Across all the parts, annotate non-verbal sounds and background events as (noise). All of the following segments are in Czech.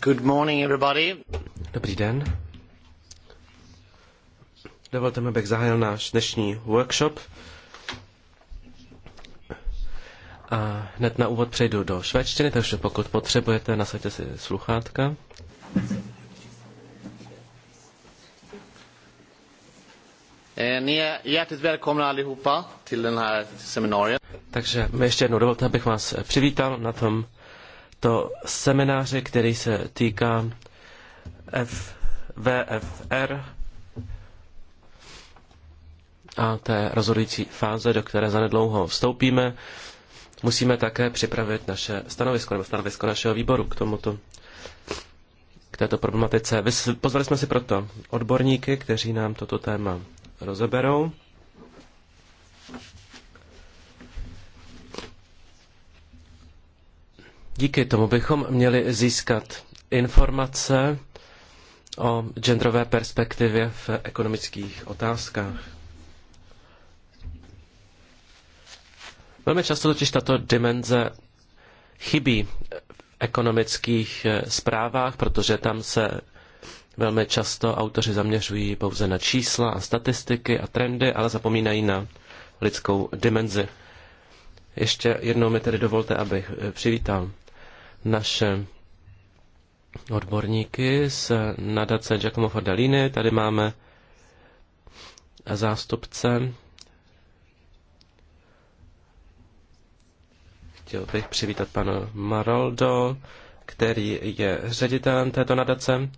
Good morning, everybody. Dobrý den. Dovolte mi, abych zahájil náš dnešní workshop. A hned na úvod přejdu do švédštiny, takže pokud potřebujete, nasaďte si sluchátka. Eh, ni je hjärtligt välkomna allihopa till den här seminariet. Takže mi ještě jednou dovolte, abych vás přivítal na tom to semináři, který se týká VFR a té rozhodující fáze, do které zanedlouho vstoupíme. Musíme také připravit naše stanovisko, nebo stanovisko našeho výboru k tomuto k této problematice. Pozvali jsme si proto odborníky, kteří nám toto téma rozeberou. Díky tomu bychom měli získat informace o genderové perspektivě v ekonomických otázkách. Velmi často totiž tato dimenze chybí v ekonomických eh, zprávách, protože tam se Velmi často autoři zaměřují pouze na čísla a statistiky a trendy, ale zapomínají na lidskou dimenzi. Ještě jednou mi tedy dovolte, abych eh, přivítal naše odborníky z nadace Giacomo Fordalini. Tady máme zástupce. Chtěl bych přivítat pana Maroldo, který je ředitelem této nadace.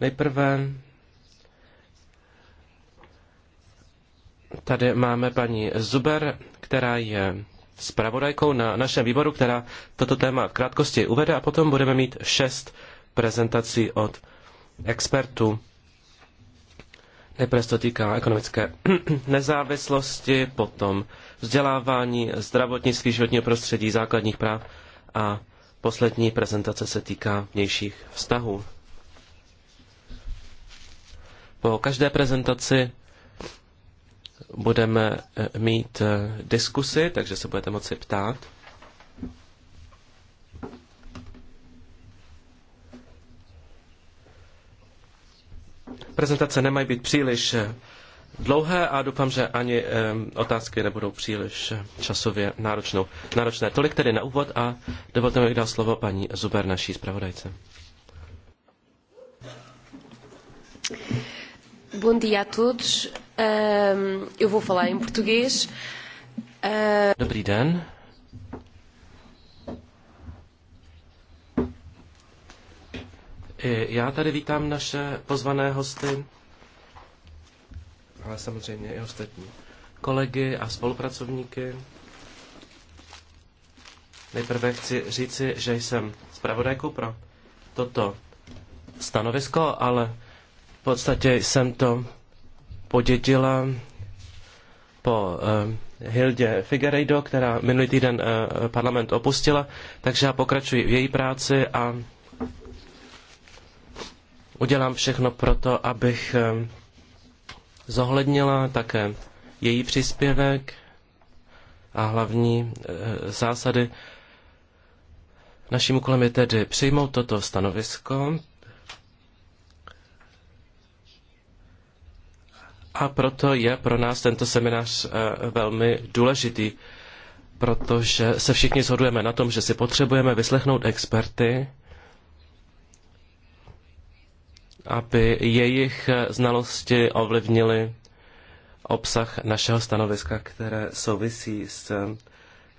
Nejprve tady máme paní Zuber, která je zpravodajkou na našem výboru, která toto téma v krátkosti uvede a potom budeme mít šest prezentací od expertů. Nejprve se to týká ekonomické (clears throat) nezávislosti, potom vzdělávání, zdravotnictví, životního prostředí, základních práv a poslední prezentace se týká vnějších vztahů. Po každé prezentaci budeme eh, mít eh, diskusy, takže se budete moci ptát. Prezentace nemají být příliš eh, dlouhé a doufám, že ani otázky nebudou příliš časově náročnou, náročné. Tolik tedy na úvod a dovolte mi dát slovo paní Zuber, naší zpravodajce. Bom dia a todos. eu vou falar em português. Uh... Dobrý den. Eh, já tady vítám naše pozvané hosty, ale samozřejmě i ostatní kolegy a spolupracovníky. Nejprve chci říci, že jsem zpravodajkou pro toto stanovisko, ale podstatě jsem to podědila po eh, Hildě Figueiredo, která minulý týden eh, parlament opustila, takže já pokračuji v její práci a udělám všechno pro to, abych eh, zohlednila také její příspěvek a hlavní eh, zásady. Naším úkolem je tedy přijmout toto stanovisko, A proto je pro nás tento seminář eh, velmi důležitý, protože se všichni shodujeme na tom, že si potřebujeme vyslechnout experty, aby jejich eh, znalosti ovlivnily obsah našeho stanoviska, které souvisí s eh,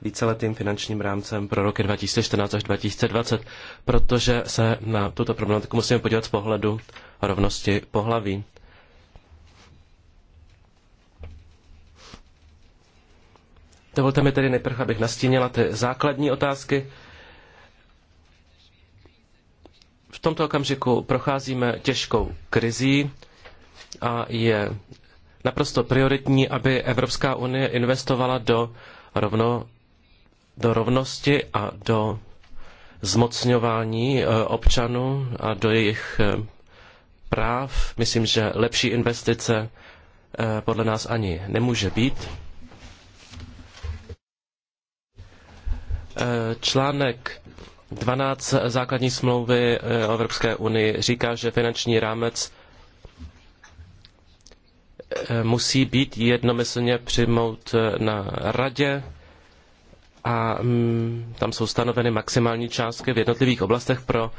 víceletým finančním rámcem pro roky 2014 až 2020, protože se na tuto problematiku musíme podívat z pohledu rovnosti pohlaví. Dovolte mi tedy nejprve, abych nastínila ty základní otázky. V tomto okamžiku procházíme těžkou krizí a je naprosto prioritní, aby Evropská unie investovala do, rovno, do rovnosti a do zmocňování eh, občanů a do jejich eh, práv. Myslím, že lepší investice eh, podle nás ani nemůže být. Eh, článek 12 základní smlouvy eh, o Evropské unii říká, že finanční rámec eh, musí být jednomyslně přijmout na radě a mm, tam jsou stanoveny maximální částky v jednotlivých oblastech pro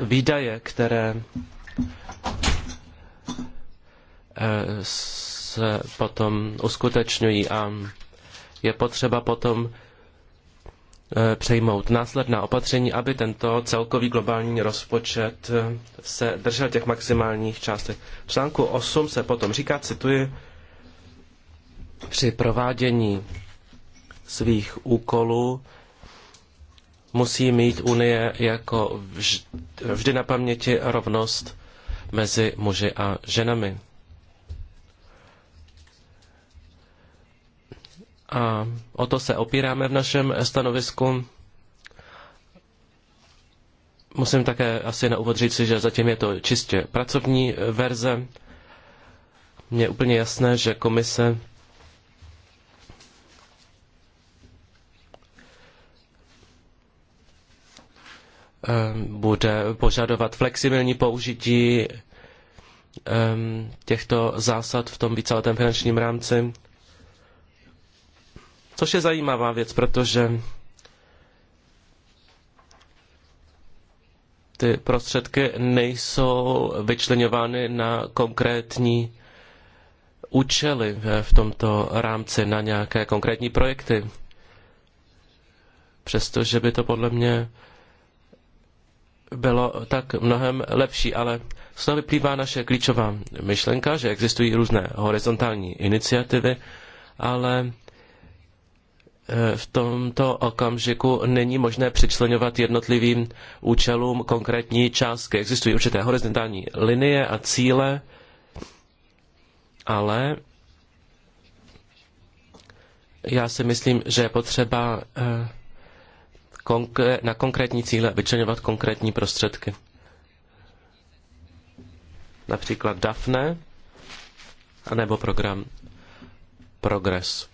výdaje, které se potom uskutečňují a je potřeba potom Eh, přejmout následná opatření, aby tento celkový globální rozpočet eh, se držel těch maximálních částek. V článku 8 se potom říká, cituji, při provádění svých úkolů musí mít Unie jako vždy na paměti rovnost mezi muži a ženami. a o to se opíráme v našem stanovisku. Musím také asi na úvod říct, že zatím je to čistě pracovní verze. Mně je úplně jasné, že komise eh, bude požadovat flexibilní použití eh, těchto zásad v tom víceletém finančním rámci což je zajímavá věc, protože ty prostředky nejsou vyčleněvány na konkrétní účely v tomto rámci, na nějaké konkrétní projekty. Přestože by to podle mě bylo tak mnohem lepší, ale z toho vyplývá naše klíčová myšlenka, že existují různé horizontální iniciativy, ale Eh, v tomto okamžiku není možné přičlenovat jednotlivým účelům konkrétní částky. Existují určité horizontální linie a cíle, ale já si myslím, že je potřeba eh, na konkrétní cíle vyčlenovat konkrétní prostředky. Například DAFNE, anebo program Progress.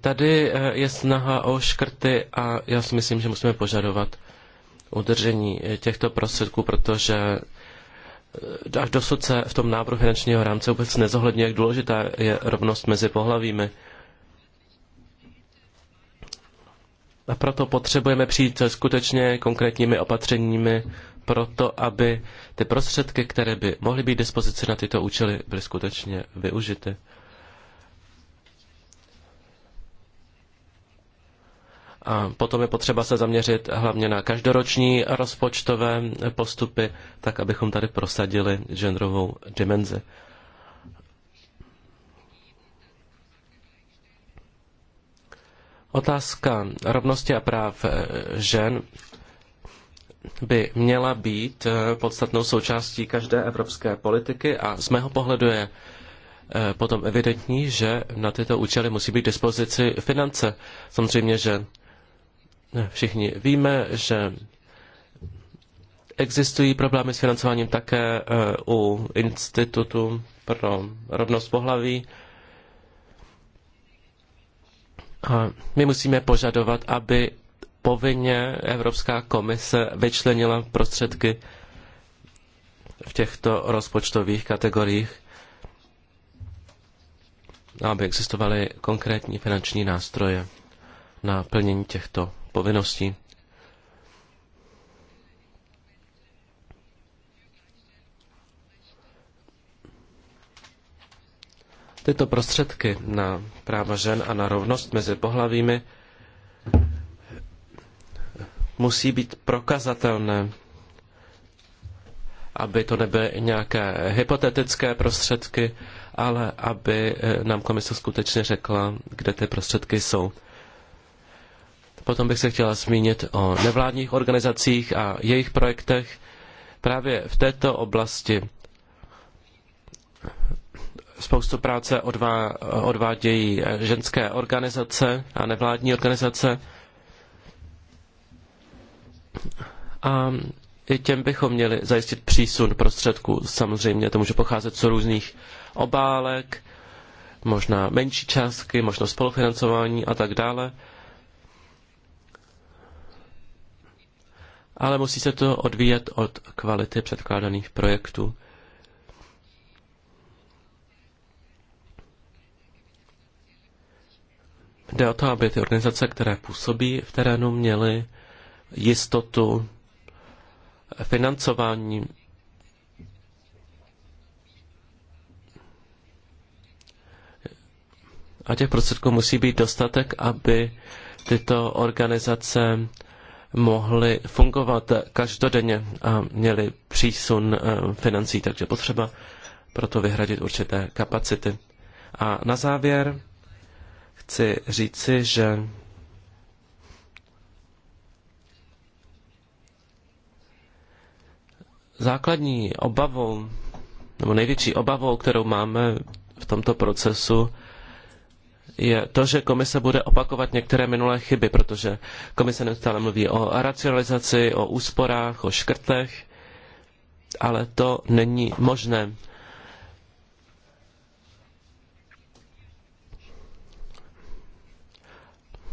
tady eh, je snaha o škrty a já si myslím, že musíme požadovat udržení eh, těchto prostředků, protože eh, až dosud se v tom návrhu finančního rámce vůbec nezohledňuje, jak důležitá je rovnost mezi pohlavími. A proto potřebujeme přijít skutečně konkrétními opatřeními pro to, aby ty prostředky, které by mohly být dispozici na tyto účely, byly skutečně využity. A potom je potřeba se zaměřit hlavně na každoroční rozpočtové postupy, tak abychom tady prosadili genderovou dimenzi. Otázka rovnosti a práv eh, žen by měla být eh, podstatnou součástí každé evropské politiky a z mého pohledu je eh, potom evidentní, že na tyto účely musí být k dispozici finance. Samozřejmě, že Všichni víme, že existují problémy s financováním také eh, u Institutu pro rovnost pohlaví. A my musíme požadovat, aby povinně Evropská komise vyčlenila prostředky v těchto rozpočtových kategoriích, aby existovaly konkrétní finanční nástroje na plnění těchto povinnosti. Tyto prostředky na práva žen a na rovnost mezi pohlavími musí být prokazatelné, aby to nebyly nějaké hypotetické prostředky, ale aby eh, nám komise skutečně řekla, kde ty prostředky jsou. Potom bych se chtěla zmínit o nevládních organizacích a jejich projektech. Právě v této oblasti spoustu práce odvá, odvádějí ženské organizace a nevládní organizace. A i těm bychom měli zajistit přísun prostředků. Samozřejmě to může pocházet z různých obálek, možná menší částky, možná spolufinancování a tak dále. ale musí se to odvíjet od kvality předkládaných projektů. Jde o to, aby ty organizace, které působí v terénu, měly jistotu financování. A těch prostředků musí být dostatek, aby tyto organizace mohli fungovat každodenně a měli přísun eh, financí, takže potřeba proto vyhradit určité kapacity. A na závěr chci říci, že základní obavou, nebo největší obavou, kterou máme v tomto procesu, je to, že komise bude opakovat některé minulé chyby, protože komise neustále mluví o racionalizaci, o úsporách, o škrtech, ale to není možné.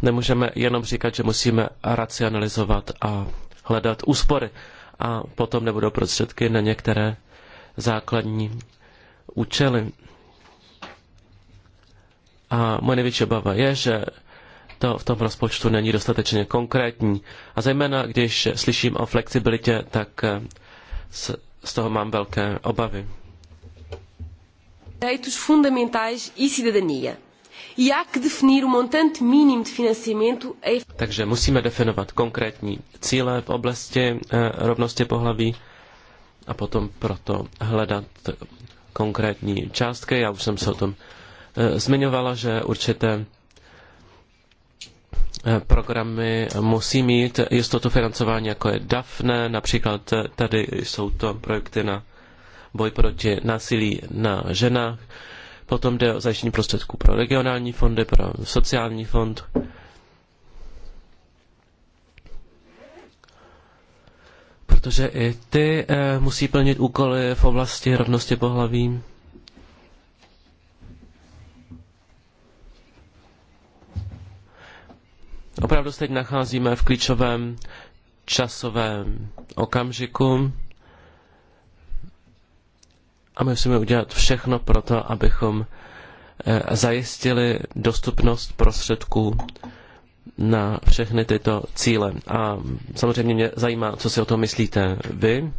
Nemůžeme jenom říkat, že musíme racionalizovat a hledat úspory a potom nebudou prostředky na některé základní účely. A moje největší obava je, že to v tom rozpočtu není dostatečně konkrétní. A zejména, když slyším o flexibilitě, tak z, eh, z toho mám velké obavy. Direitos fundamentais e cidadania. E há que definir o montante mínimo de financiamento. Takže musíme definovat konkrétní cíle v oblasti eh, rovnosti pohlaví a potom proto hledat konkrétní částky. Já už jsem se o tom Eh, zmiňovala, že určité eh, programy musí mít jistotu financování, jako je DAFNE, například eh, tady jsou to projekty na boj proti násilí na ženách, potom jde o zajištění prostředků pro regionální fondy, pro sociální fond. Protože i ty musí plnit úkoly v oblasti rovnosti pohlaví. Opravdu se teď nacházíme v klíčovém časovém okamžiku a my musíme udělat všechno pro to, abychom eh, zajistili dostupnost prostředků na všechny tyto cíle. A samozřejmě mě zajímá, co si o tom myslíte vy.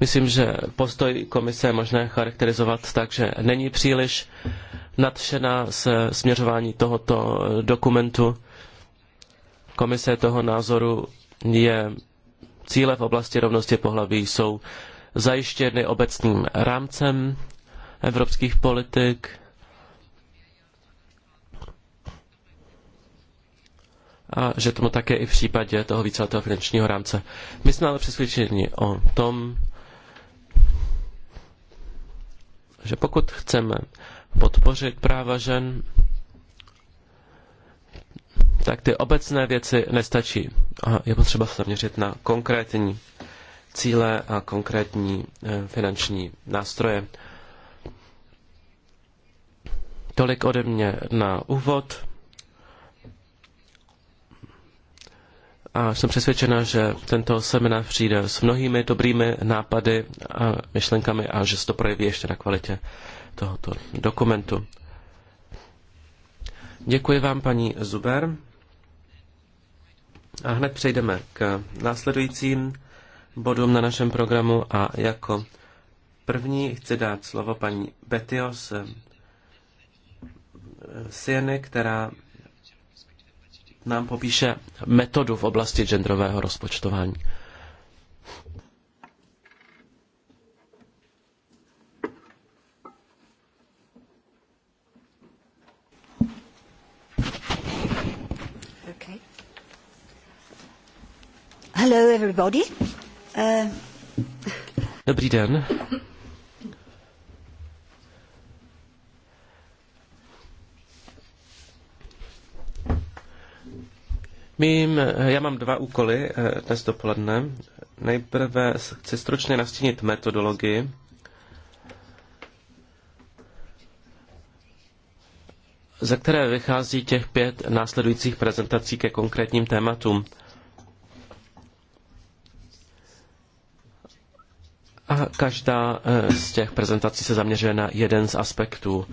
Myslím, že postoj komise je možné charakterizovat tak, že není příliš nadšená se směřování tohoto dokumentu. Komise toho názoru je cíle v oblasti rovnosti pohlaví jsou zajištěny obecným rámcem evropských politik. A že tomu také i v případě toho víceletého finančního rámce. My jsme ale přesvědčeni o tom, že pokud chceme podpořit práva žen, tak ty obecné věci nestačí. A je potřeba se zaměřit na konkrétní cíle a konkrétní eh, finanční nástroje. Tolik ode mě na úvod. A jsem přesvědčena, že tento seminář přijde s mnohými dobrými nápady a myšlenkami a že se to projeví ještě na kvalitě tohoto dokumentu. Děkuji vám, paní Zuber. A hned přejdeme k následujícím bodům na našem programu a jako první chci dát slovo paní Betios Sieny, která nám popíše metodu v oblasti genderového rozpočtování. Okay. Hello everybody. Uh... Dobrý den. Mým, eh, já mám dva úkoly eh, dnes dopoledne. Nejprve chci stručně nastínit metodologii. ze které vychází těch pět následujících prezentací ke konkrétním tématům. A každá eh, z těch prezentací se zaměřuje na jeden z aspektů,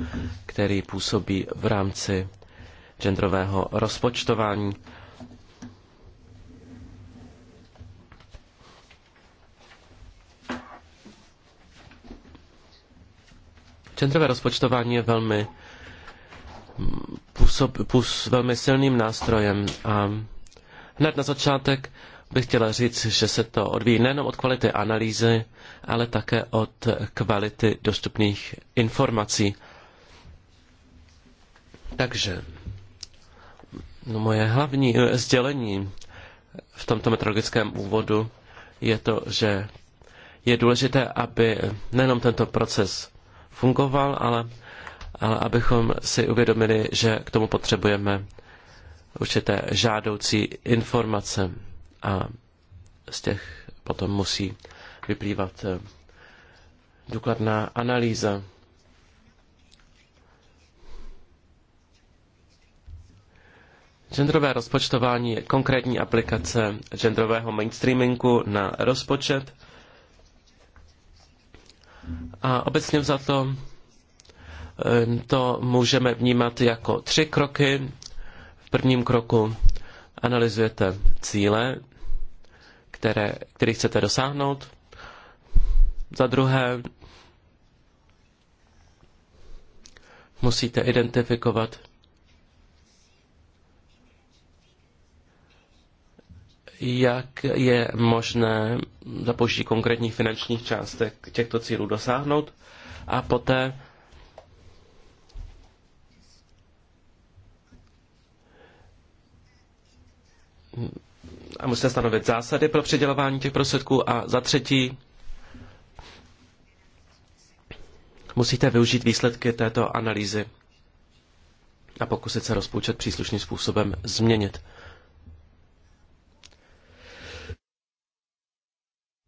který působí v rámci genderového rozpočtování. Centrové rozpočtování je velmi, působ, půs, velmi silným nástrojem a hned na začátek bych chtěla říct, že se to odvíjí nejenom od kvality analýzy, ale také od kvality dostupných informací. Takže no moje hlavní eh, sdělení v tomto metrologickém úvodu je to, že je důležité, aby nejenom tento proces fungoval, ale, ale abychom si uvědomili, že k tomu potřebujeme určité žádoucí informace a z těch potom musí vyplývat eh, důkladná analýza. Genderové rozpočtování je konkrétní aplikace genderového mainstreamingu na rozpočet a obecně za to eh, to můžeme vnímat jako tři kroky. V prvním kroku analyzujete cíle, které, který chcete dosáhnout. Za druhé, musíte identifikovat jak je možné za použití konkrétních finančních částek těchto cílů dosáhnout a poté a musíte stanovit zásady pro předělování těch prostředků a za třetí musíte využít výsledky této analýzy a pokusit se rozpočet příslušným způsobem změnit.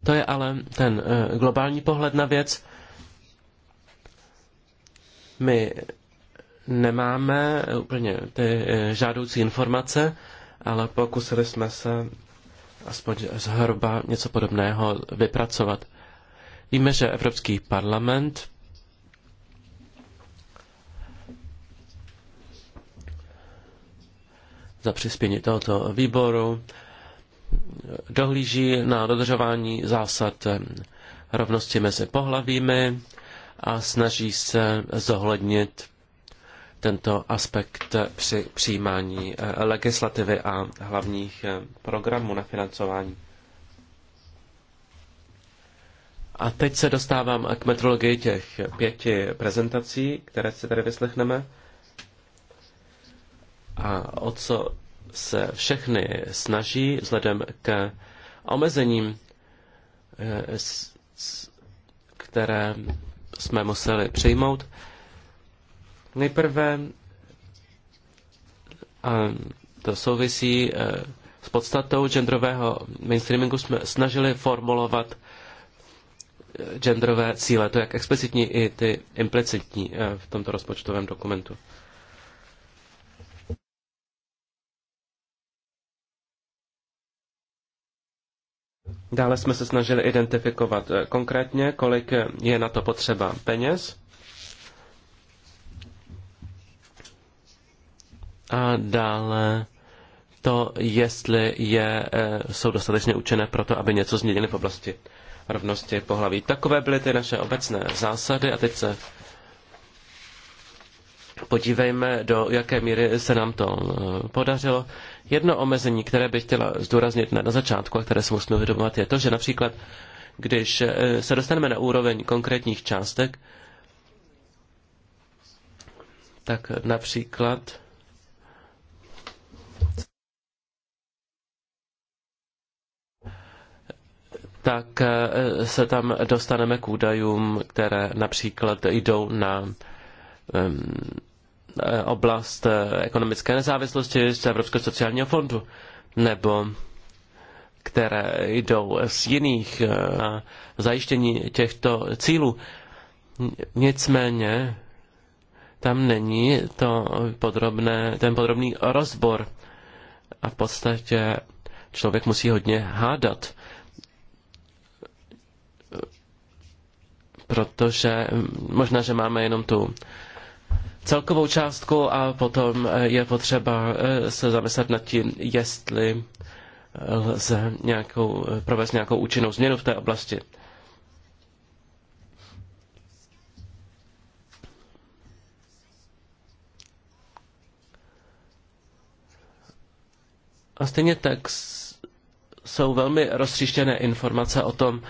To je ale ten eh, globální pohled na věc. My nemáme úplně ty eh, žádoucí informace, ale pokusili jsme se aspoň zhruba něco podobného vypracovat. Víme, že Evropský parlament za přispění tohoto výboru dohlíží na dodržování zásad rovnosti mezi pohlavími a snaží se zohlednit tento aspekt při přijímání eh, legislativy a hlavních eh, programů na financování. A teď se dostávám k metrologii těch pěti prezentací, které si tady vyslechneme. A o co se všechny snaží vzhledem k omezením, eh, které jsme museli přijmout. Nejprve a to souvisí eh, s podstatou genderového mainstreamingu jsme snažili formulovat eh, genderové cíle, to jak explicitní i ty implicitní v tomto rozpočtovém dokumentu. Dále jsme se snažili identifikovat eh, konkrétně, kolik je na to potřeba peněz. A dále to, jestli je, eh, jsou dostatečně učené pro to, aby něco změnili v oblasti rovnosti pohlaví. Takové byly ty naše obecné zásady a teď se podívejme, do jaké míry se nám to eh, podařilo. Jedno omezení, které bych chtěla zdůraznit na, na začátku a které se musíme uvědomovat, je to, že například, když eh, se dostaneme na úroveň konkrétních částek, tak například tak eh, se tam dostaneme k údajům, které například jdou na Eh, oblast eh, ekonomické nezávislosti z Evropského sociálního fondu, nebo které jdou z jiných na eh, zajištění těchto cílů. Nicméně tam není to podrobné, ten podrobný rozbor a v podstatě člověk musí hodně hádat. Protože možná, že máme jenom tu celkovou částku a potom eh, je potřeba eh, se zamyslet nad tím, jestli eh, lze nějakou, provést nějakou účinnou změnu v té oblasti. A stejně tak jsou velmi roztříštěné informace o tom,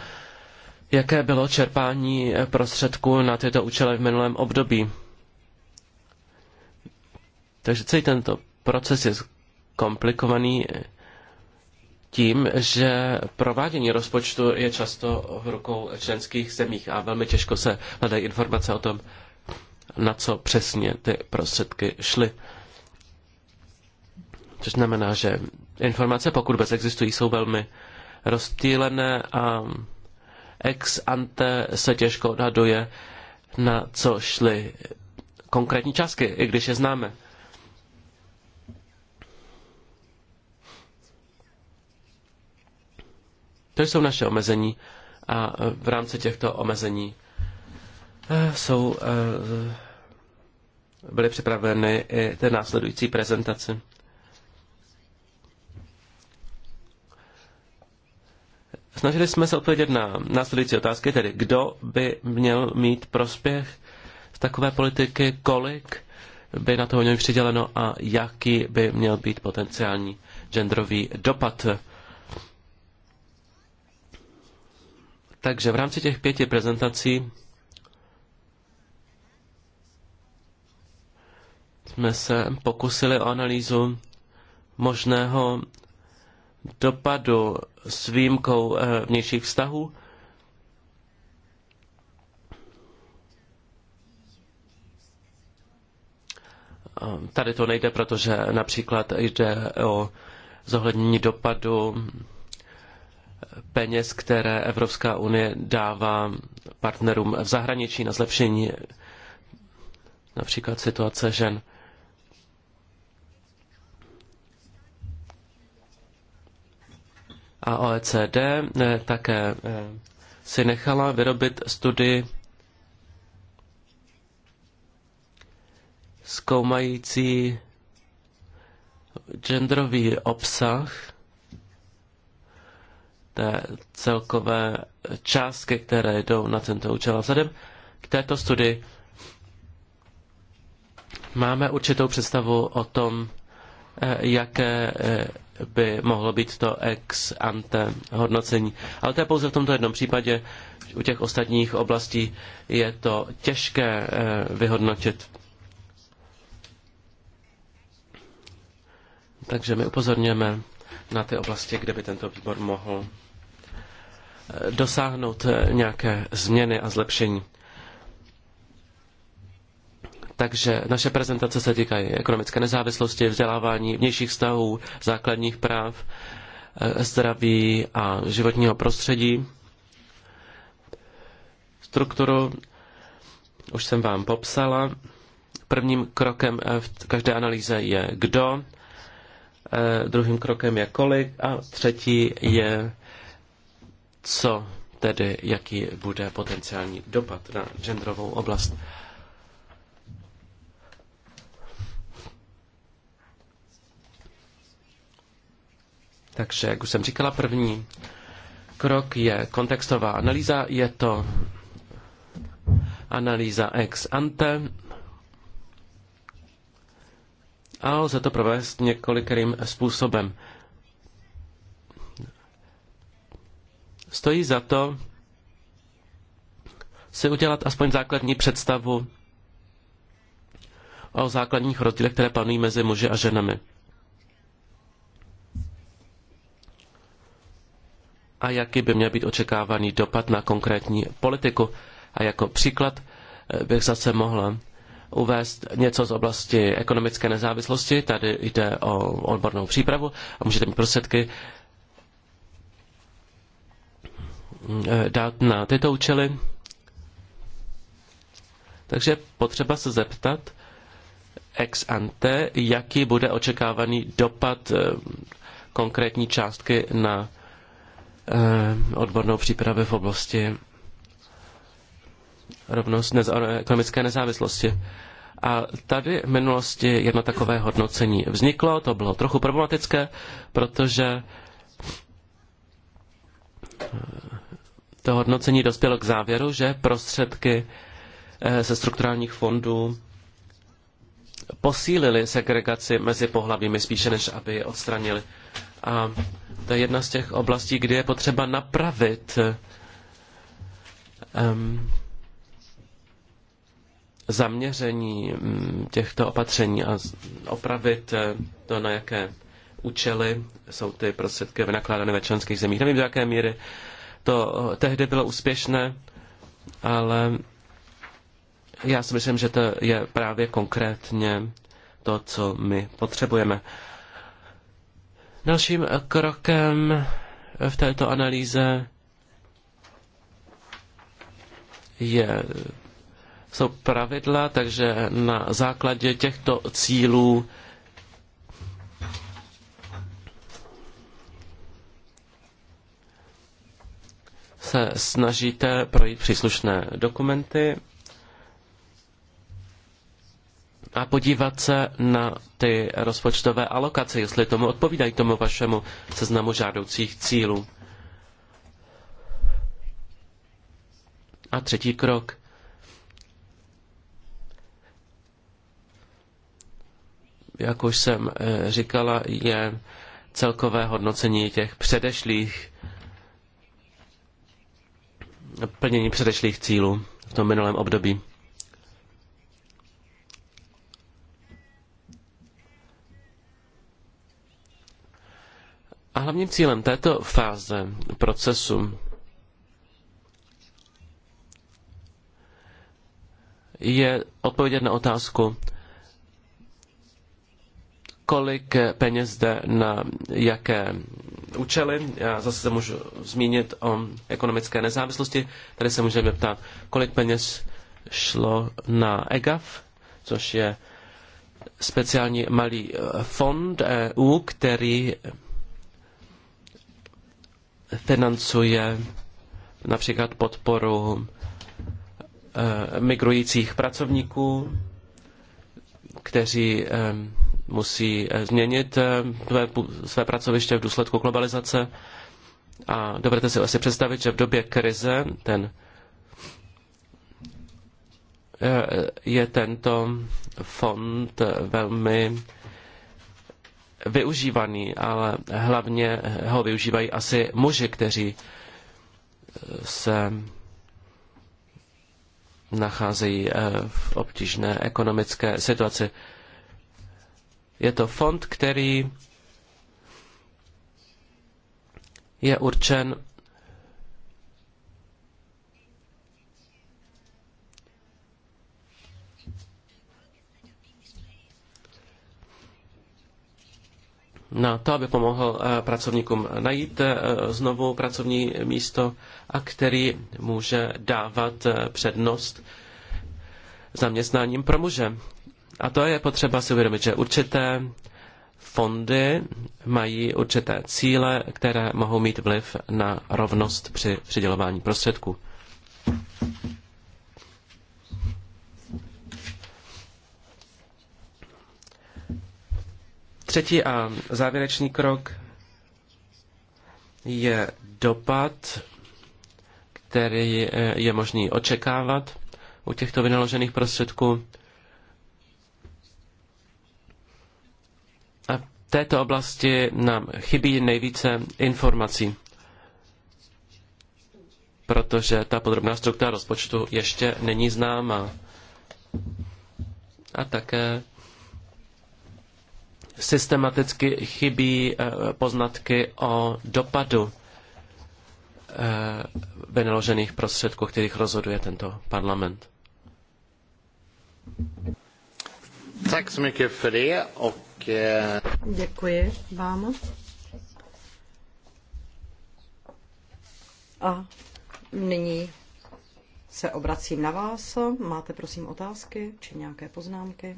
jaké bylo čerpání prostředků na tyto účely v minulém období. Takže celý tento proces je komplikovaný tím, že provádění rozpočtu je často v rukou členských zemích a velmi těžko se hledají informace o tom, na co přesně ty prostředky šly. Což znamená, že informace, pokud bez existují, jsou velmi rozptýlené a ex ante se těžko odhaduje, na co šly konkrétní částky, i když je známe. To jsou naše omezení a e, v rámci těchto omezení e, jsou, e, byly připraveny i ty následující prezentace. Snažili jsme se odpovědět na následující otázky, tedy kdo by měl mít prospěch z takové politiky, kolik by na to něm přiděleno a jaký by měl být potenciální genderový dopad Takže v rámci těch pěti prezentací jsme se pokusili o analýzu možného dopadu s výjimkou eh, vnějších vztahů. Tady to nejde, protože například jde o zohlednění dopadu peněz, které Evropská unie dává partnerům v zahraničí na zlepšení například situace žen. A OECD eh, také eh, si nechala vyrobit studii zkoumající genderový obsah té celkové částky, které jdou na tento účel. Vzhledem k této studii máme určitou představu o tom, eh, jaké eh, by mohlo být to ex ante hodnocení. Ale to je pouze v tomto jednom případě. U těch ostatních oblastí je to těžké eh, vyhodnotit. Takže my upozorněme na ty oblasti, kde by tento výbor mohl dosáhnout eh, nějaké změny a zlepšení. Takže naše prezentace se týkají ekonomické nezávislosti, vzdělávání, vnějších vztahů, základních práv, eh, zdraví a životního prostředí. Strukturu už jsem vám popsala. Prvním krokem eh, v každé analýze je kdo, druhým krokem je kolik a třetí je co tedy, jaký bude potenciální dopad na genderovou oblast. Takže, jak už jsem říkala, první krok je kontextová analýza. Je to analýza ex ante. A lze to provést několikrým způsobem. stojí za to si udělat aspoň základní představu o základních rozdílech, které panují mezi muži a ženami. A jaký by měl být očekávaný dopad na konkrétní politiku. A jako příklad eh, bych zase mohla uvést něco z oblasti ekonomické nezávislosti. Tady jde o odbornou přípravu a můžete mít prostředky, Eh, dát na tyto účely. Takže potřeba se zeptat ex ante, jaký bude očekávaný dopad eh, konkrétní částky na eh, odbornou přípravu v oblasti rovnost ekonomické nezávislosti. A tady v minulosti jedno takové hodnocení vzniklo, to bylo trochu problematické, protože to hodnocení dospělo k závěru, že prostředky eh, ze strukturálních fondů posílili segregaci mezi pohlavími spíše, než aby je odstranili. A to je jedna z těch oblastí, kdy je potřeba napravit um, zaměření mm, těchto opatření a opravit eh, to, na jaké účely jsou ty prostředky vynakládány ve členských zemích. Nevím, do jaké míry to eh, tehdy bylo úspěšné, ale já si myslím, že to je právě konkrétně to, co my potřebujeme. Dalším eh, krokem eh, v této analýze je, jsou pravidla, takže na základě těchto cílů se snažíte projít příslušné dokumenty a podívat se na ty rozpočtové alokace, jestli tomu odpovídají tomu vašemu seznamu žádoucích cílů. A třetí krok. Jak už jsem eh, říkala, je celkové hodnocení těch předešlých plnění předešlých cílů v tom minulém období. A hlavním cílem této fáze procesu je odpovědět na otázku, kolik peněz jde na jaké účely. Já zase se můžu zmínit o ekonomické nezávislosti. Tady se můžeme ptát, kolik peněz šlo na EGAF, což je speciální malý eh, fond EU, který financuje například podporu eh, migrujících pracovníků, kteří eh, musí eh, změnit své, eh, své pracoviště v důsledku globalizace. A dovedete si asi představit, že v době krize ten eh, je tento fond velmi využívaný, ale hlavně ho využívají asi muži, kteří se nacházejí v obtížné ekonomické situaci. Je to fond, který je určen na to, aby pomohl eh, pracovníkům najít eh, znovu pracovní místo a který může dávat eh, přednost zaměstnáním pro muže. A to je potřeba si uvědomit, že určité fondy mají určité cíle, které mohou mít vliv na rovnost při přidělování prostředků. Třetí a závěrečný krok je dopad, který je možný očekávat u těchto vynaložených prostředků. této oblasti nám chybí nejvíce informací, protože ta podrobná struktura rozpočtu ještě není známa. A také systematicky chybí eh, poznatky o dopadu eh, vynaložených prostředků, kterých rozhoduje tento parlament. Tack så mycket för det och... Eh, Děkuji vám. A nyní se obracím na vás. Máte prosím otázky či nějaké poznámky?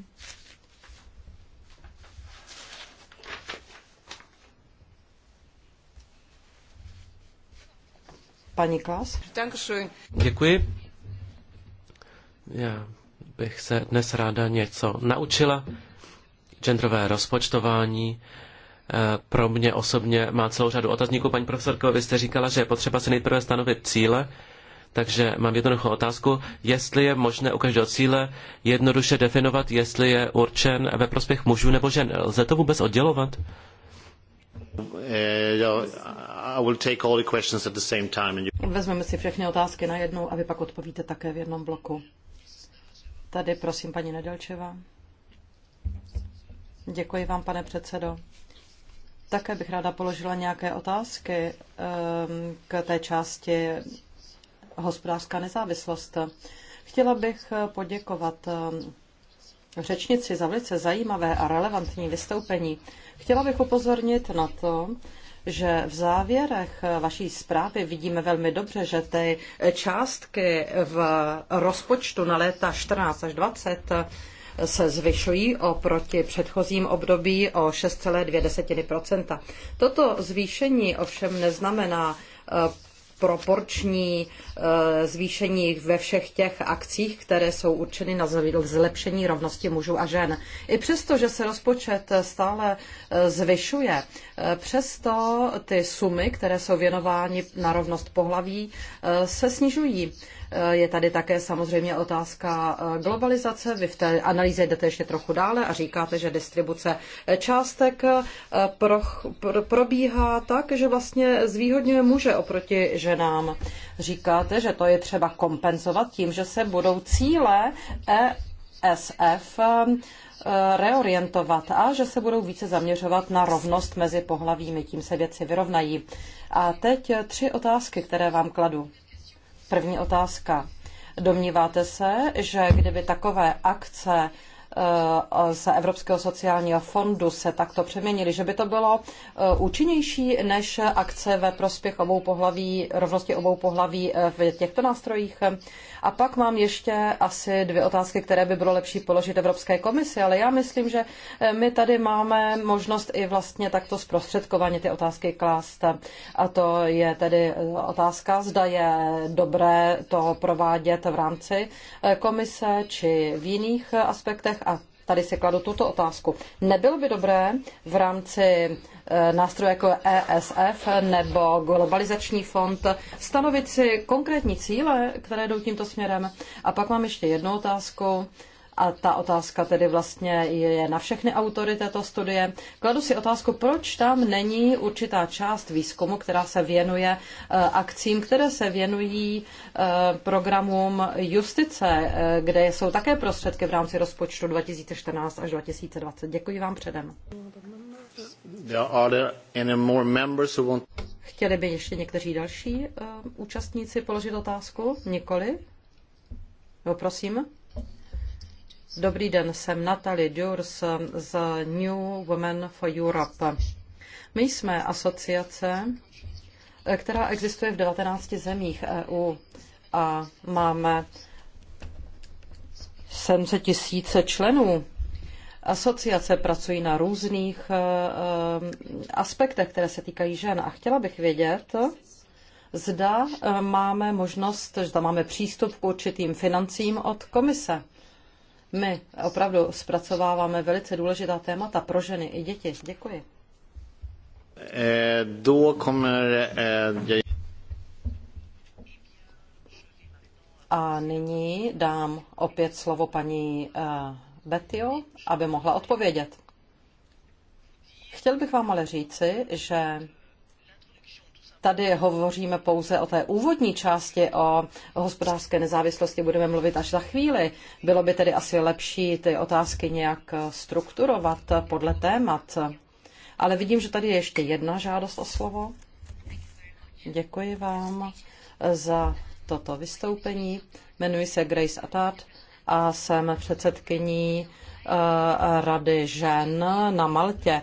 Paní Klas? Děkuji. Já bych se dnes ráda něco naučila. Genderové rozpočtování eh, pro mě osobně má celou řadu otazníků. Paní profesorko, vy jste říkala, že je potřeba si nejprve stanovit cíle, takže mám jednoduchou otázku, jestli je možné u každého cíle jednoduše definovat, jestli je určen ve prospěch mužů nebo žen. Lze to vůbec oddělovat? Eh, Vezmeme si všechny otázky na jednou a vy pak odpovíte také v jednom bloku. Tady prosím paní Nedelčeva. Děkuji vám, pane předsedo. Také bych ráda položila nějaké otázky ehm, k té části hospodářská nezávislost. Chtěla bych eh, poděkovat ehm, řečnici za velice zajímavé a relevantní vystoupení. Chtěla bych upozornit na to, že v závěrech vaší zprávy vidíme velmi dobře, že ty částky v rozpočtu na léta 14 až 20 se zvyšují oproti předchozím období o 6,2%. Toto zvýšení ovšem neznamená eh, proporční eh, zvýšení ve všech těch akcích, které jsou určeny na zlepšení rovnosti mužů a žen. I přesto, že se rozpočet stále eh, zvyšuje, eh, přesto ty sumy, které jsou věnovány na rovnost pohlaví, se snižují. Je tady také samozřejmě otázka eh, globalizace. Vy v té analýze jdete ještě trochu dále a říkáte, že distribuce částek pro, eh, pro, probíhá tak, že vlastně zvýhodňuje muže oproti ženám. Říkáte, že to je třeba kompenzovat tím, že se budou cíle ESF eh, reorientovat a že se budou více zaměřovat na rovnost mezi pohlavími, tím se věci vyrovnají. A teď tři otázky, které vám kladu. První otázka. Domníváte se, že kdyby takové akce se eh, Evropského sociálního fondu se takto přeměnili, že by to bylo eh, účinnější než akce ve prospěch obou pohlaví, rovnosti obou pohlaví eh, v těchto nástrojích. A pak mám ještě asi dvě otázky, které by bylo lepší položit Evropské komisi, ale já myslím, že eh, my tady máme možnost i vlastně takto zprostředkovaně ty otázky klást. A to je tedy eh, otázka, zda je dobré to provádět v rámci eh, komise či v jiných aspektech a tady si kladu tuto otázku. Nebylo by dobré v rámci Eh, nástroje jako ESF nebo Globalizační fond, stanovit si konkrétní cíle, které jdou tímto směrem. A pak mám ještě jednu otázku. A ta otázka tedy vlastně je na všechny autory této studie. Kladu si otázku, proč tam není určitá část výzkumu, která se věnuje eh, akcím, které se věnují eh, programům justice, kde jsou také prostředky v rámci rozpočtu 2014 až 2020. Děkuji vám předem. Chtěli by ještě někteří další uh, účastníci položit otázku? Nikoli? No, prosím. Dobrý den, jsem Natalie Durs eh, z New Women for Europe. My jsme asociace, eh, která existuje v 19 zemích EU a máme 700 tisíce členů asociace pracují na různých eh, eh, aspektech, které se týkají žen. A chtěla bych vědět, zda eh, máme možnost, zda máme přístup k určitým financím od komise. My opravdu zpracováváme velice důležitá témata pro ženy i děti. Děkuji. A nyní dám opět slovo paní Betio, aby mohla odpovědět. Chtěl bych vám ale říci, že tady hovoříme pouze o té úvodní části, o hospodářské nezávislosti budeme mluvit až za chvíli. Bylo by tedy asi lepší ty otázky nějak strukturovat podle témat. Ale vidím, že tady je ještě jedna žádost o slovo. Děkuji vám za toto vystoupení. Jmenuji se Grace Atard a jsem předsedkyní eh, Rady žen na Maltě.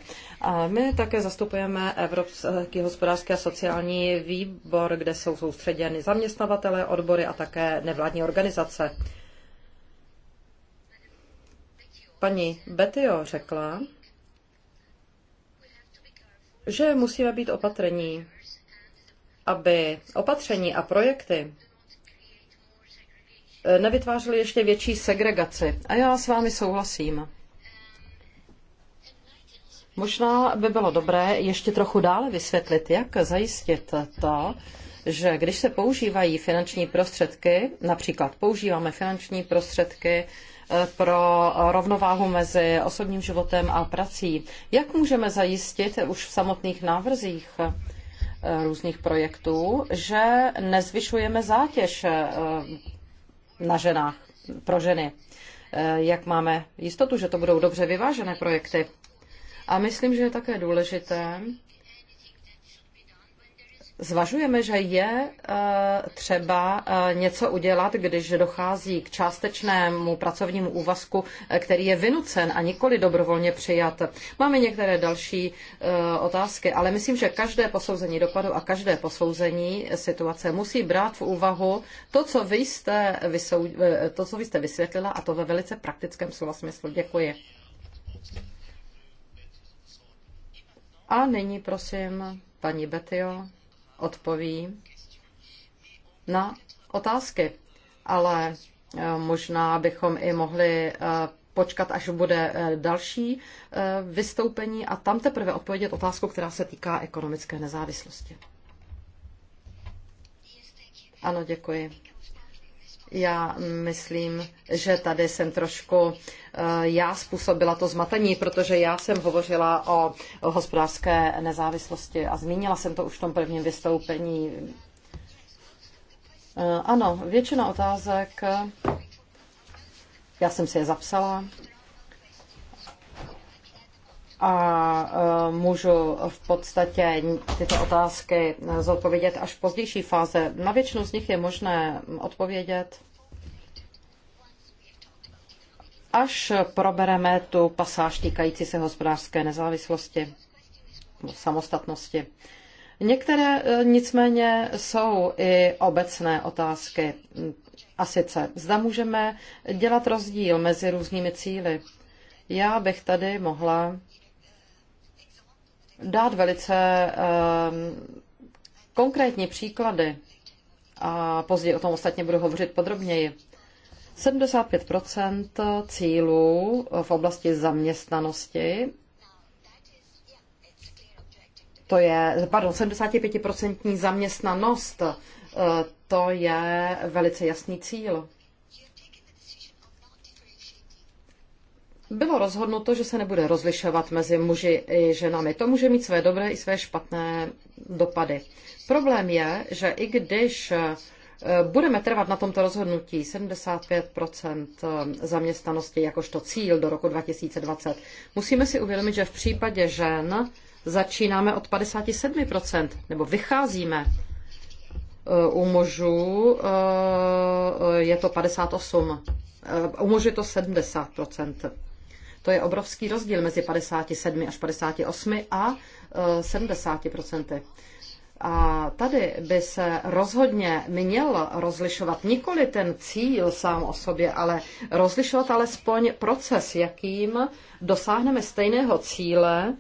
my také zastupujeme Evropský hospodářský a sociální výbor, kde jsou soustředěny zaměstnavatele, odbory a také nevládní organizace. Paní Betio řekla, že musíme být opatrní, aby opatření a projekty nevytvářely ještě větší segregaci. A já s vámi souhlasím. Možná by bylo dobré ještě trochu dále vysvětlit, jak zajistit to, že když se používají finanční prostředky, například používáme finanční prostředky eh, pro rovnováhu mezi osobním životem a prací, jak můžeme zajistit už v samotných návrzích eh, různých projektů, že nezvyšujeme zátěž eh, na ženách, pro ženy. Eh, jak máme jistotu, že to budou dobře vyvážené projekty? A myslím, že je také důležité Zvažujeme, že je eh, třeba eh, něco udělat, když dochází k částečnému pracovnímu úvazku, eh, který je vynucen a nikoli dobrovolně přijat. Máme některé další otázky, ale myslím, že každé posouzení dopadu a každé posouzení situace musí brát v úvahu to, co vy jste, vysou... to, co vy jste vysvětlila, a to ve velice praktickém slova smyslu. Děkuji. A nyní prosím paní Betio odpoví na otázky. Ale eh, možná bychom i mohli eh, počkat, až bude eh, další vystoupení a tam teprve odpovědět otázku, která se týká ekonomické nezávislosti. Ano, děkuji. Já myslím, že tady jsem trošku eh, já způsobila to zmatení, protože já jsem hovořila o, hospodářské nezávislosti a zmínila jsem to už v tom prvním vystoupení. Eh, ano, většina otázek, já jsem si je zapsala, a eh, můžu v podstatě tyto otázky eh, zodpovědět až v pozdější fáze. Na většinu z nich je možné hm, odpovědět až probereme tu pasáž týkající se hospodářské nezávislosti, samostatnosti. Některé eh, nicméně jsou i obecné otázky. A sice, zda můžeme dělat rozdíl mezi různými cíly. Já bych tady mohla dát velice ehm, konkrétní příklady a později o tom ostatně budu hovořit podrobněji. 75 cílů v oblasti zaměstnanosti to je, pardon, 75% zaměstnanost, eh, to je velice jasný cíl. bylo rozhodnuto, že se nebude rozlišovat mezi muži i ženami. To může mít své dobré i své špatné dopady. Problém je, že i když eh, budeme trvat na tomto rozhodnutí 75 eh, zaměstnanosti jakožto cíl do roku 2020, musíme si uvědomit, že v případě žen začínáme od 57 nebo vycházíme eh, u mužů je to 58, u mužů je to 70 to je obrovský rozdíl mezi 57 až 58 a 70 eh, procenty. a tady by se rozhodně měl rozlišovat nikoli ten cíl sám o sobě, ale rozlišovat alespoň proces, jakým dosáhneme stejného cíle,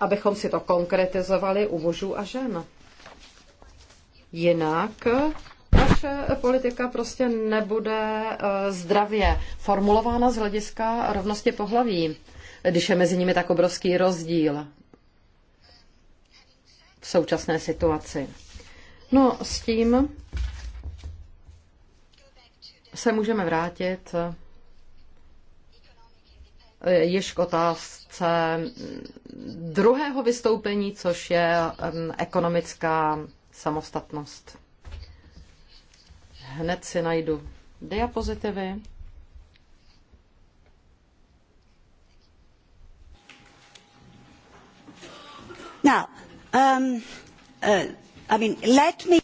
abychom si to konkretizovali u mužů a žen. Jinak naše politika prostě nebude eh, zdravě formulována z hlediska rovnosti pohlaví, když je mezi nimi tak obrovský rozdíl v současné situaci. No, s tím se můžeme vrátit eh, již k otázce druhého vystoupení, což je eh, ekonomická samostatnost. Hned si najdu diapozitivy. Now, um, uh, I mean, let me...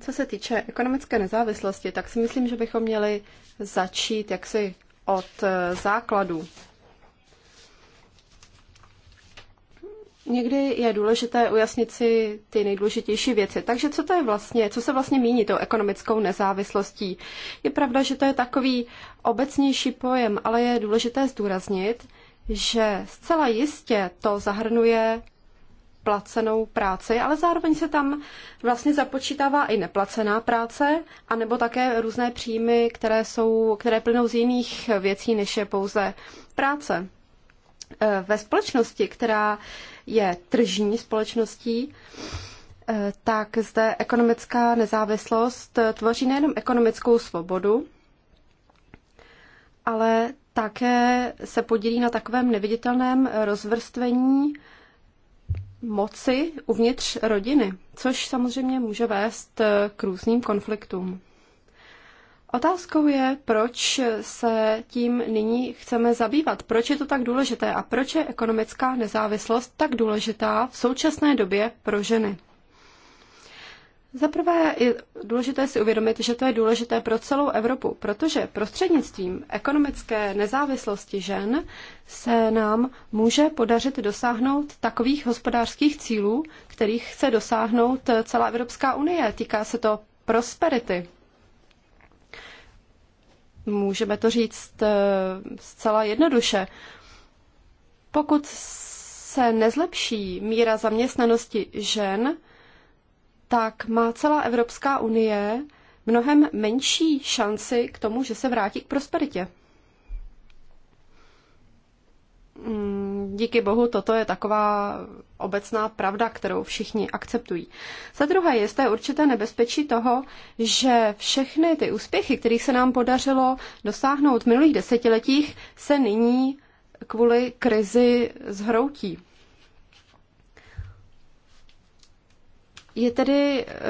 Co se týče ekonomické nezávislosti, tak si myslím, že bychom měli začít jaksi od eh, základu. Někdy je důležité ujasnit si ty nejdůležitější věci. Takže co to je vlastně, co se vlastně míní tou ekonomickou nezávislostí? Je pravda, že to je takový obecnější pojem, ale je důležité zdůraznit, že zcela jistě to zahrnuje placenou práci, ale zároveň se tam vlastně započítává i neplacená práce, anebo také různé příjmy, které, jsou, které plynou z jiných věcí, než je pouze práce. Eh, ve společnosti, která je tržní společností, eh, tak zde ekonomická nezávislost eh, tvoří nejenom ekonomickou svobodu, ale také se podílí na takovém neviditelném rozvrstvení moci uvnitř rodiny, což samozřejmě může vést k různým konfliktům. Otázkou je, proč se tím nyní chceme zabývat, proč je to tak důležité a proč je ekonomická nezávislost tak důležitá v současné době pro ženy. Za prvé je důležité si uvědomit, že to je důležité pro celou Evropu, protože prostřednictvím ekonomické nezávislosti žen se nám může podařit dosáhnout takových hospodářských cílů, kterých chce dosáhnout celá Evropská unie. Týká se to prosperity. Můžeme to říct eh, zcela jednoduše. Pokud se nezlepší míra zaměstnanosti žen, tak má celá Evropská unie mnohem menší šanci k tomu, že se vrátí k prosperitě. Mm, díky bohu, toto je taková obecná pravda, kterou všichni akceptují. Za druhé, je zde určité nebezpečí toho, že všechny ty úspěchy, kterých se nám podařilo dosáhnout v minulých desetiletích, se nyní kvůli krizi zhroutí. Je tedy e,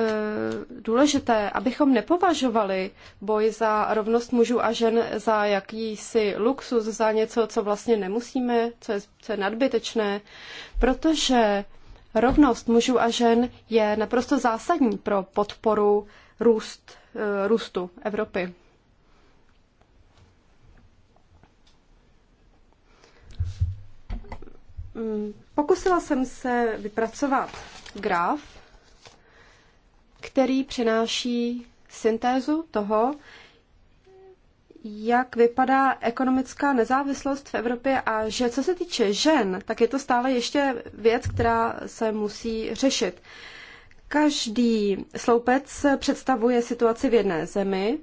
důležité, abychom nepovažovali boj za rovnost mužů a žen za jakýsi luxus, za něco, co vlastně nemusíme, co je, co je nadbytečné, protože rovnost mužů a žen je naprosto zásadní pro podporu růst, e, růstu Evropy. Hmm, pokusila jsem se vypracovat graf který přináší syntézu toho, jak vypadá ekonomická nezávislost v Evropě a že co se týče žen, tak je to stále ještě věc, která se musí řešit. Každý sloupec představuje situaci v jedné zemi.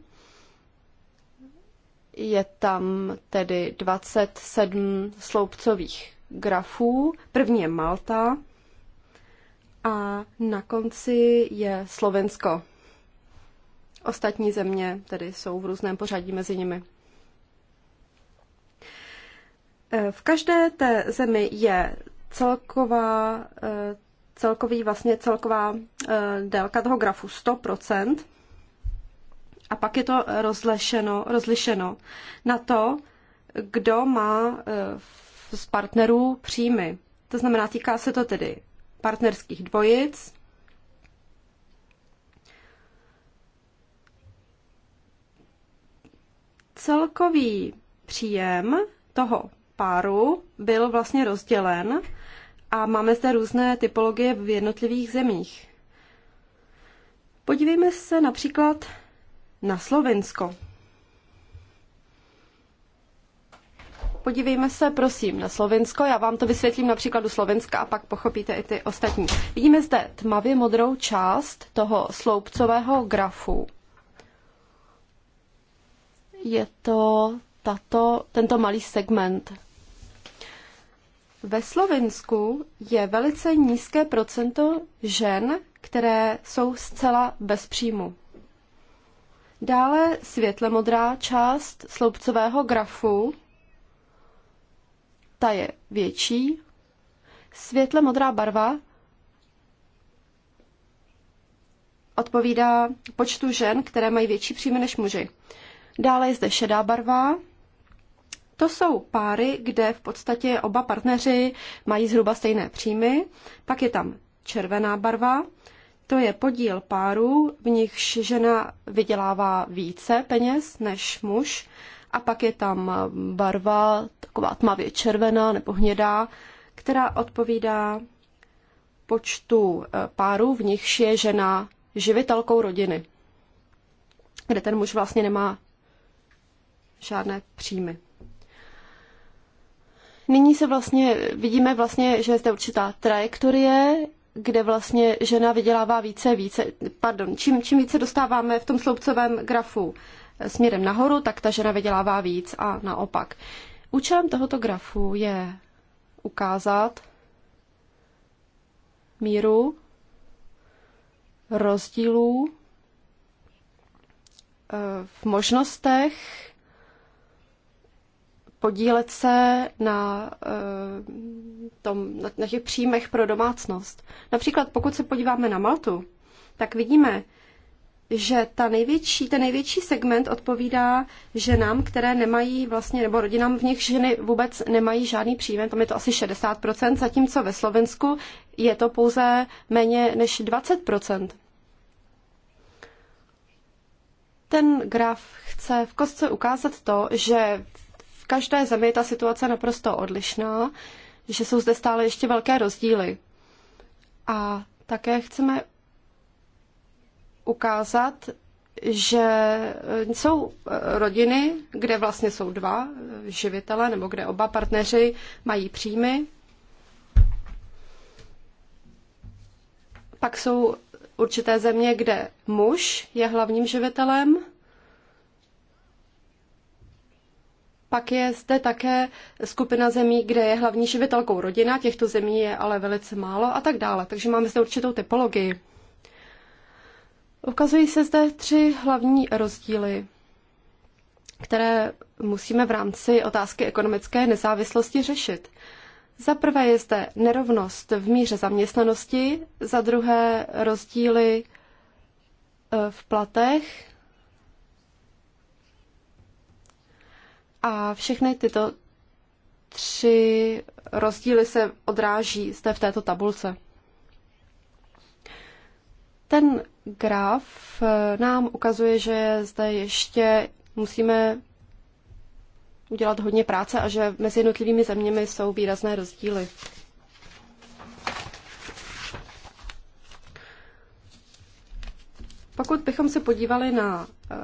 Je tam tedy 27 sloupcových grafů. První je Malta, a na konci je Slovensko. Ostatní země tedy jsou v různém pořadí mezi nimi. E, v každé té zemi je celková, e, celkový, vlastně celková e, délka toho grafu 100%. A pak je to rozlešeno, rozlišeno na to, kdo má z partnerů příjmy. To znamená, týká se to tedy partnerských dvojic. Celkový příjem toho páru byl vlastně rozdělen a máme zde různé typologie v jednotlivých zemích. Podívejme se například na Slovensko. Podívejme se prosím na Slovensko, já vám to vysvětlím na příkladu Slovenska a pak pochopíte i ty ostatní. Vidíme zde tmavě modrou část toho sloupcového grafu. Je to tato, tento malý segment. Ve Slovensku je velice nízké procento žen, které jsou zcela bez příjmu. Dále světle modrá část sloupcového grafu ta je větší. Světle modrá barva odpovídá počtu žen, které mají větší příjmy než muži. Dále je zde šedá barva. To jsou páry, kde v podstatě oba partneři mají zhruba stejné příjmy. Pak je tam červená barva. To je podíl párů, v nichž žena vydělává více peněz než muž a pak je tam barva taková tmavě červená nebo hnědá, která odpovídá počtu eh, párů, v nichž je žena živitelkou rodiny, kde ten muž vlastně nemá žádné příjmy. Nyní se vlastně vidíme vlastně, že je zde určitá trajektorie, kde vlastně žena vydělává více, více, pardon, čím, čím více dostáváme v tom sloupcovém grafu směrem nahoru, tak ta žena vydělává víc a naopak. Účelem tohoto grafu je ukázat míru rozdílů eh, v možnostech podílet se na, eh, tom, na těch příjmech pro domácnost. Například pokud se podíváme na Maltu, tak vidíme, že ta největší, ten největší segment odpovídá ženám, které nemají vlastně, nebo rodinám, v nich ženy vůbec nemají žádný příjem, tam je to asi 60%, zatímco ve Slovensku je to pouze méně než 20%. Ten graf chce v kostce ukázat to, že v každé zemi je ta situace naprosto odlišná, že jsou zde stále ještě velké rozdíly. A také chceme ukázat, že jsou rodiny, kde vlastně jsou dva živitele nebo kde oba partneři mají příjmy. Pak jsou určité země, kde muž je hlavním živitelem. Pak je zde také skupina zemí, kde je hlavní živitelkou rodina, těchto zemí je ale velice málo a tak dále. Takže máme zde určitou typologii. Ukazují se zde tři hlavní rozdíly, které musíme v rámci otázky ekonomické nezávislosti řešit. Za prvé je zde nerovnost v míře zaměstnanosti, za druhé rozdíly e, v platech a všechny tyto tři rozdíly se odráží zde v této tabulce. Ten graf eh, nám ukazuje, že zde ještě musíme udělat hodně práce a že mezi jednotlivými zeměmi jsou výrazné rozdíly. Pokud bychom se podívali na eh,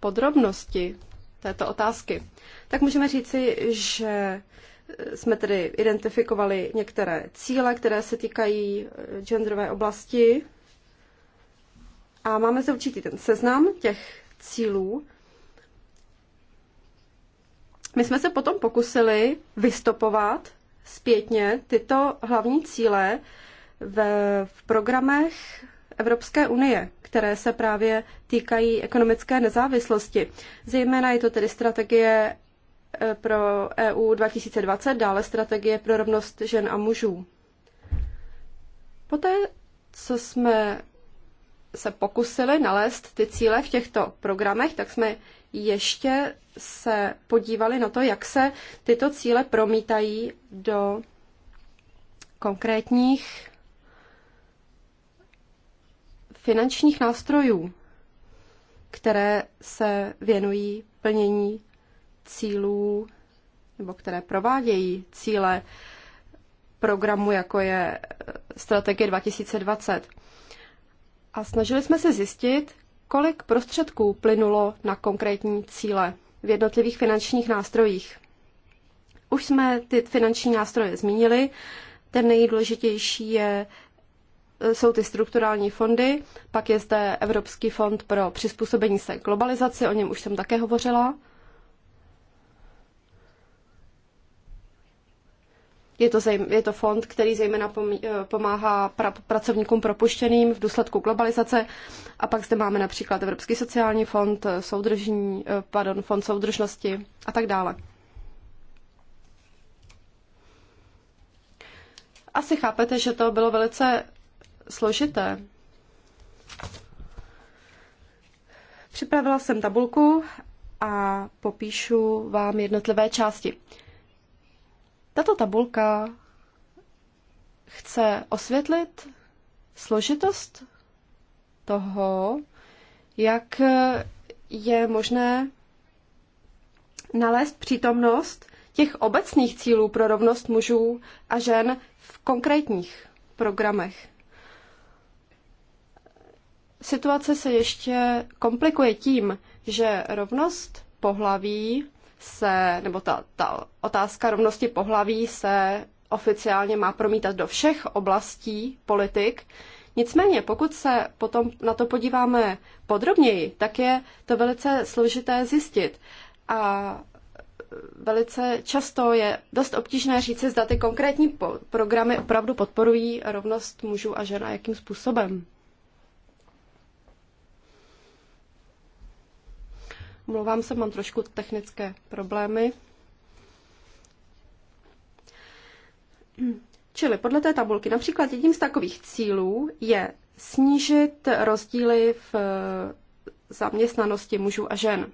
podrobnosti této otázky, tak můžeme říci, že eh, jsme tedy identifikovali některé cíle, které se týkají genderové oblasti a máme zde určitý ten seznam těch cílů. My jsme se potom pokusili vystopovat zpětně tyto hlavní cíle v, v programech Evropské unie, které se právě týkají ekonomické nezávislosti. Zejména je to tedy strategie eh, pro EU 2020, dále strategie pro rovnost žen a mužů. Poté, co jsme se pokusili nalézt ty cíle v těchto programech, tak jsme ještě se podívali na to, jak se tyto cíle promítají do konkrétních finančních nástrojů, které se věnují plnění cílů nebo které provádějí cíle programu, jako je eh, strategie 2020 a snažili jsme se zjistit, kolik prostředků plynulo na konkrétní cíle v jednotlivých finančních nástrojích. Už jsme ty finanční nástroje zmínili. Ten nejdůležitější je, e, jsou ty strukturální fondy, pak je zde Evropský fond pro přizpůsobení se globalizaci, o něm už jsem také hovořila. Je to, zejm, je to fond, který zejména eh, pomáhá pra, pracovníkům propuštěným v důsledku globalizace. A pak zde máme například Evropský sociální fond, eh, soudržní, eh, pardon, fond soudržnosti a tak dále. Asi chápete, že to bylo velice složité. Připravila jsem tabulku a popíšu vám jednotlivé části. Tato tabulka chce osvětlit složitost toho, jak je možné nalézt přítomnost těch obecných cílů pro rovnost mužů a žen v konkrétních programech. Situace se ještě komplikuje tím, že rovnost pohlaví se, nebo ta, ta otázka rovnosti pohlaví se oficiálně má promítat do všech oblastí politik. Nicméně, pokud se potom na to podíváme podrobněji, tak je to velice složité zjistit. A velice často je dost obtížné říci, zda ty konkrétní programy opravdu podporují rovnost mužů a žen a jakým způsobem. Mluvám se, mám trošku technické problémy. Čili podle té tabulky například jedním z takových cílů je snížit rozdíly v eh, zaměstnanosti mužů a žen.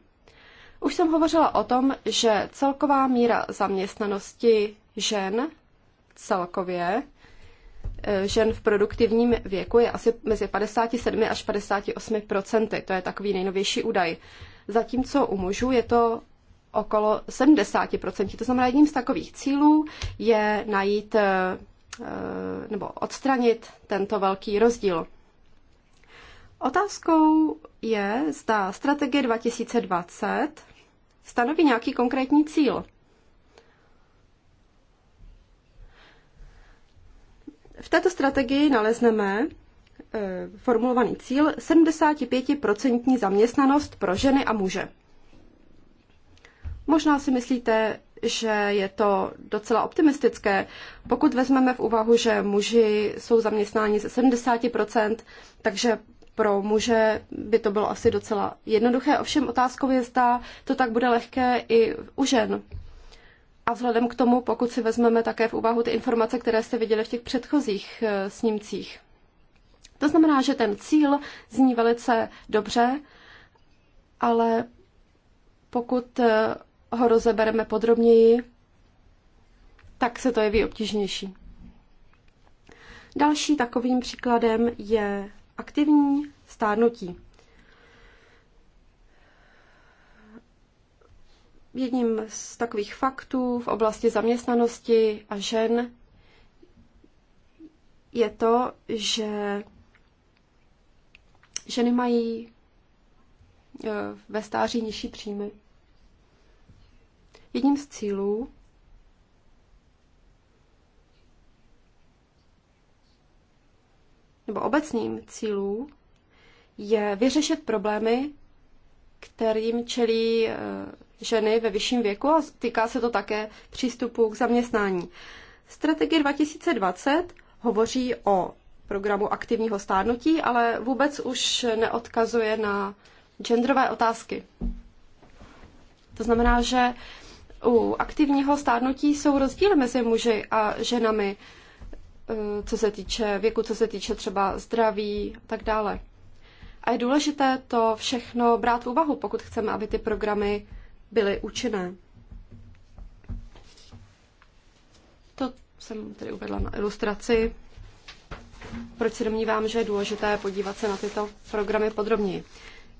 Už jsem hovořila o tom, že celková míra zaměstnanosti žen celkově eh, žen v produktivním věku je asi mezi 57 až 58 procenty. To je takový nejnovější údaj zatímco u mužů je to okolo 70%. To znamená, jedním z takových cílů je najít eh, eh, nebo odstranit tento velký rozdíl. Otázkou je, zda strategie 2020 stanoví nějaký konkrétní cíl. V této strategii nalezneme, Eh, formulovaný cíl 75% zaměstnanost pro ženy a muže. Možná si myslíte, že je to docela optimistické. Pokud vezmeme v úvahu, že muži jsou zaměstnáni ze 70%, takže pro muže by to bylo asi docela jednoduché. Ovšem otázkou je, zda to tak bude lehké i u žen. A vzhledem k tomu, pokud si vezmeme také v úvahu ty informace, které jste viděli v těch předchozích eh, snímcích. To znamená, že ten cíl zní velice dobře, ale pokud eh, ho rozebereme podrobněji, tak se to jeví obtížnější. Další takovým příkladem je aktivní stárnutí. Jedním z takových faktů v oblasti zaměstnanosti a žen je to, že Ženy mají eh, ve stáří nižší příjmy. Jedním z cílů nebo obecným cílů je vyřešit problémy, kterým čelí eh, ženy ve vyšším věku a týká se to také přístupu k zaměstnání. Strategie 2020 hovoří o programu aktivního stárnutí, ale vůbec už neodkazuje na genderové otázky. To znamená, že u aktivního stárnutí jsou rozdíly mezi muži a ženami, eh, co se týče věku, co se týče třeba zdraví a tak dále. A je důležité to všechno brát v úvahu, pokud chceme, aby ty programy byly účinné. To jsem tady uvedla na ilustraci proč se domnívám, že je důležité podívat se na tyto programy podrobněji.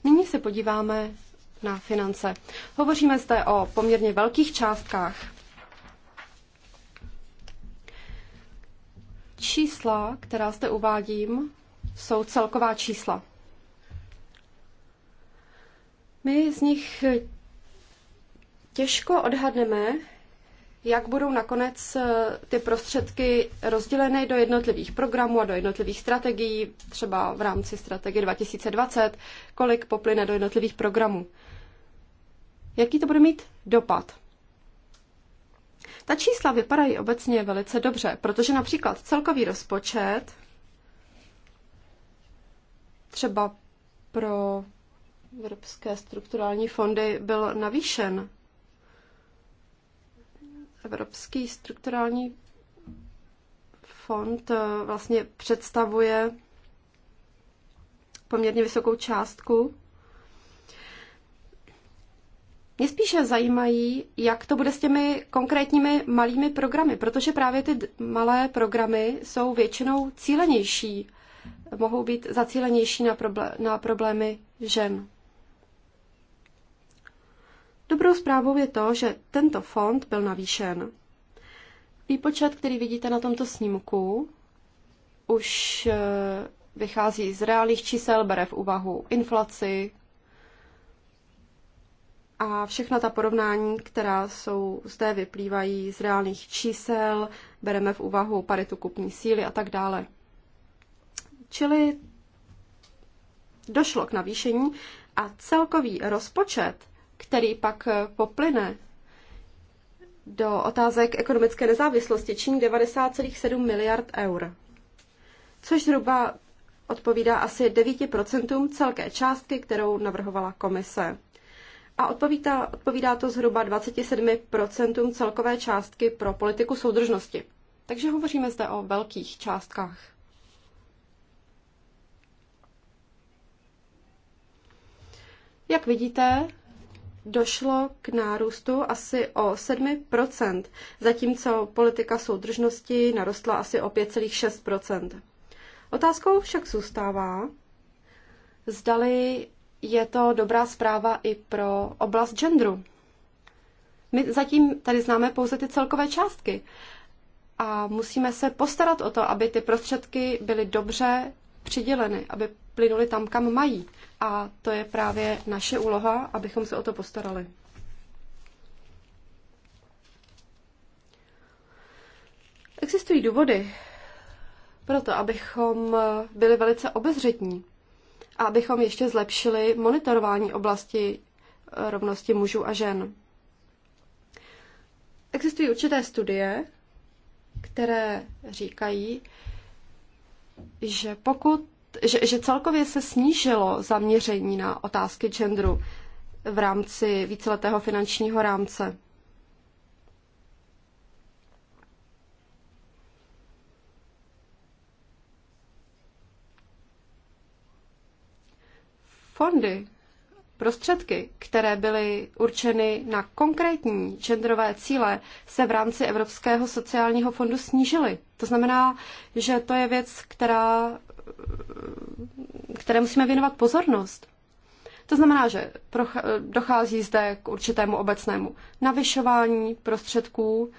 Nyní se podíváme na finance. Hovoříme zde o poměrně velkých částkách. Čísla, která zde uvádím, jsou celková čísla. My z nich těžko odhadneme, jak budou nakonec eh, ty prostředky rozděleny do jednotlivých programů a do jednotlivých strategií, třeba v rámci strategie 2020, kolik poplyne do jednotlivých programů. Jaký to bude mít dopad? Ta čísla vypadají obecně velice dobře, protože například celkový rozpočet třeba pro evropské strukturální fondy byl navýšen Evropský strukturální fond eh, vlastně představuje poměrně vysokou částku. Mě spíše zajímají, jak to bude s těmi konkrétními malými programy, protože právě ty malé programy jsou většinou cílenější, mohou být zacílenější na, problé- na problémy žen. Dobrou zprávou je to, že tento fond byl navýšen. Výpočet, který vidíte na tomto snímku, už eh, vychází z reálných čísel, bere v úvahu inflaci a všechna ta porovnání, která jsou zde, vyplývají z reálných čísel, bereme v úvahu paritu kupní síly a tak dále. Čili došlo k navýšení a celkový rozpočet který pak eh, poplyne do otázek ekonomické nezávislosti, činí 90,7 miliard eur, což zhruba odpovídá asi 9% celké částky, kterou navrhovala komise. A odpovídá, odpovídá to zhruba 27% celkové částky pro politiku soudržnosti. Takže hovoříme zde o velkých částkách. Jak vidíte, došlo k nárůstu asi o 7%, zatímco politika soudržnosti narostla asi o 5,6%. Otázkou však zůstává, zdali je to dobrá zpráva i pro oblast genderu. My zatím tady známe pouze ty celkové částky a musíme se postarat o to, aby ty prostředky byly dobře přiděleny, aby plynuli tam, kam mají. A to je právě naše úloha, abychom se o to postarali. Existují důvody pro to, abychom byli velice obezřetní a abychom ještě zlepšili monitorování oblasti eh, rovnosti mužů a žen. Existují určité studie, které říkají, že pokud, že, že celkově se snížilo zaměření na otázky genderu v rámci víceletého finančního rámce. Fondy Prostředky, které byly určeny na konkrétní genderové cíle, se v rámci Evropského sociálního fondu snížily. To znamená, že to je věc, která, které musíme věnovat pozornost. To znamená, že dochází zde k určitému obecnému navyšování prostředků.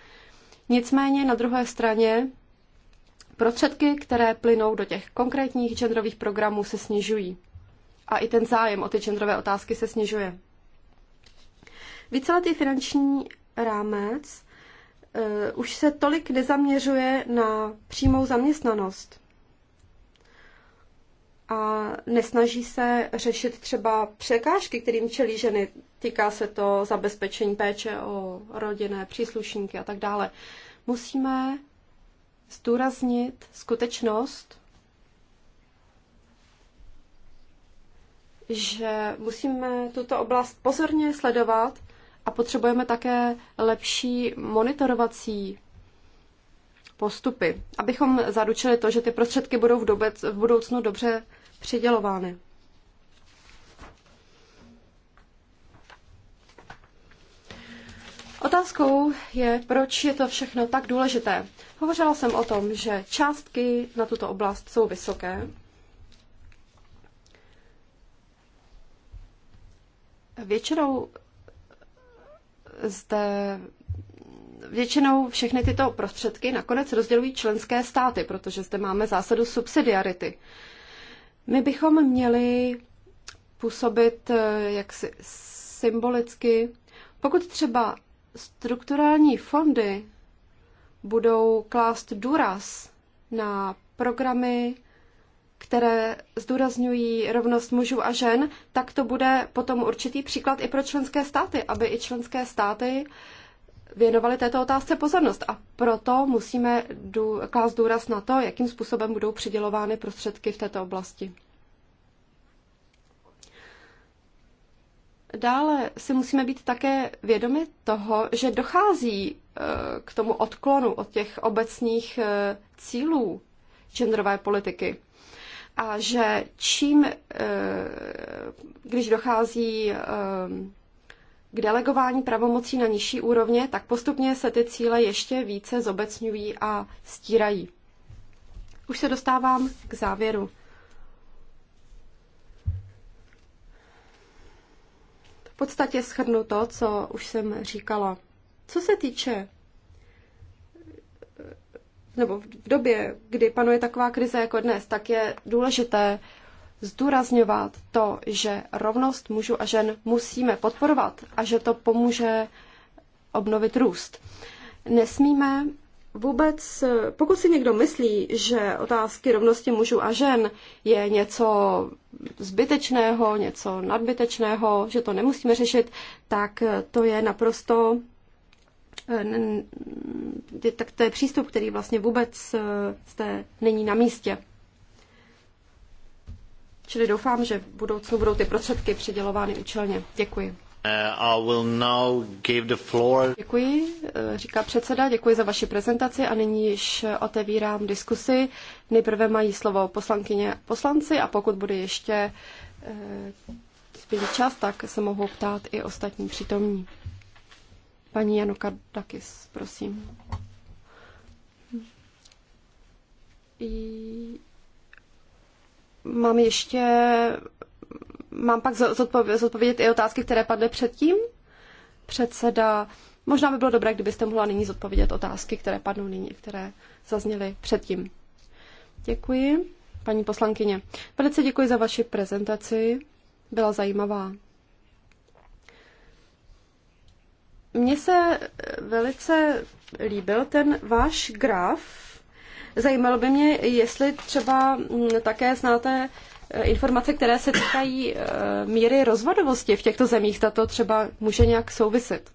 Nicméně na druhé straně prostředky, které plynou do těch konkrétních genderových programů, se snižují a i ten zájem o ty genderové otázky se snižuje. Víceletý finanční rámec uh, už se tolik nezaměřuje na přímou zaměstnanost a nesnaží se řešit třeba překážky, kterým čelí ženy. Týká se to zabezpečení péče o rodinné příslušníky a tak dále. Musíme zdůraznit skutečnost, že musíme tuto oblast pozorně sledovat a potřebujeme také lepší monitorovací postupy, abychom zaručili to, že ty prostředky budou v, dobec, v budoucnu dobře přidělovány. Otázkou je, proč je to všechno tak důležité. Hovořila jsem o tom, že částky na tuto oblast jsou vysoké, Většinou zde většinou všechny tyto prostředky nakonec rozdělují členské státy, protože zde máme zásadu subsidiarity. My bychom měli působit eh, jaksi symbolicky. Pokud třeba strukturální fondy budou klást důraz na programy které zdůrazňují rovnost mužů a žen, tak to bude potom určitý příklad i pro členské státy, aby i členské státy věnovaly této otázce pozornost. A proto musíme dů, klást důraz na to, jakým způsobem budou přidělovány prostředky v této oblasti. Dále si musíme být také vědomi toho, že dochází e, k tomu odklonu od těch obecných e, cílů genderové politiky a že čím, eh, když dochází eh, k delegování pravomocí na nižší úrovně, tak postupně se ty cíle ještě více zobecňují a stírají. Už se dostávám k závěru. V podstatě shrnu to, co už jsem říkala. Co se týče nebo v době, kdy panuje taková krize jako dnes, tak je důležité zdůrazňovat to, že rovnost mužů a žen musíme podporovat a že to pomůže obnovit růst. Nesmíme vůbec, pokud si někdo myslí, že otázky rovnosti mužů a žen je něco zbytečného, něco nadbytečného, že to nemusíme řešit, tak to je naprosto Eh, tak to je přístup, který vlastně vůbec jste, eh, není na místě. Čili doufám, že v budoucnu budou ty prostředky přidělovány účelně. Děkuji. Uh, I will now give the floor. Děkuji, říká předseda, děkuji za vaši prezentaci a nyní již otevírám diskusi. Nejprve mají slovo poslankyně poslanci a pokud bude ještě uh, čas, tak se mohou ptát i ostatní přítomní. Paní Janoka Dakis, prosím. I... Mám ještě... Mám pak zodpovědět i otázky, které padly předtím? Předseda... Možná by bylo dobré, kdybyste mohla nyní zodpovědět otázky, které padnou nyní, které zazněly předtím. Děkuji, paní poslankyně. Velice děkuji za vaši prezentaci. Byla zajímavá. Mně se velice líbil ten váš graf. Zajímalo by mě, jestli třeba mm, také znáte eh, informace, které se týkají eh, míry rozvodovosti v těchto zemích. Tato třeba může nějak souviset.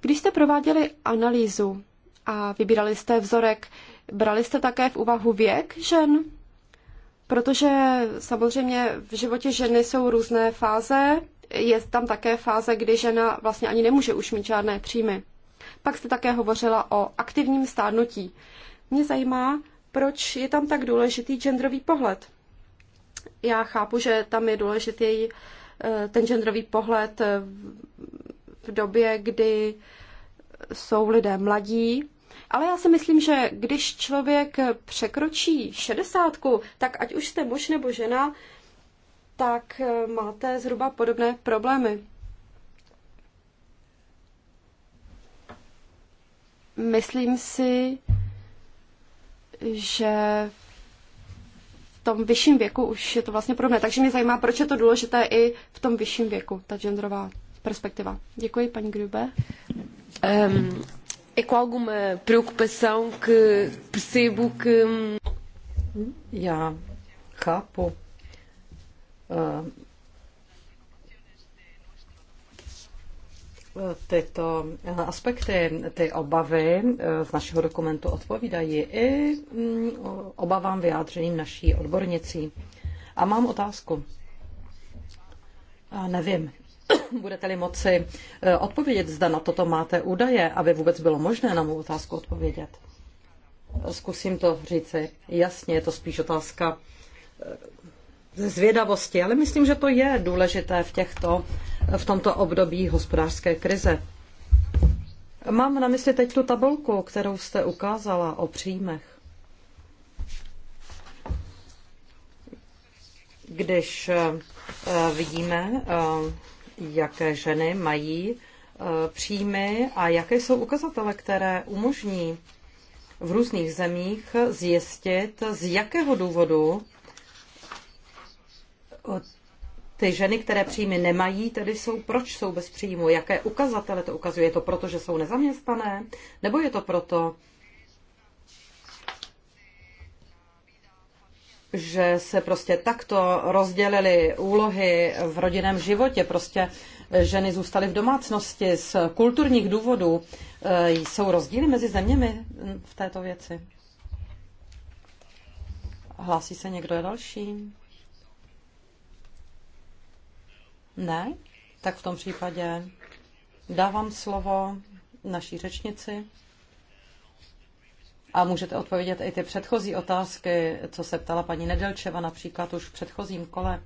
Když jste prováděli analýzu a vybírali jste vzorek, brali jste také v úvahu věk žen? Protože samozřejmě v životě ženy jsou různé fáze, je tam také fáze, kdy žena vlastně ani nemůže už mít žádné příjmy. Pak jste také hovořila o aktivním stárnutí. Mě zajímá, proč je tam tak důležitý genderový pohled. Já chápu, že tam je důležitý eh, ten genderový pohled eh, v době, kdy jsou lidé mladí, ale já si myslím, že když člověk překročí šedesátku, tak ať už jste muž nebo žena, tak eh, máte zhruba podobné problémy. Myslím si, že v tom vyšším věku už je to vlastně podobné. Takže mě zajímá, proč je to důležité i v tom vyšším věku, ta genderová perspektiva. Děkuji, paní Grube. Um, é com alguma preocupação que percebo que. Já Capo. Eh, tyto aspekty, ty obavy eh, z našeho dokumentu odpovídají i mm, obavám vyjádřeným naší odbornicí. A mám otázku. A nevím, (coughs) budete-li moci eh, odpovědět, zda na toto máte údaje, aby vůbec bylo možné na mou otázku odpovědět. Zkusím to říci. Jasně, je to spíš otázka ze zvědavosti, ale myslím, že to je důležité v, těchto, v tomto období hospodářské krize. Mám na mysli teď tu tabulku, kterou jste ukázala o příjmech. Když eh, vidíme, eh, jaké ženy mají eh, příjmy a jaké jsou ukazatele, které umožní v různých zemích zjistit, z jakého důvodu ty ženy, které příjmy nemají, tedy jsou, proč jsou bez příjmu? Jaké ukazatele to ukazuje? Je to proto, že jsou nezaměstnané? Nebo je to proto, že se prostě takto rozdělily úlohy v rodinném životě, prostě eh, ženy zůstaly v domácnosti z kulturních důvodů. Eh, jsou rozdíly mezi zeměmi hm, v této věci? Hlásí se někdo další? Ne? Tak v tom případě dávám slovo naší řečnici. A můžete odpovědět i ty předchozí otázky, co se ptala paní Nedelčeva například už v předchozím kole.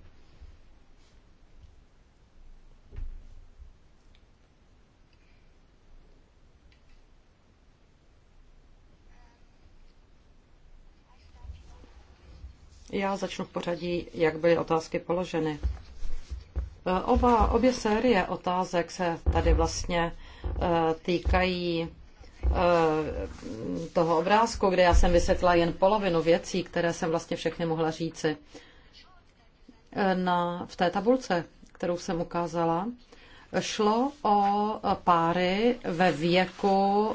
Já začnu v pořadí, jak byly otázky položeny. Eh, oba, obě série otázek se tady vlastně eh, týkají eh, toho obrázku, kde já jsem vysvětla jen polovinu věcí, které jsem vlastně všechny mohla říci. Na, v té tabulce, kterou jsem ukázala, šlo o páry ve věku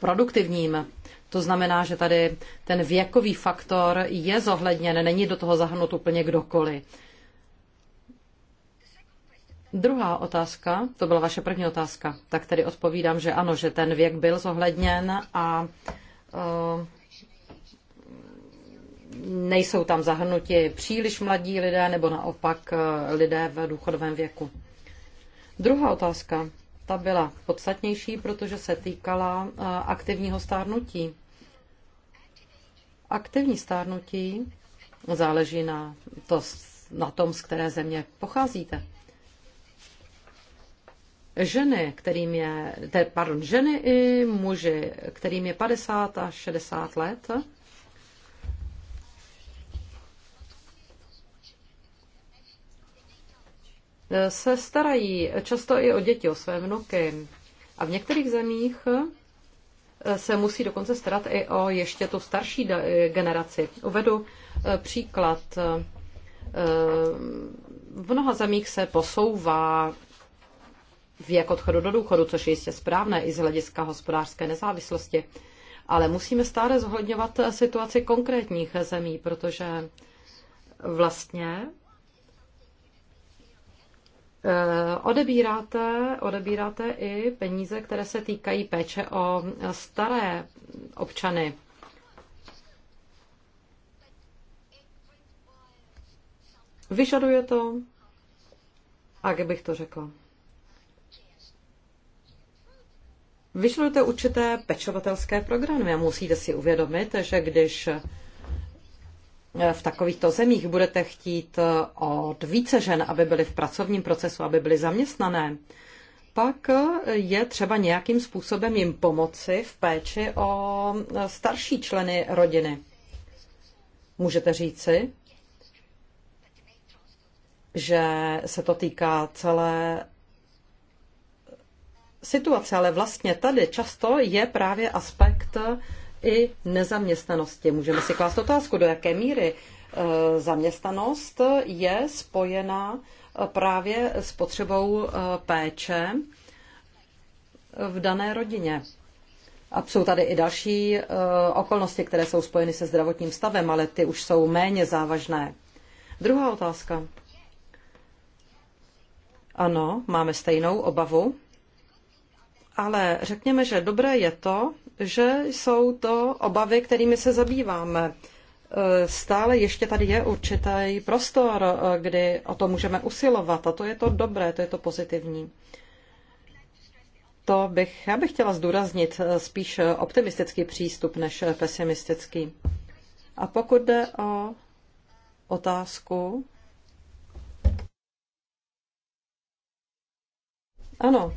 produktivním. To znamená, že tady ten věkový faktor je zohledněn, není do toho zahrnut úplně kdokoliv. Druhá otázka, to byla vaše první otázka, tak tedy odpovídám, že ano, že ten věk byl zohledněn a uh, nejsou tam zahrnuti příliš mladí lidé nebo naopak eh, lidé v důchodovém věku. Druhá otázka, ta byla podstatnější, protože se týkala eh, aktivního stárnutí. Aktivní stárnutí záleží na, to, na tom, z které země pocházíte ženy, kterým je, te, pardon, ženy i muži, kterým je 50 až 60 let, se starají často i o děti, o své vnuky. A v některých zemích se musí dokonce starat i o ještě tu starší generaci. Uvedu eh, příklad. Eh, v mnoha zemích se posouvá věk odchodu do důchodu, což je jistě správné i z hlediska hospodářské nezávislosti. Ale musíme stále zohledňovat situaci konkrétních zemí, protože vlastně eh, Odebíráte, odebíráte i peníze, které se týkají péče o staré občany. Vyžaduje to, a jak bych to řekla, Vyžadujete určité pečovatelské programy a musíte si uvědomit, že když eh, v takovýchto zemích budete chtít eh, od více žen, aby byly v pracovním procesu, aby byly zaměstnané, pak eh, je třeba nějakým způsobem jim pomoci v péči o starší členy rodiny. Můžete říci, že se to týká celé situace, ale vlastně tady často je právě aspekt i nezaměstnanosti. Můžeme si klást otázku, do jaké míry eh, zaměstnanost je spojena eh, právě s potřebou eh, péče v dané rodině. A jsou tady i další okolnosti, které jsou spojeny se zdravotním stavem, ale ty už jsou méně závažné. Druhá otázka. Ano, máme stejnou obavu. Ale řekněme, že dobré je to, že jsou to obavy, kterými se zabýváme. E, stále ještě tady je určitý prostor, e, kdy o to můžeme usilovat a to je to dobré, to je to pozitivní. To bych, já bych chtěla zdůraznit e, spíš optimistický přístup než pesimistický. A pokud jde o otázku. Ano,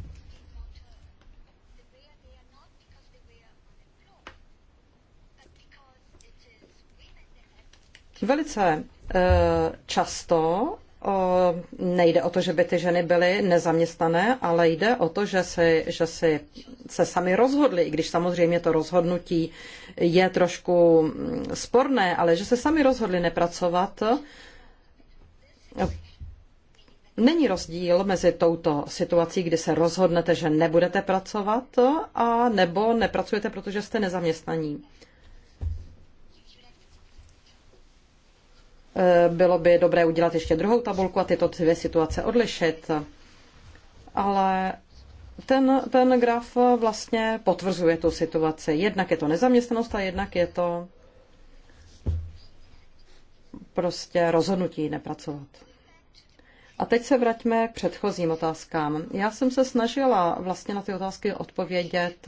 Velice eh, často nejde o to, že by ty ženy byly nezaměstnané, ale jde o to, že, si, že si, se sami rozhodly, i když samozřejmě to rozhodnutí je trošku mm, sporné, ale že se sami rozhodly nepracovat. Není rozdíl mezi touto situací, kdy se rozhodnete, že nebudete pracovat, a nebo nepracujete, protože jste nezaměstnaní. Eh, bylo by dobré udělat ještě druhou tabulku a tyto dvě situace odlišit. Ale ten, ten graf vlastně potvrzuje tu situaci. Jednak je to nezaměstnanost a jednak je to prostě rozhodnutí nepracovat. A teď se vraťme k předchozím otázkám. Já jsem se snažila vlastně na ty otázky odpovědět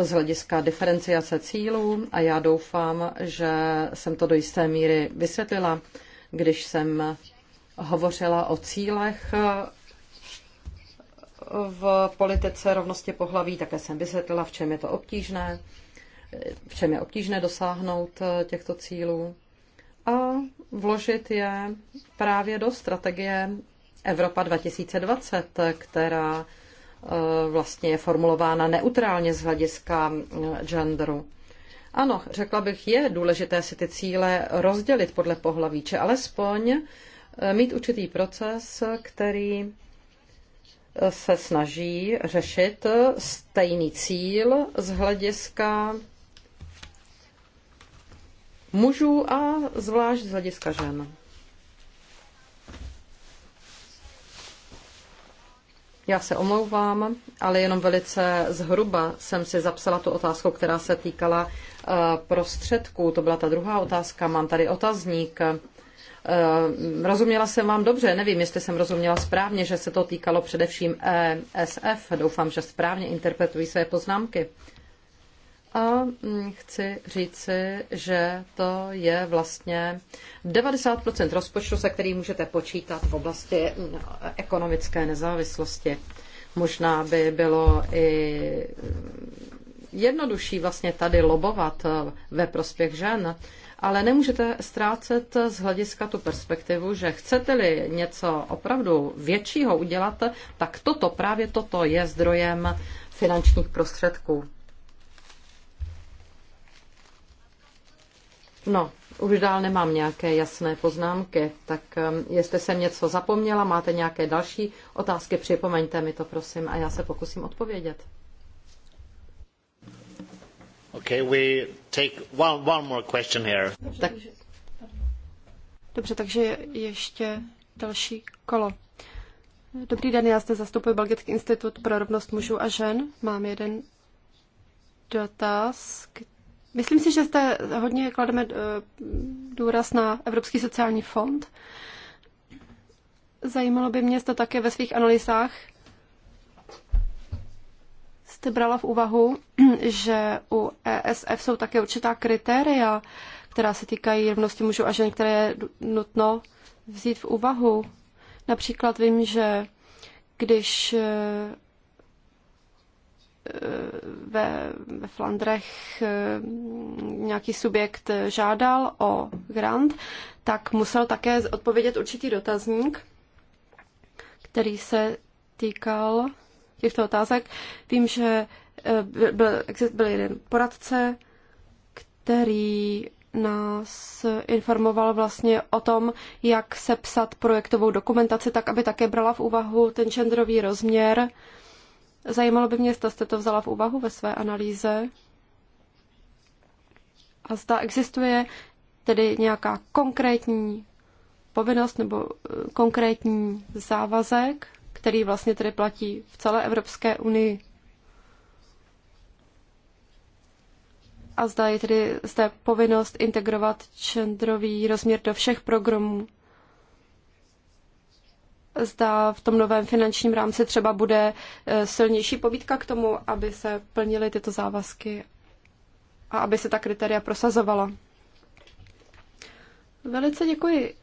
z hlediska diferenciace cílů a já doufám, že jsem to do jisté míry vysvětlila, když jsem hovořila o cílech v politice rovnosti pohlaví, také jsem vysvětlila, v čem je to obtížné, v čem je obtížné dosáhnout těchto cílů a vložit je právě do strategie Evropa 2020, která Eh, vlastně je formulována neutrálně z hlediska eh, genderu. Ano, řekla bych, je důležité si ty cíle rozdělit podle pohlaví, či alespoň eh, mít určitý proces, který se snaží řešit stejný cíl z hlediska mužů a zvlášť z hlediska žen. Já se omlouvám, ale jenom velice zhruba jsem si zapsala tu otázku, která se týkala eh, prostředků. To byla ta druhá otázka. Mám tady otazník. Eh, rozuměla jsem vám dobře, nevím, jestli jsem rozuměla správně, že se to týkalo především ESF. Doufám, že správně interpretují své poznámky. A mm, chci říci, že to je vlastně 90% rozpočtu, se který můžete počítat v oblasti mm, ekonomické nezávislosti. Možná by bylo i mm, jednodušší vlastně tady lobovat eh, ve prospěch žen, ale nemůžete ztrácet z hlediska tu perspektivu, že chcete-li něco opravdu většího udělat, tak toto, právě toto je zdrojem finančních prostředků. No, už dál nemám nějaké jasné poznámky, tak um, jestli jsem něco zapomněla, máte nějaké další otázky, připomeňte mi to, prosím, a já se pokusím odpovědět. Okay, we take one, one more question here. Dobře, tak... takže, Dobře, takže ještě další kolo. Dobrý den, já zde zastupuji Belgický institut pro rovnost mužů a žen. Mám jeden dotaz, Myslím si, že zde hodně klademe eh, důraz na Evropský sociální fond. Zajímalo by mě, to také ve svých analýzách jste brala v úvahu, (clears throat) že u ESF jsou také určitá kritéria, která se týkají rovnosti mužů a žen, které je nutno vzít v úvahu. Například vím, že když eh, ve, ve Flandrech eh, nějaký subjekt žádal o grant, tak musel také odpovědět určitý dotazník, který se týkal těchto otázek. Vím, že eh, byl, byl jeden poradce, který nás informoval vlastně o tom, jak sepsat projektovou dokumentaci tak, aby také brala v úvahu ten genderový rozměr Zajímalo by mě, zda jste to vzala v úvahu ve své analýze a zda existuje tedy nějaká konkrétní povinnost nebo eh, konkrétní závazek, který vlastně tedy platí v celé Evropské unii. A zda je tedy zde povinnost integrovat čendrový rozměr do všech programů zda v tom novém finančním rámci třeba bude e, silnější pobídka k tomu, aby se plnily tyto závazky a aby se ta kritéria prosazovala. Velice děkuji.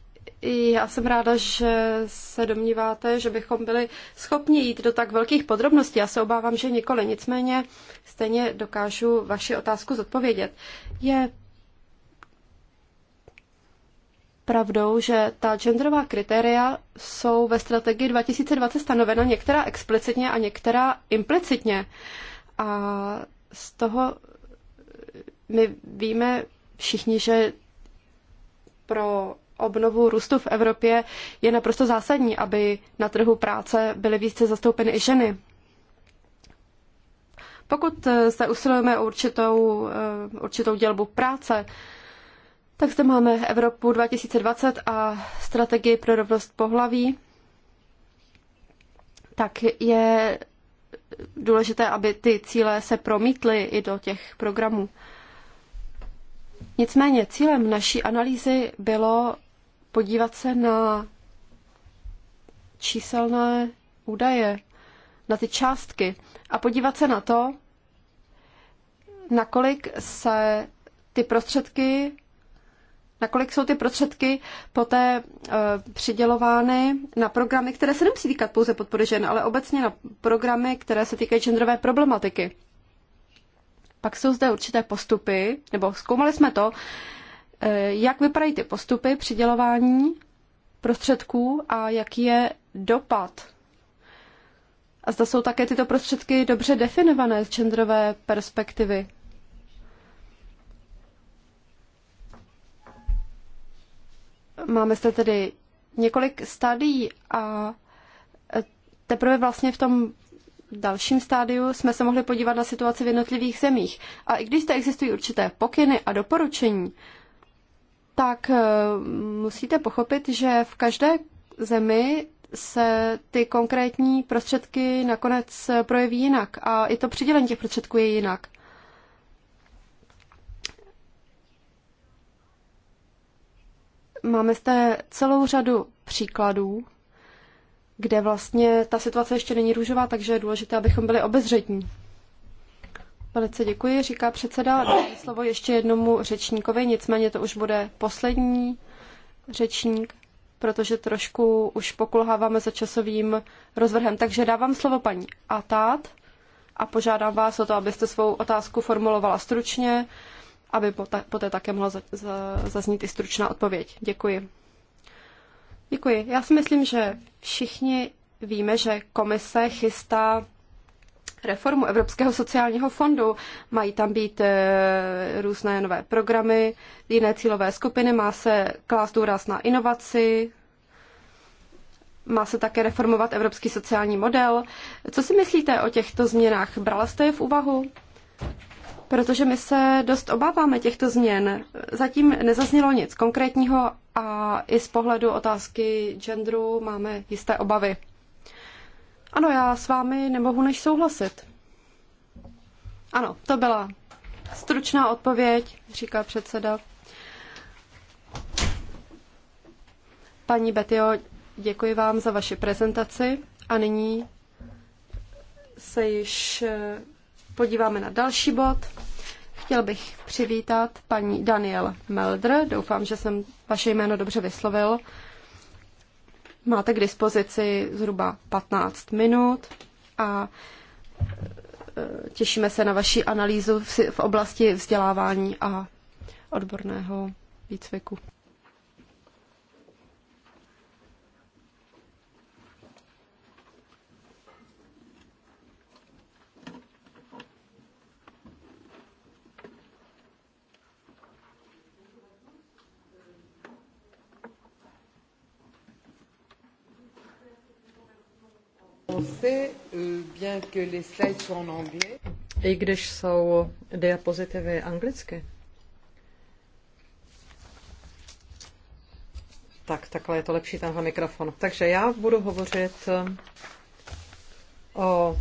Já jsem ráda, že se domníváte, že bychom byli schopni jít do tak velkých podrobností. Já se obávám, že nikoli. Nicméně stejně dokážu vaši otázku zodpovědět. Je pravdou, že ta genderová kritéria jsou ve strategii 2020 stanovena některá explicitně a některá implicitně. A z toho eh, my víme všichni, že pro obnovu růstu v Evropě je naprosto zásadní, aby na trhu práce byly více zastoupeny i ženy. Pokud eh, se usilujeme o určitou, eh, určitou dělbu práce, tak zde máme Evropu 2020 a strategii pro rovnost pohlaví. Tak je důležité, aby ty cíle se promítly i do těch programů. Nicméně cílem naší analýzy bylo podívat se na číselné údaje, na ty částky a podívat se na to, nakolik se ty prostředky nakolik jsou ty prostředky poté eh, přidělovány na programy, které se nemusí týkat pouze podpory žen, ale obecně na programy, které se týkají genderové problematiky. Pak jsou zde určité postupy, nebo zkoumali jsme to, eh, jak vypadají ty postupy přidělování prostředků a jaký je dopad. A zda jsou také tyto prostředky dobře definované z genderové perspektivy. Máme zde tedy několik stadií a e, teprve vlastně v tom dalším stádiu jsme se mohli podívat na situaci v jednotlivých zemích. A i když zde existují určité pokyny a doporučení, tak e, musíte pochopit, že v každé zemi se ty konkrétní prostředky nakonec e, projeví jinak a i to přidělení těch prostředků je jinak. Máme zde celou řadu příkladů, kde vlastně ta situace ještě není růžová, takže je důležité, abychom byli obezřetní. Velice děkuji, říká předseda. Dám slovo ještě jednomu řečníkovi, nicméně to už bude poslední řečník, protože trošku už pokulháváme za časovým rozvrhem. Takže dávám slovo paní Atát a požádám vás o to, abyste svou otázku formulovala stručně aby poté také mohla zaznít i stručná odpověď. Děkuji. Děkuji. Já si myslím, že všichni víme, že komise chystá reformu Evropského sociálního fondu. Mají tam být e, různé nové programy, jiné cílové skupiny, má se klást důraz na inovaci, má se také reformovat evropský sociální model. Co si myslíte o těchto změnách? Brala jste je v úvahu? protože my se dost obáváme těchto změn. Zatím nezaznělo nic konkrétního a i z pohledu otázky genderu máme jisté obavy. Ano, já s vámi nemohu než souhlasit. Ano, to byla stručná odpověď, říká předseda. Paní Betio, děkuji vám za vaši prezentaci a nyní se již podíváme na další bod, chtěl bych přivítat paní Daniel Meldr. Doufám, že jsem vaše jméno dobře vyslovil. Máte k dispozici zhruba 15 minut a e, těšíme se na vaši analýzu v oblasti vzdělávání a odborného výcviku. Euh, I když jsou diapozitivy anglicky, tak takhle je to lepší tenhle mikrofon. Takže já budu hovořit eh, o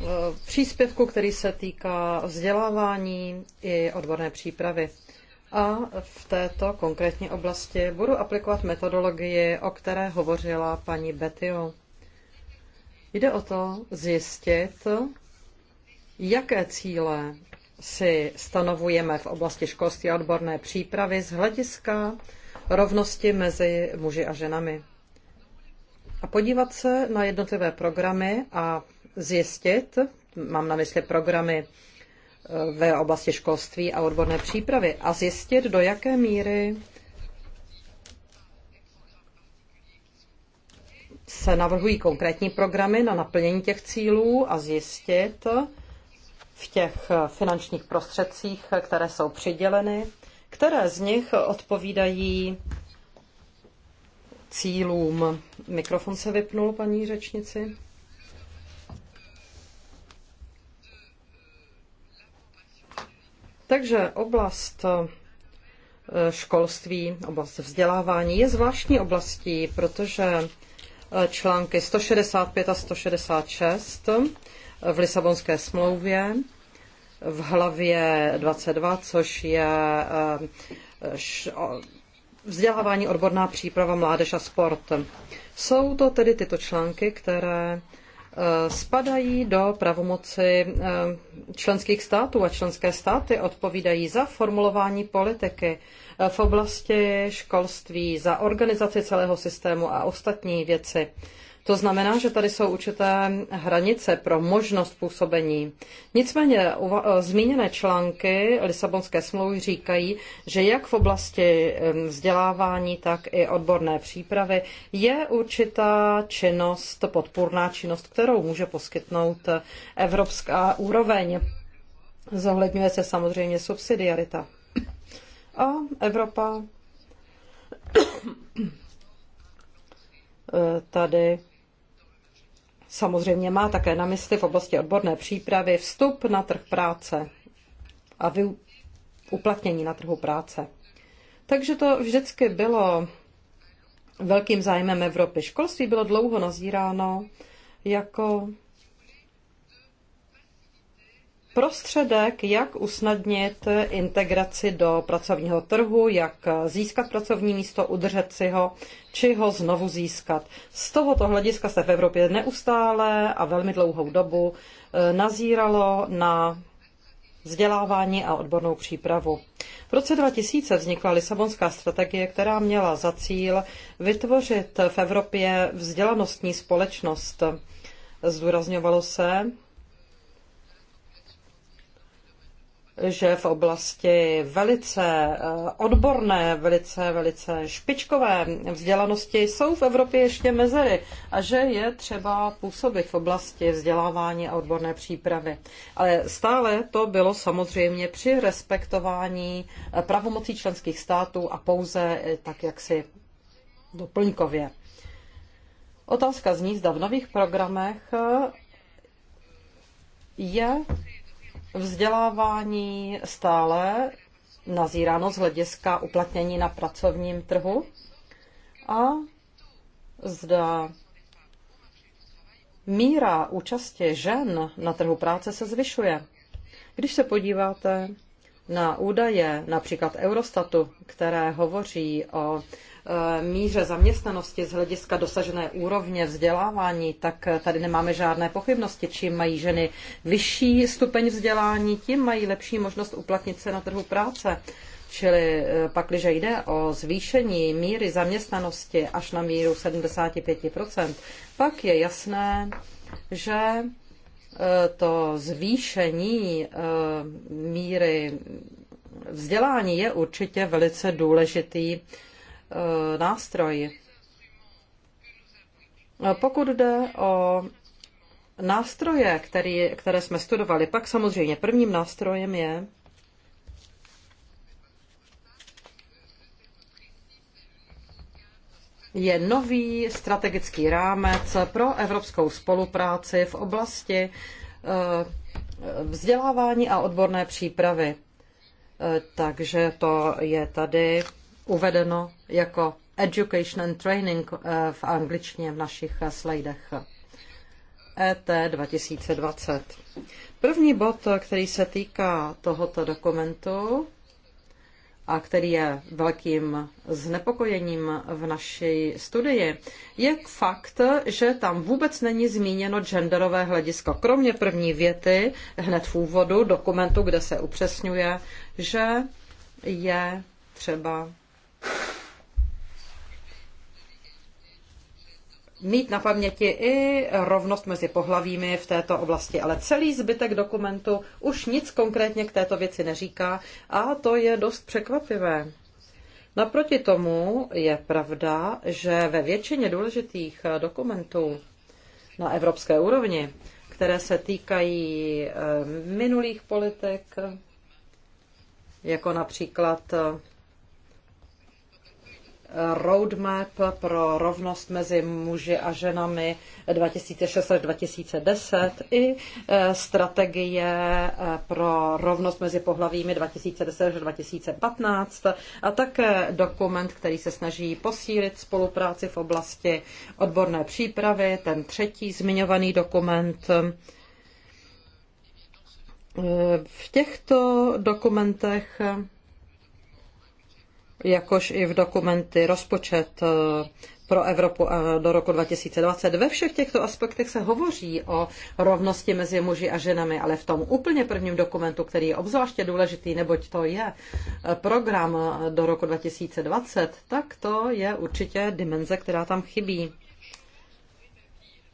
eh, příspěvku, který se týká vzdělávání i odborné přípravy. A v této konkrétní oblasti budu aplikovat metodologii, o které hovořila paní Betio. Jde o to zjistit, jaké cíle si stanovujeme v oblasti školství a odborné přípravy z hlediska rovnosti mezi muži a ženami. A podívat se na jednotlivé programy a zjistit, mám na mysli programy eh, ve oblasti školství a odborné přípravy, a zjistit, do jaké míry se navrhují konkrétní programy na naplnění těch cílů a zjistit v těch finančních prostředcích, které jsou přiděleny, které z nich odpovídají cílům. Mikrofon se vypnul, paní řečnici. Takže oblast eh, školství, oblast vzdělávání je zvláštní oblastí, protože články 165 a 166 v Lisabonské smlouvě v hlavě 22, což je eh, vzdělávání, odborná příprava, mládež a sport. Jsou to tedy tyto články, které eh, spadají do pravomoci eh, členských států a členské státy odpovídají za formulování politiky v oblasti školství, za organizaci celého systému a ostatní věci. To znamená, že tady jsou určité hranice pro možnost působení. Nicméně eh, zmíněné články Lisabonské smlouvy říkají, že jak v oblasti vzdělávání, tak i odborné přípravy je určitá činnost, podpůrná činnost, kterou může poskytnout evropská úroveň. Zohledňuje se samozřejmě subsidiarita a Evropa (coughs) eh, tady samozřejmě má také na mysli v oblasti odborné přípravy vstup na trh práce a vy, uplatnění na trhu práce. Takže to vždycky bylo velkým zájmem Evropy. Školství bylo dlouho nazíráno jako prostředek, jak usnadnit integraci do pracovního trhu, jak získat pracovní místo, udržet si ho, či ho znovu získat. Z tohoto hlediska se v Evropě neustále a velmi dlouhou dobu eh, nazíralo na vzdělávání a odbornou přípravu. V roce 2000 vznikla Lisabonská strategie, která měla za cíl vytvořit v Evropě vzdělanostní společnost. Zdůrazňovalo se, že v oblasti velice eh, odborné, velice, velice špičkové vzdělanosti jsou v Evropě ještě mezery a že je třeba působit v oblasti vzdělávání a odborné přípravy. Ale stále to bylo samozřejmě při respektování eh, pravomocí členských států a pouze eh, tak jaksi doplňkově. Otázka zní, zda v nových programech je vzdělávání stále nazíráno z hlediska uplatnění na pracovním trhu a zda míra účasti žen na trhu práce se zvyšuje. Když se podíváte na údaje například Eurostatu, které hovoří o e, míře zaměstnanosti z hlediska dosažené úrovně vzdělávání, tak tady nemáme žádné pochybnosti. Čím mají ženy vyšší stupeň vzdělání, tím mají lepší možnost uplatnit se na trhu práce. Čili e, pakliže jde o zvýšení míry zaměstnanosti až na míru 75%, pak je jasné, že to zvýšení eh, míry vzdělání je určitě velice důležitý eh, nástroj. Pokud jde o nástroje, který, které jsme studovali, pak samozřejmě prvním nástrojem je je nový strategický rámec pro evropskou spolupráci v oblasti eh, vzdělávání a odborné přípravy. Eh, takže to je tady uvedeno jako Education and Training eh, v angličtině v našich slajdech. E ET 2020. První bod, který se týká tohoto dokumentu, a který je velkým znepokojením v naší studii, je fakt, že tam vůbec není zmíněno genderové hledisko. Kromě první věty hned v úvodu dokumentu, kde se upřesňuje, že je třeba mít na paměti i rovnost mezi pohlavími v této oblasti, ale celý zbytek dokumentu už nic konkrétně k této věci neříká a to je dost překvapivé. Naproti tomu je pravda, že ve většině důležitých dokumentů na evropské úrovni, které se týkají eh, minulých politik, jako například eh, roadmap pro rovnost mezi muži a ženami 2006 až 2010 i eh, strategie eh, pro rovnost mezi pohlavími 2010 až 2015 a také dokument, který se snaží posílit spolupráci v oblasti odborné přípravy, ten třetí zmiňovaný dokument. Eh, v těchto dokumentech jakož i v dokumenty rozpočet eh, pro Evropu eh, do roku 2020. Ve všech těchto aspektech se hovoří o rovnosti mezi muži a ženami, ale v tom úplně prvním dokumentu, který je obzvláště důležitý, neboť to je eh, program do roku 2020, tak to je určitě dimenze, která tam chybí.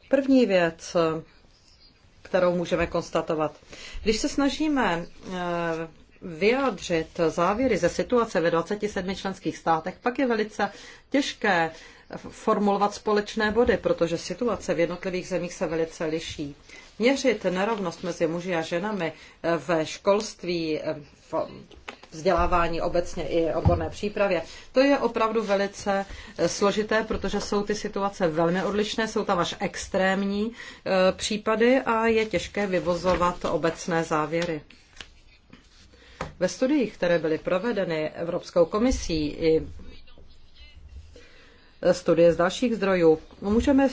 První věc, kterou můžeme konstatovat. Když se snažíme vyjádřit závěry ze situace ve 27 členských státech, pak je velice těžké formulovat společné body, protože situace v jednotlivých zemích se velice liší. Měřit nerovnost mezi muži a ženami ve školství, v vzdělávání obecně i odborné přípravě, to je opravdu velice složité, protože jsou ty situace velmi odlišné, jsou tam až extrémní eh, případy a je těžké vyvozovat obecné závěry. Ve studiích, které byly provedeny Evropskou komisí i studie z dalších zdrojů, můžeme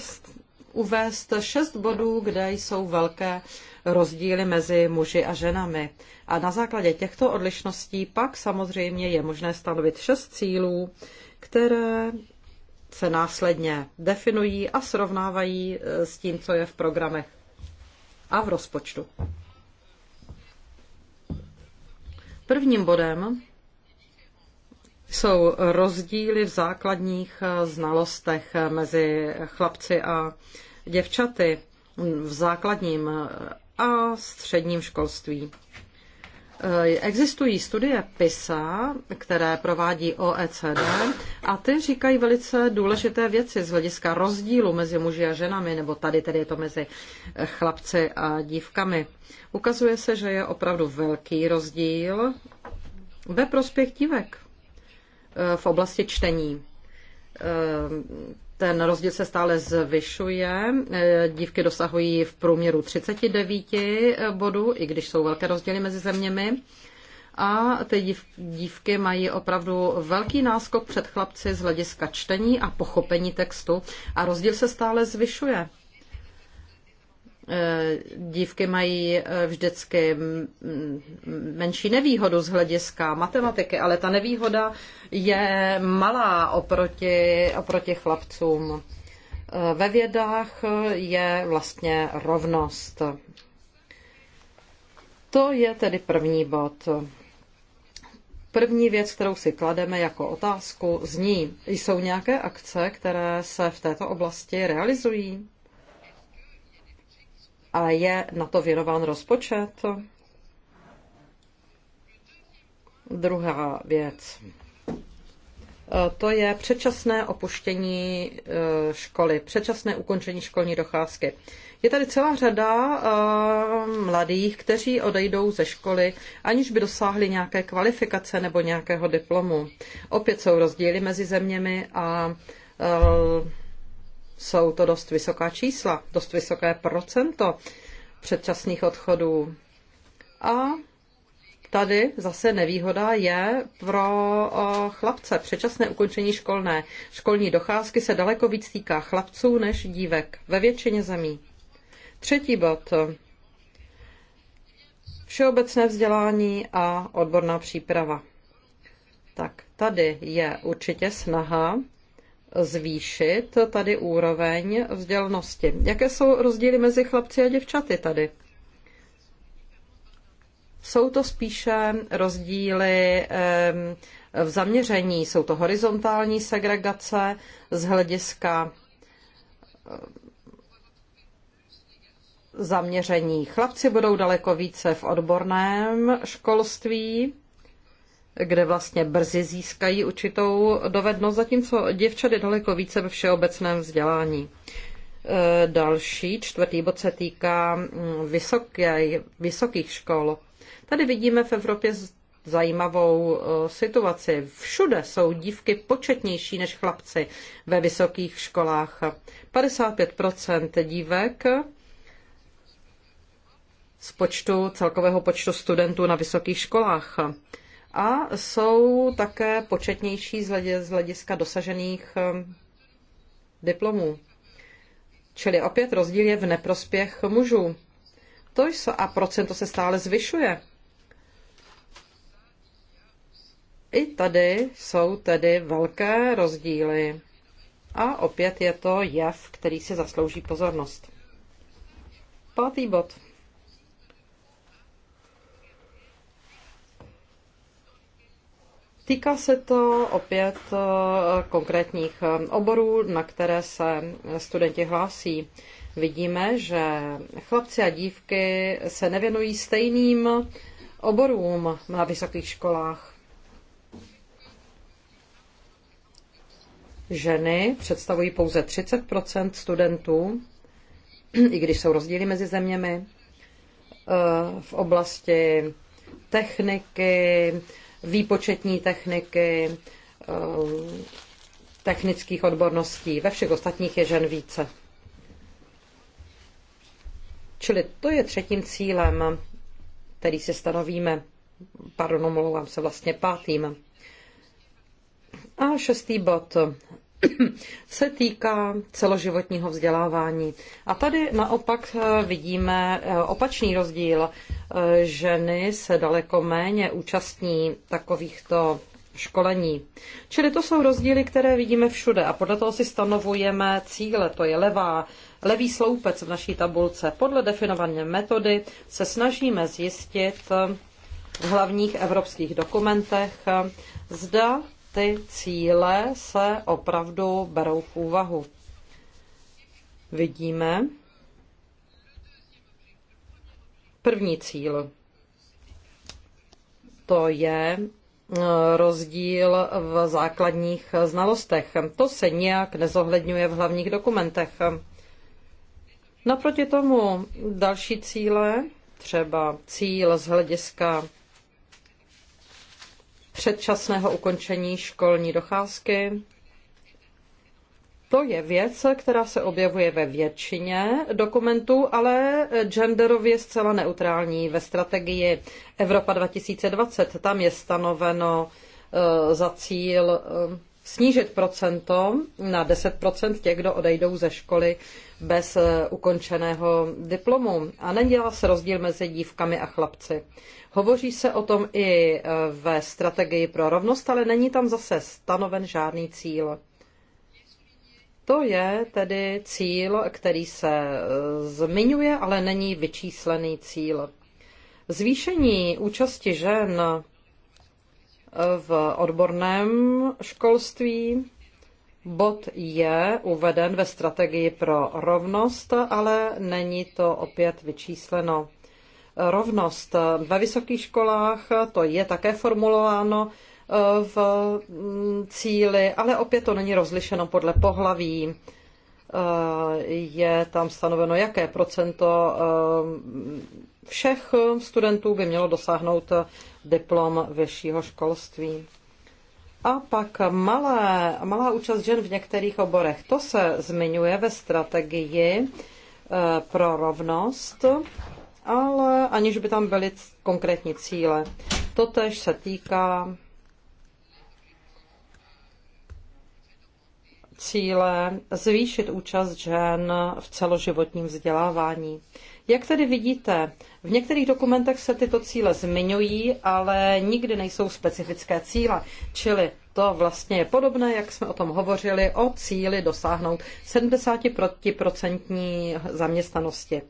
uvést šest bodů, kde jsou velké rozdíly mezi muži a ženami. A na základě těchto odlišností pak samozřejmě je možné stanovit šest cílů, které se následně definují a srovnávají eh, s tím, co je v programech a v rozpočtu. Prvním bodem jsou rozdíly v základních eh, znalostech eh, mezi chlapci a děvčaty v základním eh, a středním školství. Existují studie PISA, které provádí OECD, a ty říkají velice důležité věci z hlediska rozdílu mezi muži a ženami, nebo tady tedy je to mezi chlapci a dívkami. Ukazuje se, že je opravdu velký rozdíl ve prospěch dívek eh, v oblasti čtení. Eh, ten rozdíl se stále zvyšuje. Eh, dívky dosahují v průměru 39 bodů, i když jsou velké rozdíly mezi zeměmi. A ty dívky mají opravdu velký náskok před chlapci z hlediska čtení a pochopení textu a rozdíl se stále zvyšuje. E, dívky mají e, vždycky menší nevýhodu z hlediska matematiky, ale ta nevýhoda je malá oproti, oproti chlapcům. E, ve vědách je vlastně rovnost. To je tedy první bod. První věc, kterou si klademe jako otázku, zní, jsou nějaké akce, které se v této oblasti realizují? a je na to věnován rozpočet? Druhá věc. E, to je předčasné opuštění e, školy, předčasné ukončení školní docházky. Je tady celá řada e, mladých, kteří odejdou ze školy, aniž by dosáhli nějaké kvalifikace nebo nějakého diplomu. Opět jsou rozdíly mezi zeměmi a jsou to dost vysoká čísla, dost vysoké procento předčasných odchodů. A tady zase nevýhoda je pro chlapce. Předčasné ukončení školné. Školní docházky se daleko víc týká chlapců než dívek ve většině zemí. Třetí bod. Všeobecné vzdělání a odborná příprava. Tak tady je určitě snaha zvýšit tady úroveň vzdělnosti. Jaké jsou rozdíly mezi chlapci a děvčaty tady? Jsou to spíše rozdíly v zaměření, jsou to horizontální segregace z hlediska zaměření. Chlapci budou daleko více v odborném školství kde vlastně brzy získají určitou dovednost, zatímco děvčat daleko více ve všeobecném vzdělání. E, další, čtvrtý bod se týká mm, vysoké, vysokých škol. Tady vidíme v Evropě zajímavou e, situaci. Všude jsou dívky početnější než chlapci ve vysokých školách. 55 dívek z počtu celkového počtu studentů na vysokých školách a jsou také početnější z hlediska dosažených ehm, diplomů. Čili opět rozdíl je v neprospěch mužů. To jsou, a procento se stále zvyšuje. I tady jsou tedy velké rozdíly. A opět je to jev, který si zaslouží pozornost. Pátý bod. Týká se to opět eh, konkrétních eh, oborů, na které se studenti hlásí. Vidíme, že chlapci a dívky se nevěnují stejným oborům na vysokých školách. Ženy představují pouze 30 studentů, i když jsou rozdíly mezi zeměmi, eh, v oblasti techniky, výpočetní techniky, eh, technických odborností. Ve všech ostatních je žen více. Čili to je třetím cílem, který si stanovíme. Pardon, omlouvám se vlastně pátým. A šestý bod. (clears throat) se týká celoživotního vzdělávání. A tady naopak eh, vidíme eh, opačný rozdíl. Eh, ženy se daleko méně účastní takovýchto školení. Čili to jsou rozdíly, které vidíme všude a podle toho si stanovujeme cíle. To je levá, levý sloupec v naší tabulce. Podle definované metody se snažíme zjistit v hlavních evropských dokumentech, zda ty cíle se opravdu berou v úvahu. Vidíme první cíl. To je eh, rozdíl v základních znalostech. To se nijak nezohledňuje v hlavních dokumentech. Naproti tomu další cíle, třeba cíl z hlediska předčasného ukončení školní docházky. To je věc, která se objevuje ve většině dokumentů, ale genderově zcela neutrální. Ve strategii Evropa 2020 tam je stanoveno e, za cíl e, snížit procento na 10% těch, kdo odejdou ze školy bez eh, ukončeného diplomu. A nedělá se rozdíl mezi dívkami a chlapci. Hovoří se o tom i eh, ve strategii pro rovnost, ale není tam zase stanoven žádný cíl. To je tedy cíl, který se eh, zmiňuje, ale není vyčíslený cíl. Zvýšení účasti žen v odborném školství. Bod je uveden ve strategii pro rovnost, ale není to opět vyčísleno. Rovnost ve vysokých školách, to je také formulováno e, v mm, cíli, ale opět to není rozlišeno podle pohlaví e, je tam stanoveno, jaké procento e, všech studentů by mělo dosáhnout diplom vyššího školství. A pak malé, malá účast žen v některých oborech. To se zmiňuje ve strategii eh, pro rovnost, ale aniž by tam byly konkrétní cíle. Totež se týká cíle zvýšit účast žen v celoživotním vzdělávání. Jak tedy vidíte, v některých dokumentech se tyto cíle zmiňují, ale nikdy nejsou specifické cíle. Čili to vlastně je podobné, jak jsme o tom hovořili, o cíli dosáhnout 70% zaměstnanosti. Eh,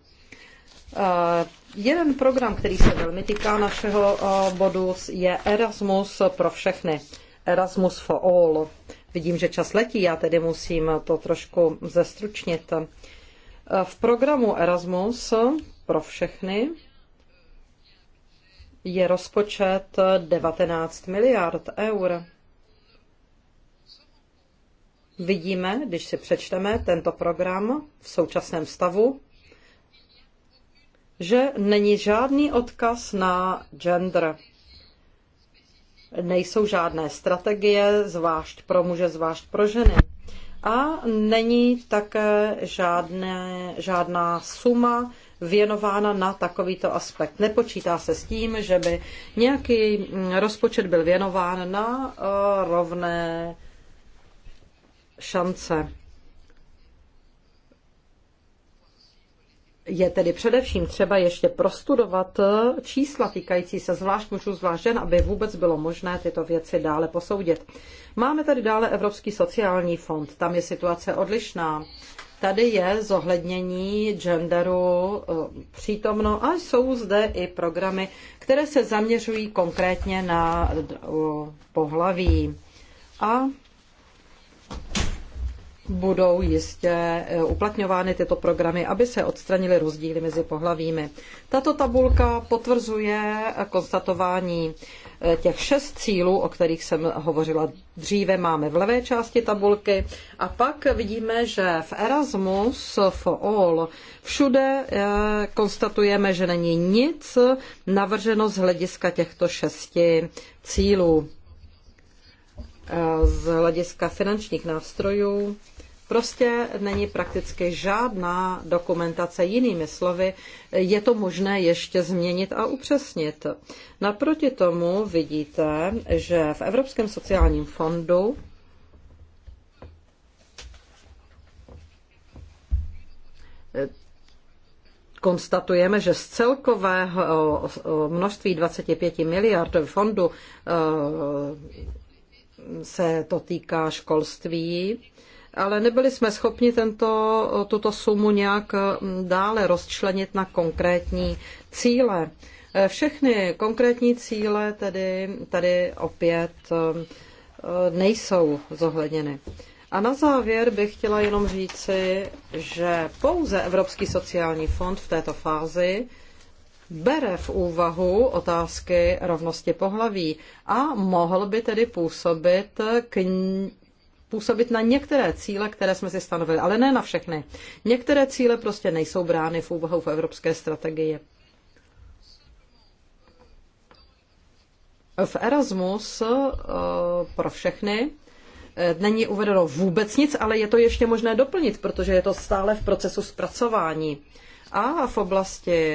jeden program, který se velmi týká našeho eh, bodu, je Erasmus pro všechny. Erasmus for all. Vidím, že čas letí, já tedy musím to trošku zestručnit. V programu Erasmus pro všechny je rozpočet 19 miliard eur. Vidíme, když si přečteme tento program v současném stavu, že není žádný odkaz na gender. Nejsou žádné strategie, zvlášť pro muže, zvlášť pro ženy a není také žádné, žádná suma věnována na takovýto aspekt. Nepočítá se s tím, že by nějaký rozpočet byl věnován na eh, rovné šance. Je tedy především třeba ještě prostudovat čísla týkající se zvlášť mužů, zvlášť žen, aby vůbec bylo možné tyto věci dále posoudit. Máme tady dále Evropský sociální fond, tam je situace odlišná. Tady je zohlednění genderu eh, přítomno a jsou zde i programy, které se zaměřují konkrétně na eh, pohlaví. A budou jistě eh, uplatňovány tyto programy, aby se odstranily rozdíly mezi pohlavími. Tato tabulka potvrzuje konstatování eh, těch šest cílů, o kterých jsem hovořila dříve, máme v levé části tabulky a pak vidíme, že v Erasmus for All všude eh, konstatujeme, že není nic navrženo z hlediska těchto šesti cílů. Z hlediska finančních nástrojů Prostě není prakticky žádná dokumentace. Jinými slovy, je to možné ještě změnit a upřesnit. Naproti tomu vidíte, že v Evropském sociálním fondu konstatujeme, že z celkového množství 25 miliard fondu se to týká školství ale nebyli jsme schopni tento, tuto sumu nějak mm, dále rozčlenit na konkrétní cíle. Eh, všechny konkrétní cíle tedy tady opět eh, nejsou zohledněny. A na závěr bych chtěla jenom říci, že pouze Evropský sociální fond v této fázi bere v úvahu otázky rovnosti pohlaví a mohl by tedy působit k působit na některé cíle, které jsme si stanovili, ale ne na všechny. Některé cíle prostě nejsou brány v úvahu v evropské strategii. V Erasmus eh, pro všechny eh, není uvedeno vůbec nic, ale je to ještě možné doplnit, protože je to stále v procesu zpracování. A v oblasti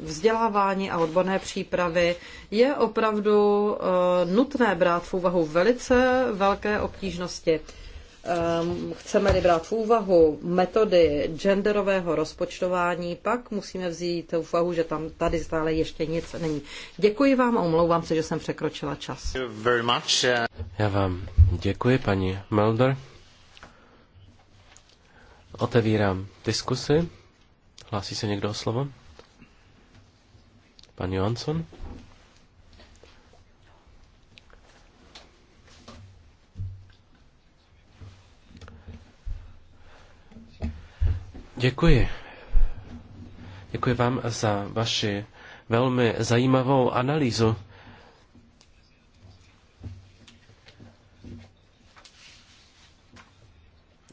vzdělávání a odborné přípravy je opravdu eh, nutné brát v úvahu velice velké obtížnosti. Eh, chceme-li brát v úvahu metody genderového rozpočtování, pak musíme vzít v úvahu, že tam tady stále ještě nic není. Děkuji vám a omlouvám se, že jsem překročila čas. Eh. Já vám děkuji, paní Melder. Otevírám diskusy. Hlásí se někdo o slovo? Pan Johansson? Děkuji. Děkuji vám za vaši velmi zajímavou analýzu.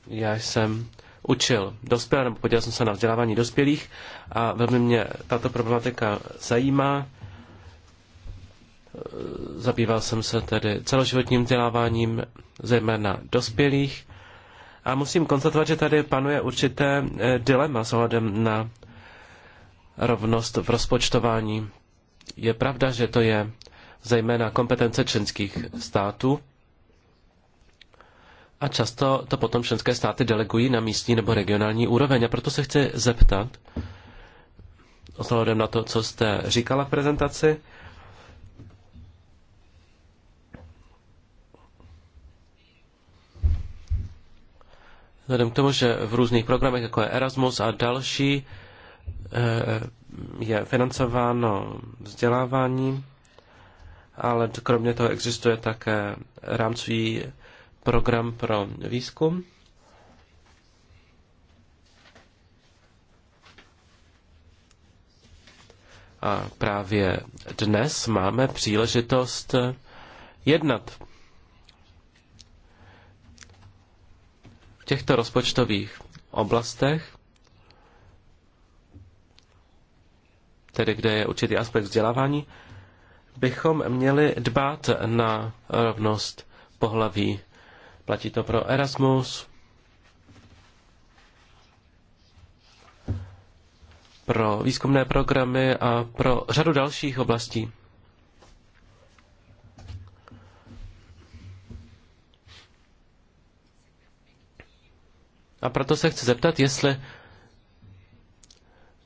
Já jsem učil dospělé, nebo podíval jsem se na vzdělávání dospělých a velmi mě tato problematika zajímá. Zabýval jsem se tedy celoživotním vzděláváním, zejména dospělých. A musím konstatovat, že tady panuje určité eh, dilema s ohledem na rovnost v rozpočtování. Je pravda, že to je zejména kompetence členských států, a často to potom členské státy delegují na místní nebo regionální úroveň. A proto se chci zeptat, ohledem na to, co jste říkala v prezentaci, Vzhledem k tomu, že v různých programech, jako je Erasmus a další, eh, je financováno vzdělávání, ale kromě toho existuje také rámcový program pro výzkum. A právě dnes máme příležitost jednat. V těchto rozpočtových oblastech, tedy kde je určitý aspekt vzdělávání, bychom měli dbát na rovnost pohlaví Platí to pro Erasmus, pro výzkumné programy a pro řadu dalších oblastí. A proto se chci zeptat, jestli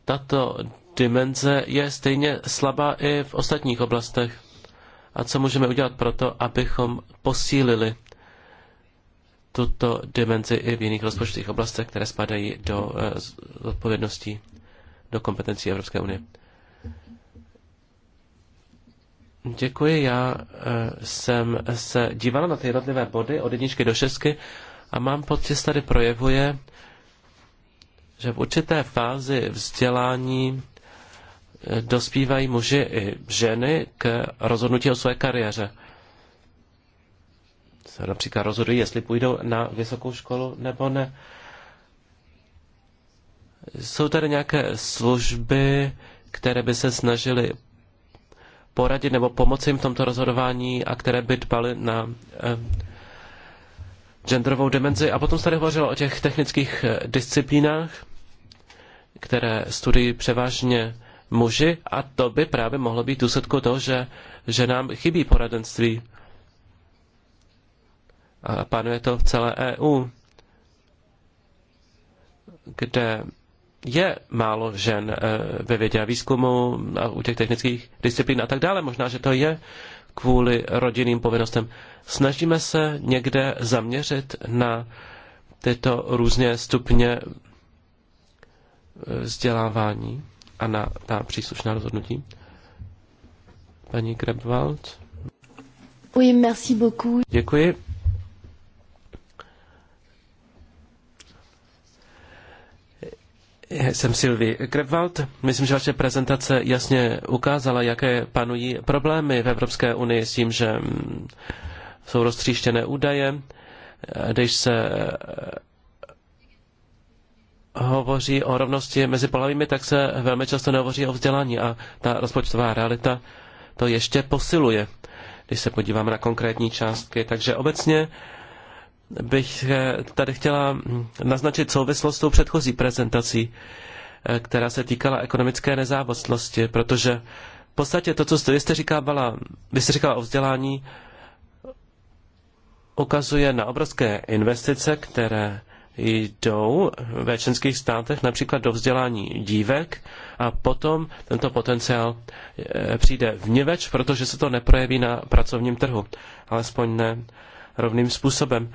tato dimenze je stejně slabá i v ostatních oblastech. A co můžeme udělat pro to, abychom posílili tuto dimenzi i v jiných rozpočtových oblastech, které spadají do eh, odpovědností, do kompetencí Evropské unie. Děkuji, já eh, jsem se dívala na ty jednotlivé body od jedničky do šestky a mám pocit, že tady projevuje, že v určité fázi vzdělání eh, dospívají muži i ženy k rozhodnutí o své kariéře například rozhodují, jestli půjdou na vysokou školu nebo ne. Jsou tady nějaké služby, které by se snažily poradit nebo pomoci jim v tomto rozhodování a které by dbaly na eh, genderovou dimenzi. A potom se tady hovořilo o těch technických eh, disciplínách, které studují převážně muži a to by právě mohlo být důsledku toho, že, že nám chybí poradenství a panuje to v celé EU, kde je málo žen e, ve vědě a výzkumu a u těch technických disciplín a tak dále. Možná, že to je kvůli rodinným povinnostem. Snažíme se někde zaměřit na tyto různě stupně e, vzdělávání a na ta příslušná rozhodnutí. Paní Krebwald. Oui, merci beaucoup. Děkuji. Jsem Silvi Krepwald. Myslím, že vaše prezentace jasně ukázala, jaké panují problémy v Evropské unii s tím, že mm, jsou roztříštěné údaje, když se eh, hovoří o rovnosti mezi polavými, tak se velmi často nehovoří o vzdělání a ta rozpočtová realita to ještě posiluje, když se podíváme na konkrétní částky. Takže obecně bych eh, tady chtěla mm, naznačit souvislost s tou předchozí prezentací, eh, která se týkala ekonomické nezávadnosti, protože v podstatě to, co jste, říkávala, jste říkala, vy jste říkala o vzdělání, ukazuje na obrovské investice, které jdou ve členských státech například do vzdělání dívek a potom tento potenciál eh, přijde v vniveč, protože se to neprojeví na pracovním trhu, alespoň ne rovným způsobem.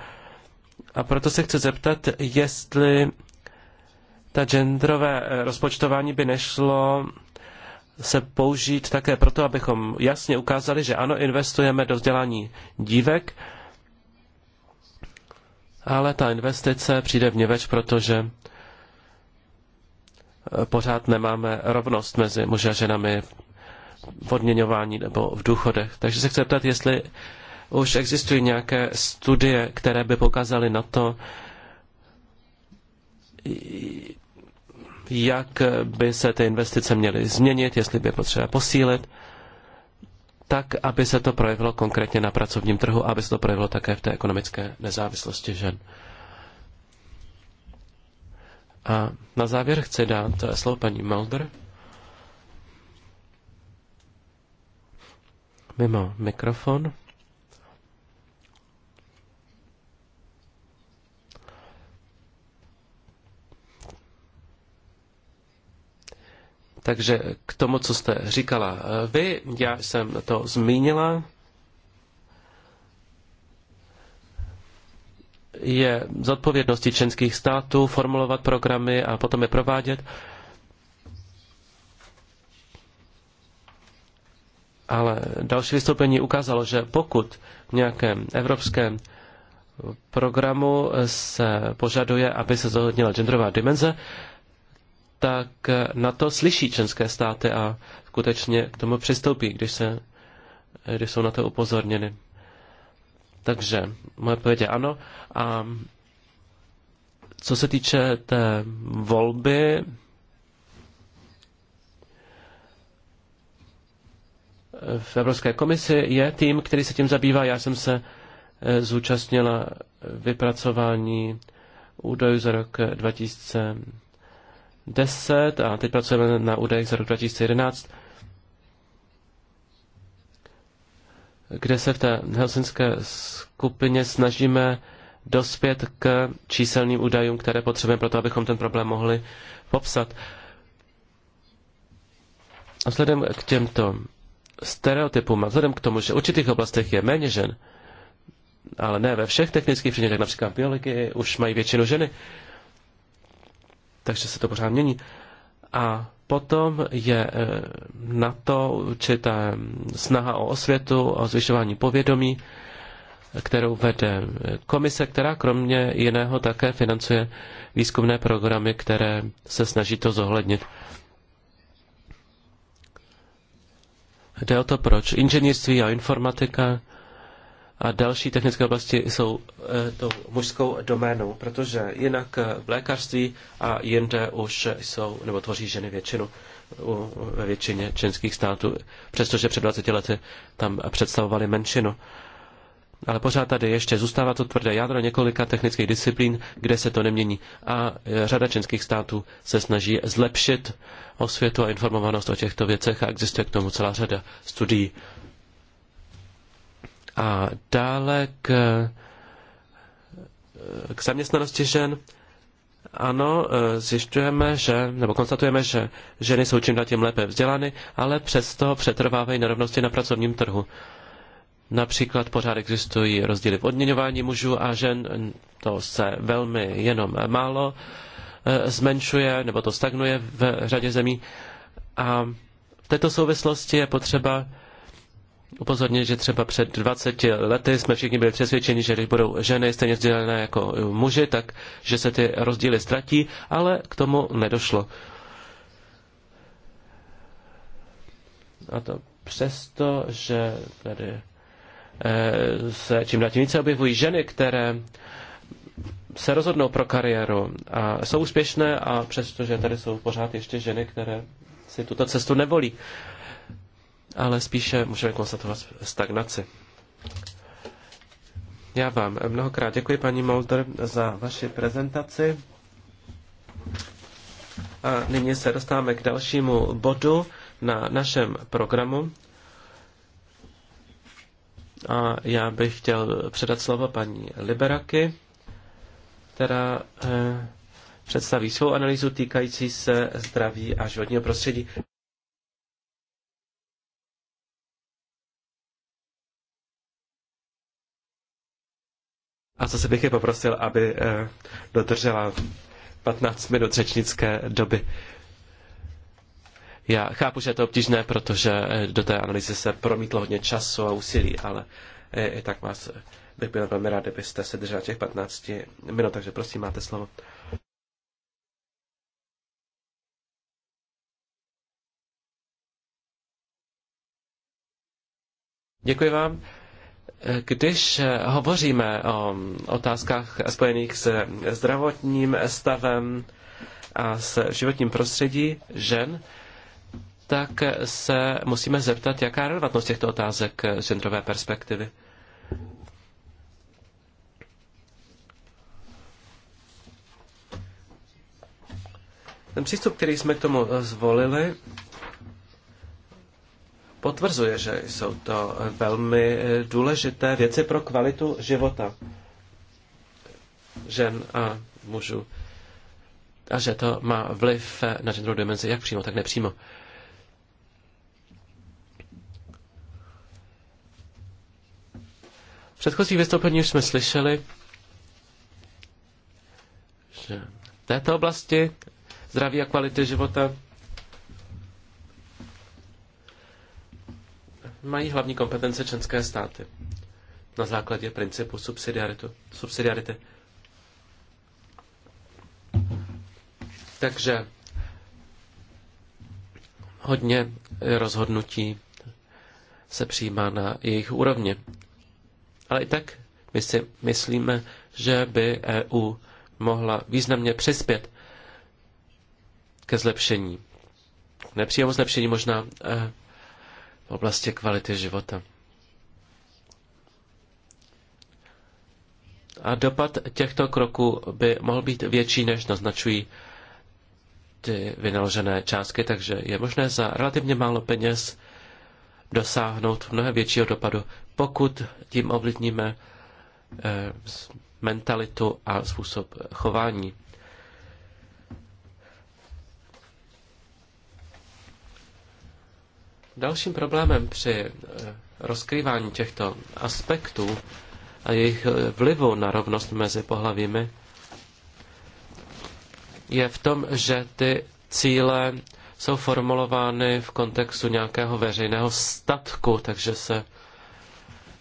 A proto se chci zeptat, jestli ta genderové eh, rozpočtování by nešlo se použít také proto, abychom jasně ukázali, že ano, investujeme do vzdělání dívek, ale ta investice přijde v něveč, protože eh, pořád nemáme rovnost mezi muži a ženami v odměňování nebo v důchodech. Takže se chci zeptat, jestli už existují nějaké studie, které by pokázaly na to, jak by se ty investice měly změnit, jestli by je potřeba posílit, tak, aby se to projevilo konkrétně na pracovním trhu, aby se to projevilo také v té ekonomické nezávislosti žen. A na závěr chci dát slovo paní Mulder. Mimo mikrofon. Takže k tomu, co jste říkala vy, já jsem to zmínila, je z odpovědnosti členských států formulovat programy a potom je provádět. Ale další vystoupení ukázalo, že pokud v nějakém evropském programu se požaduje, aby se zohlednila genderová dimenze, tak na to slyší členské státy a skutečně k tomu přistoupí, když, se, když jsou na to upozorněny. Takže moje odpověď je ano. A co se týče té volby, v Evropské komisi je tým, který se tím zabývá. Já jsem se eh, zúčastnila vypracování údajů za rok 2000 eh, 10 a teď pracujeme na údajích za rok 2011, kde se v té helsinské skupině snažíme dospět k číselným údajům, které potřebujeme pro to, abychom ten problém mohli popsat. A vzhledem k těmto stereotypům a vzhledem k tomu, že v určitých oblastech je méně žen, ale ne ve všech technických předmětech, například biologii, už mají většinu ženy, takže se to pořád mění. A potom je eh, na to určitá snaha o osvětu, o zvyšování povědomí, kterou vede eh, komise, která kromě jiného také financuje výzkumné programy, které se snaží to zohlednit. Jde o to, proč inženýrství a informatika a další technické oblasti jsou eh, tou mužskou doménou, protože jinak eh, v lékařství a jinde už jsou nebo tvoří ženy většinu ve většině členských států, přestože před 20 lety tam představovali menšinu. Ale pořád tady ještě zůstává to tvrdé jádro několika technických disciplín, kde se to nemění. A eh, řada českých států se snaží zlepšit osvětu a informovanost o těchto věcech a existuje k tomu celá řada studií. A dále k, k zaměstnanosti žen. Ano, zjišťujeme, že, nebo konstatujeme, že ženy jsou čím dál tím lépe vzdělány, ale přesto přetrvávají nerovnosti na pracovním trhu. Například pořád existují rozdíly v odměňování mužů a žen, to se velmi jenom málo eh, zmenšuje, nebo to stagnuje v řadě zemí. A v této souvislosti je potřeba upozornit, že třeba před 20 lety jsme všichni byli přesvědčeni, že když budou ženy stejně vzdělané jako muži, tak že se ty rozdíly ztratí, ale k tomu nedošlo. A to přesto, že tady eh, se čím dál tím více objevují ženy, které se rozhodnou pro kariéru a jsou úspěšné a přestože tady jsou pořád ještě ženy, které si tuto cestu nevolí ale spíše můžeme konstatovat stagnaci. Já vám mnohokrát děkuji, paní Mulder, za vaši prezentaci. A nyní se dostáváme k dalšímu bodu na našem programu. A já bych chtěl předat slovo paní Liberaky, která eh, představí svou analýzu týkající se zdraví a životního prostředí. A zase bych je poprosil, aby eh, dodržela 15 minut řečnické doby. Já chápu, že je to obtížné, protože eh, do té analýzy se promítlo hodně času a úsilí, ale eh, i tak vás bych byl velmi rád, kdybyste se držela těch 15 minut, takže prosím, máte slovo. Děkuji vám. Když hovoříme o otázkách spojených s zdravotním stavem a s životním prostředí žen, tak se musíme zeptat, jaká je relevantnost těchto otázek z genderové perspektivy. Ten přístup, který jsme k tomu zvolili, potvrzuje, že jsou to velmi důležité věci pro kvalitu života žen a mužů. A že to má vliv na genderovou dimenzi jak přímo, tak nepřímo. V předchozích vystoupení už jsme slyšeli, že v této oblasti zdraví a kvality života mají hlavní kompetence členské státy na základě principu subsidiarity. Takže hodně rozhodnutí se přijímá na jejich úrovni. Ale i tak my si myslíme, že by EU mohla významně přispět ke zlepšení. Nepřímo zlepšení možná eh, v oblasti kvality života. A dopad těchto kroků by mohl být větší, než naznačují ty vynaložené částky, takže je možné za relativně málo peněz dosáhnout mnohem většího dopadu, pokud tím ovlivníme eh, mentalitu a způsob chování Dalším problémem při eh, rozkrývání těchto aspektů a jejich eh, vlivu na rovnost mezi pohlavími je v tom, že ty cíle jsou formulovány v kontextu nějakého veřejného statku, takže se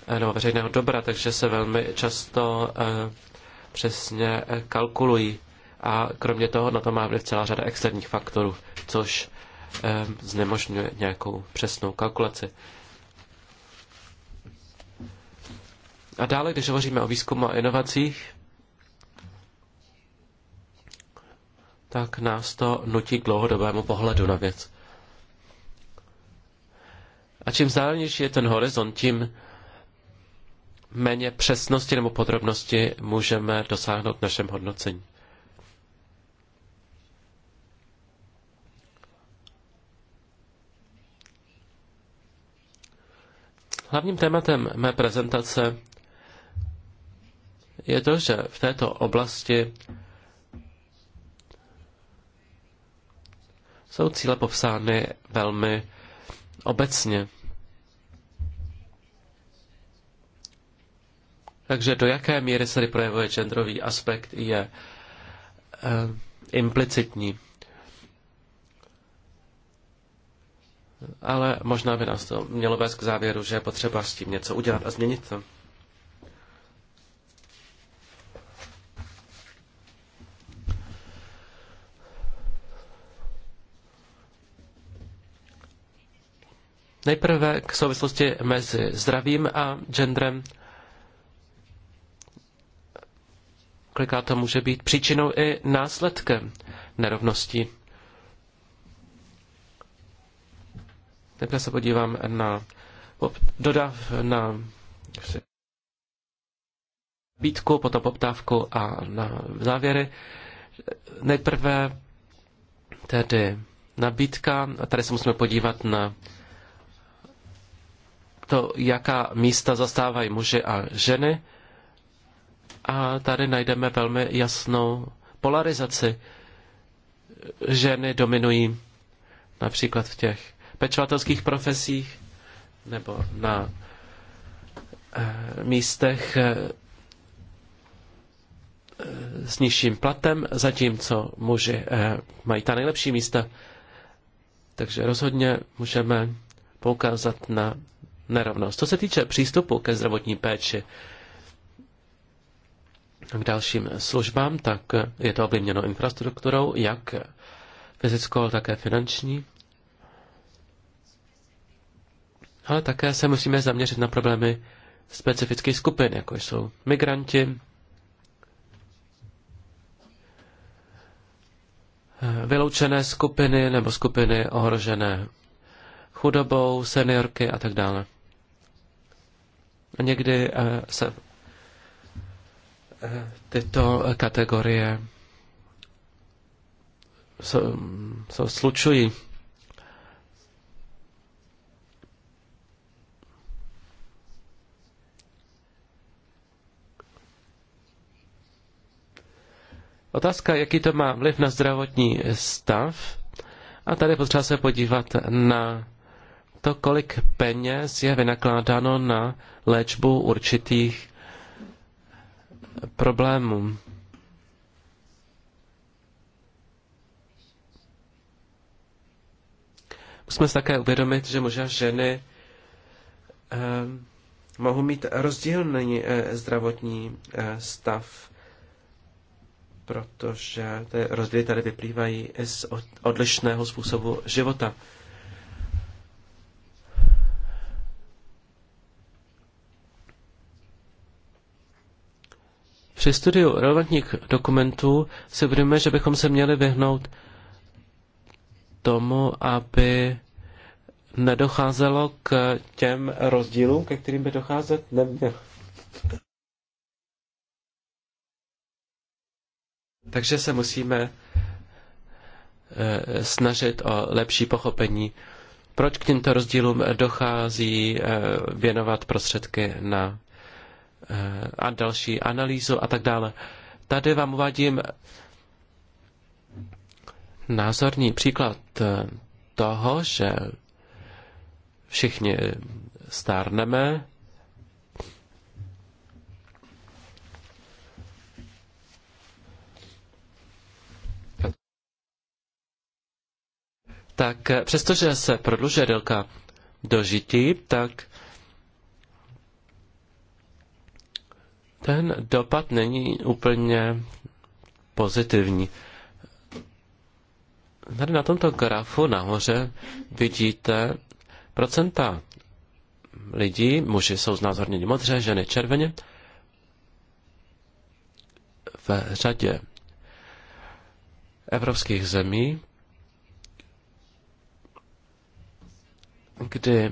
eh, nebo veřejného dobra, takže se velmi často přesně kalkulují. A kromě toho na to má vliv celá řada externích faktorů, což Ehm, znemožňuje nějakou přesnou kalkulaci. A dále, když hovoříme o výzkumu a inovacích, tak nás to nutí k dlouhodobému pohledu na věc. A čím vzdálenější je ten horizont, tím méně přesnosti nebo podrobnosti můžeme dosáhnout v našem hodnocení. Hlavním tématem mé prezentace je to, že v této oblasti jsou cíle popsány velmi obecně. Takže do jaké míry se projevuje genderový aspekt je eh, implicitní. ale možná by nás to mělo vést k závěru, že je potřeba s tím něco udělat a změnit to. Nejprve k souvislosti mezi zdravím a genderem. Koliká to může být příčinou i následkem nerovností. Takhle se podívám na dodav na bítku, potom poptávku a na závěry. Nejprve tedy nabídka, a tady se musíme podívat na to, jaká místa zastávají muži a ženy. A tady najdeme velmi jasnou polarizaci. Ženy dominují například v těch pečovatelských profesích nebo na eh, místech eh, s nižším platem, zatímco muži eh, mají ta nejlepší místa. Takže rozhodně můžeme poukázat na nerovnost. Co se týče přístupu ke zdravotní péči k dalším službám, tak je to ovlivněno infrastrukturou, jak fyzickou, také finanční. ale také se musíme zaměřit na problémy specifických skupin, jako jsou migranti, vyloučené skupiny nebo skupiny ohrožené chudobou, seniorky a tak dále. někdy eh, se eh, tyto kategorie jsou mm, slučují. Otázka, jaký to má vliv na zdravotní stav. A tady potřeba se podívat na to, kolik peněz je vynakládáno na léčbu určitých problémů. Musíme se také uvědomit, že možná ženy eh, mohou mít rozdílný eh, zdravotní eh, stav protože ty rozdíly tady vyplývají z odlišného způsobu života. Při studiu relevantních dokumentů si budeme, že bychom se měli vyhnout tomu, aby nedocházelo k těm rozdílům, ke kterým by docházet nemělo. Takže se musíme eh, snažit o lepší pochopení, proč k těmto rozdílům dochází, eh, věnovat prostředky na eh, a další analýzu a tak dále. Tady vám uvádím názorný příklad toho, že všichni stárneme, tak přestože se prodlužuje délka dožití, tak ten dopad není úplně pozitivní. Tady na tomto grafu nahoře vidíte procenta lidí, muži jsou znázorněni modře, ženy červeně, v řadě evropských zemí kdy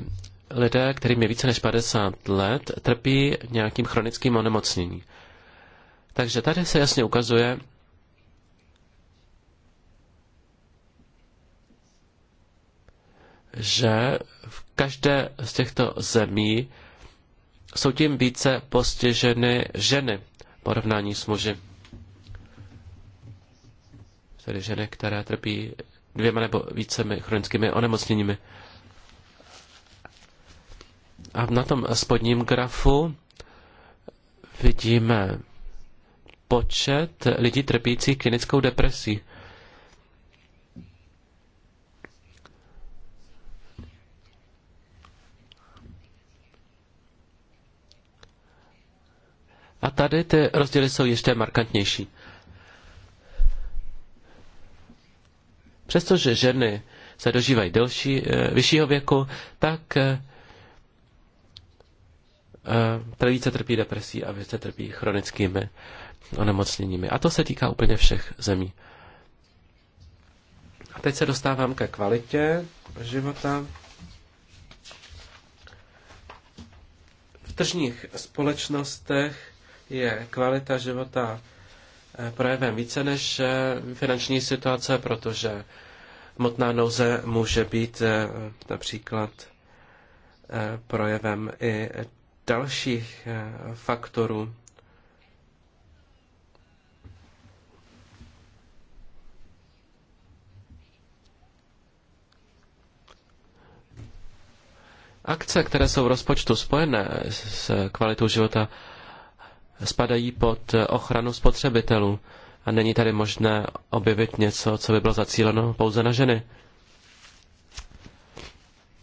lidé, kterým je více než 50 let, trpí nějakým chronickým onemocněním. Takže tady se jasně ukazuje, že v každé z těchto zemí jsou tím více postiženy ženy v porovnání s muži. Tedy ženy, které trpí dvěma nebo více chronickými onemocněními. A na tom spodním grafu vidíme počet lidí trpících klinickou depresí. A tady ty rozdíly jsou ještě markantnější. Přestože ženy se dožívají delší, eh, vyššího věku, tak eh, které eh, více trpí depresí a více trpí chronickými onemocněními. A to se týká úplně všech zemí. A teď se dostávám ke kvalitě života. V tržních společnostech je kvalita života eh, projevem více než eh, finanční situace, protože motná nouze může být například projevem i dalších eh, faktorů. Akce, které jsou v rozpočtu spojené s kvalitou života, spadají pod ochranu spotřebitelů a není tady možné objevit něco, co by bylo zacíleno pouze na ženy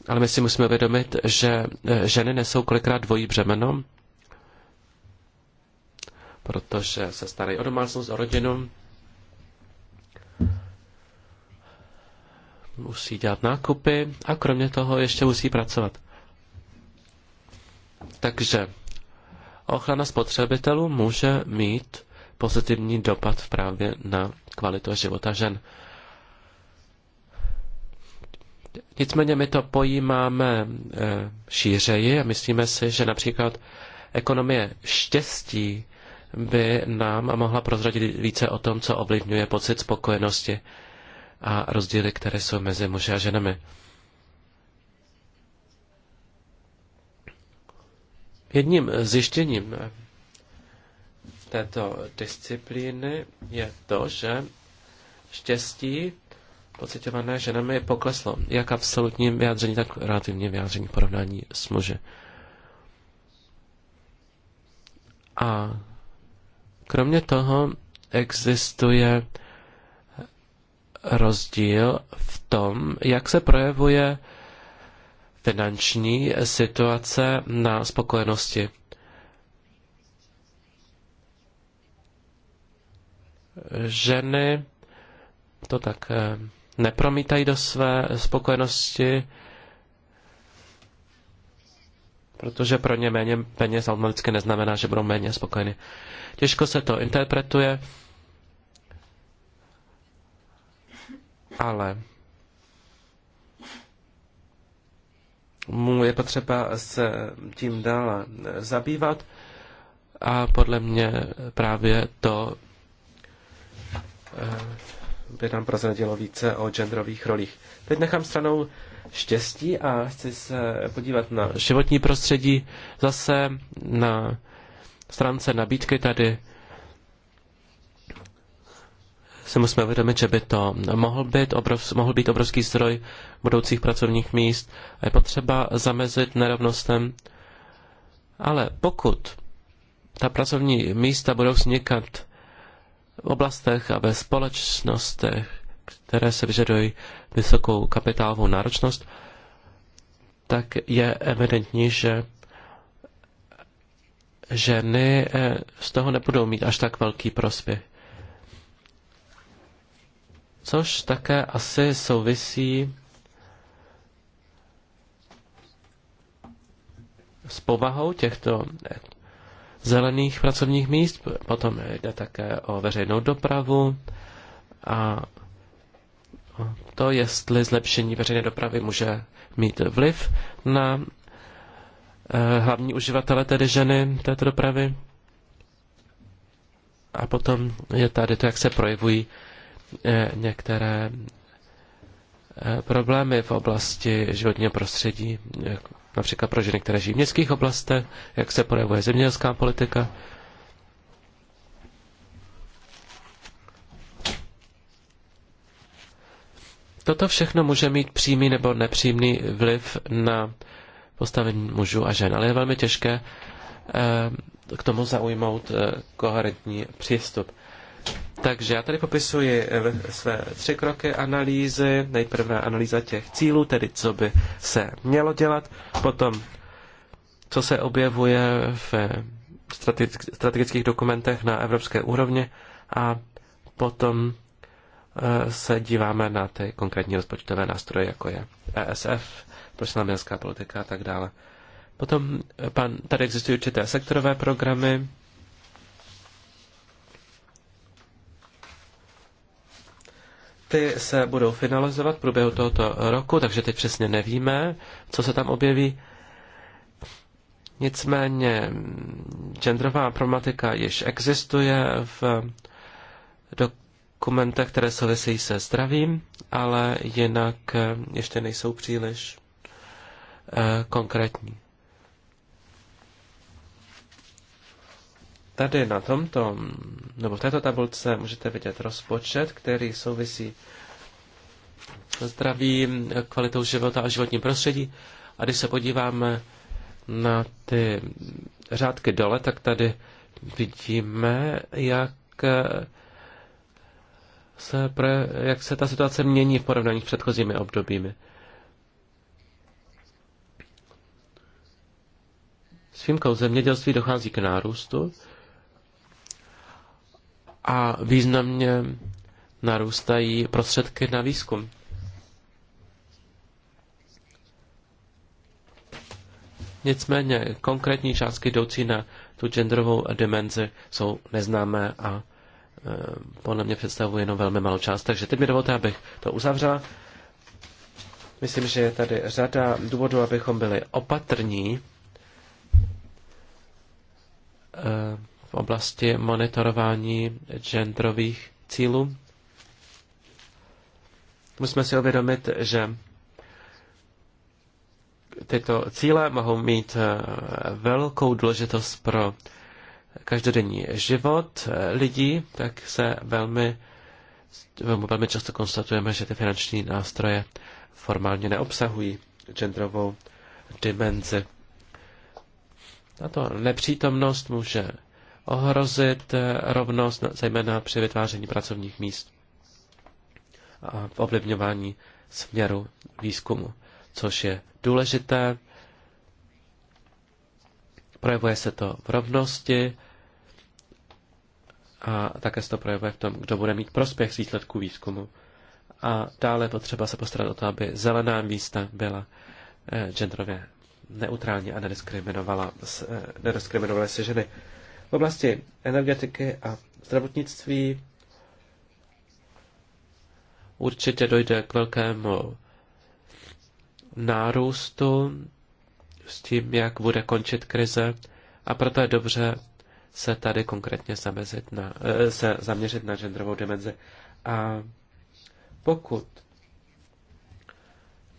ale my si musíme vědomit, že eh, ženy nesou kolikrát dvojí břemeno, protože se starají o domácnost, o rodinu, musí dělat nákupy a kromě toho ještě musí pracovat. Takže ochrana spotřebitelů může mít pozitivní dopad právě na kvalitu života žen. Nicméně my to pojímáme eh, šířeji a myslíme si, že například ekonomie štěstí by nám mohla prozradit více o tom, co ovlivňuje pocit spokojenosti a rozdíly, které jsou mezi muži a ženami. Jedním zjištěním této disciplíny je to, že štěstí pocitované ženami pokleslo, jak absolutní vyjádření, tak relativně vyjádření v porovnání s muži. A kromě toho existuje rozdíl v tom, jak se projevuje finanční situace na spokojenosti. Ženy to tak eh, nepromítají do své spokojenosti, protože pro ně méně peněz automaticky neznamená, že budou méně spokojeni. Těžko se to interpretuje, ale mu je potřeba se tím dále zabývat a podle mě právě to eh, by nám prozradilo více o genderových rolích. Teď nechám stranou štěstí a chci se podívat na životní prostředí. Zase na stránce nabídky tady Se musíme uvědomit, že by to mohl být, obrov, mohl být obrovský zdroj budoucích pracovních míst. Je potřeba zamezit nerovnostem. Ale pokud ta pracovní místa budou vznikat oblastech a ve společnostech, které se vyžadují vysokou kapitálovou náročnost, tak je evidentní, že ženy eh, z toho nebudou mít až tak velký prospěch. Což také asi souvisí s povahou těchto zelených pracovních míst, potom jde také o veřejnou dopravu a to, jestli zlepšení veřejné dopravy může mít vliv na eh, hlavní uživatele, tedy ženy této dopravy. A potom je tady to, jak se projevují eh, některé problémy v oblasti životního prostředí, například pro ženy, které žijí v městských oblastech, jak se projevuje zemědělská politika. Toto všechno může mít přímý nebo nepřímý vliv na postavení mužů a žen, ale je velmi těžké eh, k tomu zaujmout eh, koherentní přístup. Takže já tady popisuji eh, své tři kroky analýzy. Nejprve analýza těch cílů, tedy co by se mělo dělat, potom co se objevuje v eh, strategických dokumentech na evropské úrovni a potom eh, se díváme na ty konkrétní rozpočtové nástroje, jako je ESF, prosinaměnská politika a tak dále. Potom pan, tady existují určité sektorové programy, projekty se budou finalizovat v průběhu tohoto roku, takže teď přesně nevíme, co se tam objeví. Nicméně genderová problematika již existuje v dokumentech, které souvisejí se zdravím, ale jinak ještě nejsou příliš eh, konkrétní. Tady na tomto, nebo v této tabulce můžete vidět rozpočet, který souvisí zdravím, kvalitou života a životním prostředí. A když se podíváme na ty řádky dole, tak tady vidíme, jak se, pro, jak se ta situace mění v porovnání s předchozími obdobími. S výjimkou zemědělství dochází k nárůstu, a významně narůstají prostředky na výzkum. Nicméně konkrétní částky jdoucí na tu genderovou dimenzi jsou neznámé a e, podle mě představují jenom velmi malou část. Takže teď mi dovolte, abych to uzavřela. Myslím, že je tady řada důvodů, abychom byli opatrní. E, v oblasti monitorování genderových cílů. Musíme si uvědomit, že tyto cíle mohou mít eh, velkou důležitost pro každodenní život eh, lidí, tak se velmi, velmi často konstatujeme, že ty finanční nástroje formálně neobsahují genderovou dimenzi. Tato nepřítomnost může ohrozit eh, rovnost, zejména při vytváření pracovních míst a v ovlivňování směru výzkumu, což je důležité. Projevuje se to v rovnosti a také se to projevuje v tom, kdo bude mít prospěch z výsledků výzkumu. A dále potřeba se postarat o to, aby zelená místa byla eh, genderově neutrální a nediskriminovala, eh, nediskriminovala se ženy. V oblasti energetiky a zdravotnictví určitě dojde k velkému nárůstu s tím, jak bude končit krize a proto je dobře se tady konkrétně zamezit na, eh, se zaměřit na genderovou dimenzi. A pokud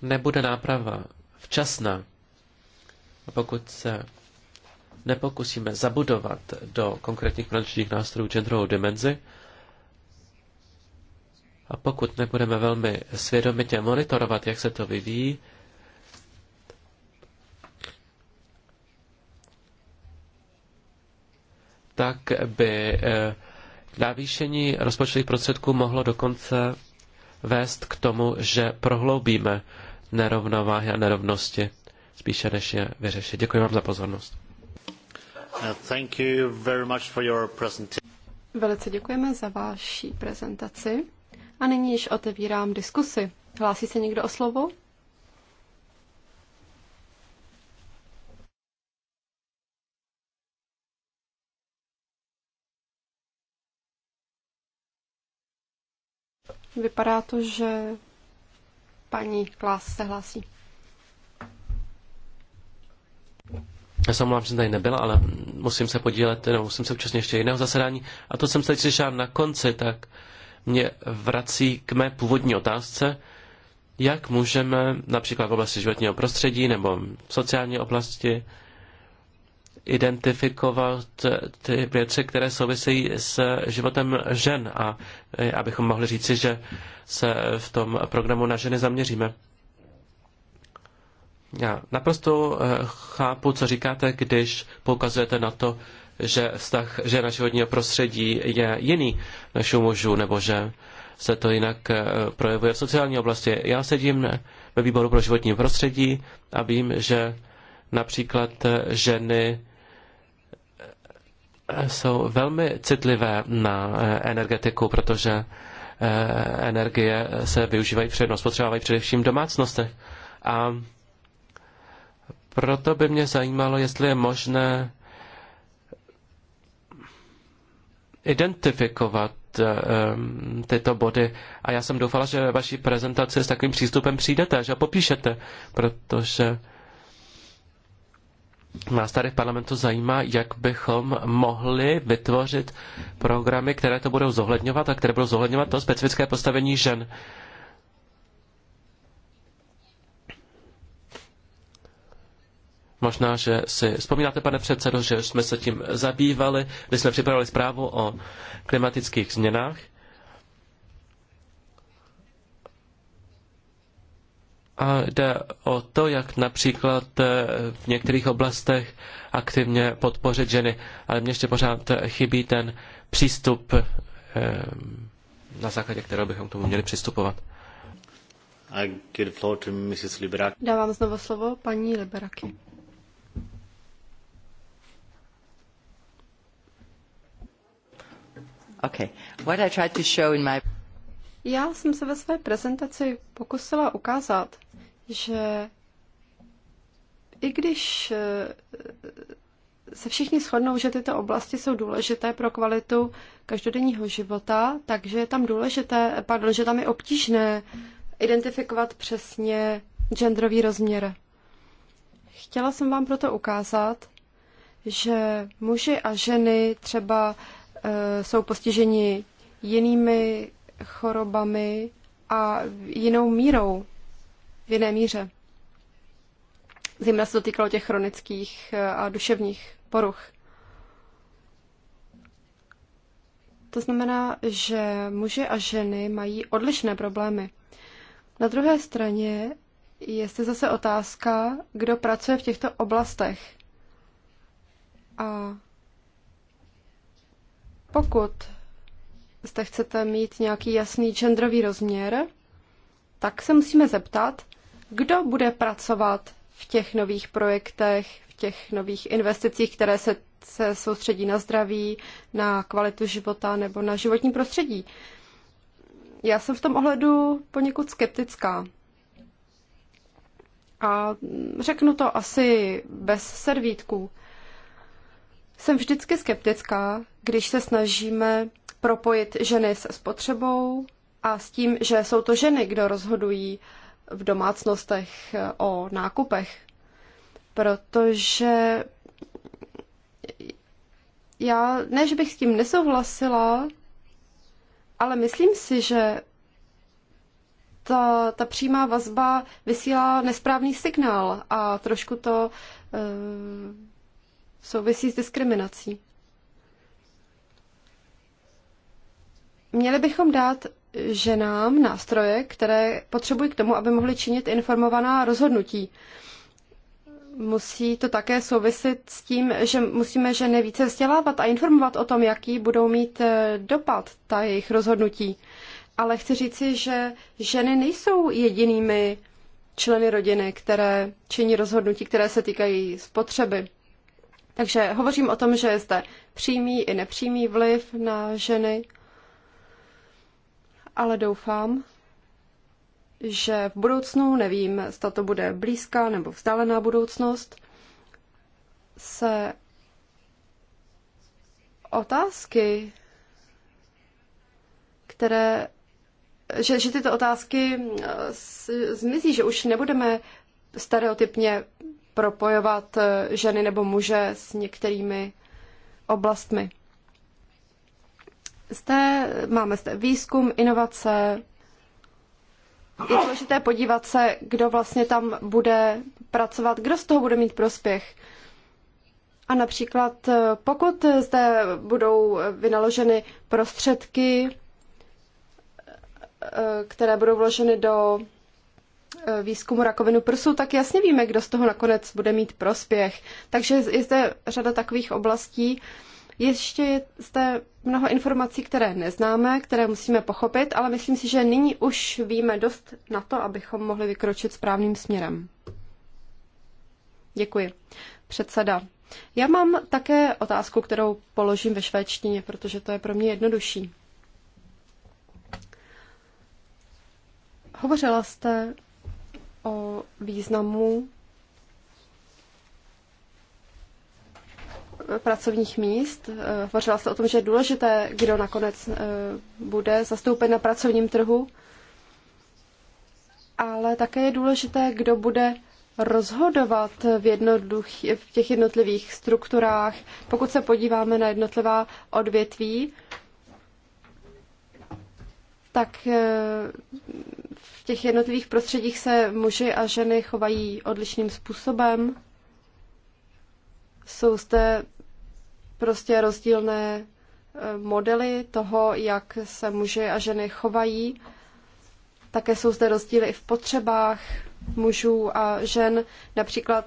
nebude náprava včasná, a pokud se nepokusíme zabudovat do konkrétních finančních nástrojů genderovou dimenzi, a pokud nebudeme velmi svědomitě monitorovat, jak se to vyvíjí, tak by eh, navýšení rozpočtových prostředků mohlo dokonce vést k tomu, že prohloubíme nerovnováhy a nerovnosti, spíše než je vyřešit. Děkuji vám za pozornost. Uh, thank you very much for your Velice děkujeme za vaši prezentaci. A nyní již otevírám diskusi. Hlásí se někdo o slovo? Vypadá to, že paní Klás se hlásí. Já se omlouvám, že jsem tady nebyla, ale musím se podílet, no, musím se účastnit ještě jiného zasedání. A to jsem teď na konci, tak mě vrací k mé původní otázce, jak můžeme například v oblasti životního prostředí nebo v sociální oblasti identifikovat ty věci, které souvisejí s životem žen a eh, abychom mohli říci, že se v tom programu na ženy zaměříme. Já naprosto eh, chápu, co říkáte, když poukazujete na to, že vztah žena životního prostředí je jiný než u mužů, nebo že se to jinak eh, projevuje v sociální oblasti. Já sedím ve výboru pro životní prostředí a vím, že například eh, ženy jsou velmi citlivé na energetiku, protože energie se využívají, přednost, spotřebovávají především v domácnostech. A proto by mě zajímalo, jestli je možné identifikovat eh, eh, tyto body. A já jsem doufala, že vaší prezentaci s takovým přístupem přijdete, že popíšete, protože nás tady v parlamentu zajímá, jak bychom mohli vytvořit programy, které to budou zohledňovat a které budou zohledňovat to specifické postavení žen. Uh, Možná, že si vzpomínáte, pane předsedo, že jsme se tím zabývali, když jsme připravili zprávu o klimatických změnách. A jde o to, jak například eh, v některých oblastech aktivně podpořit ženy. Ale mně ještě pořád chybí ten přístup, eh, na základě kterého bychom k tomu měli přistupovat. Dávám znovu slovo paní Liberaky. Okay. What I tried to show in my... Já jsem se ve své prezentaci pokusila ukázat, že i když eh, se všichni shodnou, že tyto oblasti jsou důležité pro kvalitu každodenního života, takže je tam důležité, pardon, že tam je obtížné identifikovat přesně genderový rozměr. Chtěla jsem vám proto ukázat, že muži a ženy třeba Eh, jsou postiženi jinými chorobami a jinou mírou, v jiné míře. Zejména se to týkalo těch chronických eh, a duševních poruch. To znamená, že muže a ženy mají odlišné problémy. Na druhé straně je se zase otázka, kdo pracuje v těchto oblastech. A pokud zde chcete mít nějaký jasný genderový rozměr, tak se musíme zeptat, kdo bude pracovat v těch nových projektech, v těch nových investicích, které se, se soustředí na zdraví, na kvalitu života nebo na životní prostředí. Já jsem v tom ohledu poněkud skeptická. A řeknu to asi bez servítků. Jsem vždycky skeptická, když se snažíme propojit ženy se spotřebou a s tím, že jsou to ženy, kdo rozhodují v domácnostech eh, o nákupech. Protože já, ne, že bych s tím nesouhlasila, ale myslím si, že ta, ta přímá vazba vysílá nesprávný signál a trošku to eh, souvisí s diskriminací. Měli bychom dát ženám nástroje, které potřebují k tomu, aby mohly činit informovaná rozhodnutí. Musí to také souviset s tím, že musíme ženy více vzdělávat a informovat o tom, jaký budou mít eh, dopad ta jejich rozhodnutí. Ale chci říci, že ženy nejsou jedinými členy rodiny, které činí rozhodnutí, které se týkají spotřeby. Takže hovořím o tom, že je zde přímý i nepřímý vliv na ženy, ale doufám, že v budoucnu, nevím, zda to bude blízká nebo vzdálená budoucnost, se otázky, které, že, že tyto otázky eh, zmizí, že už nebudeme stereotypně propojovat eh, ženy nebo muže s některými oblastmi. Zde máme zde výzkum, inovace. Je důležité podívat se, kdo vlastně tam bude pracovat, kdo z toho bude mít prospěch. A například, eh, pokud zde budou vynaloženy prostředky, eh, které budou vloženy do Eh, výzkumu rakovinu prsu, tak jasně víme, kdo z toho nakonec bude mít prospěch. Takže je zde řada takových oblastí. Ještě je zde mnoho informací, které neznáme, které musíme pochopit, ale myslím si, že nyní už víme dost na to, abychom mohli vykročit správným směrem. Děkuji. Předseda. Já mám také otázku, kterou položím ve švédštině, protože to je pro mě jednodušší. Hovořila jste o významu pracovních míst. Eh, hovořila se o tom, že je důležité, kdo nakonec eh, bude zastoupen na pracovním trhu, ale také je důležité, kdo bude rozhodovat v, v těch jednotlivých strukturách. Pokud se podíváme na jednotlivá odvětví, tak eh, v těch jednotlivých prostředích se muži a ženy chovají odlišným způsobem. Jsou zde prostě rozdílné eh, modely toho, jak se muži a ženy chovají. Také jsou zde rozdíly i v potřebách mužů a žen. Například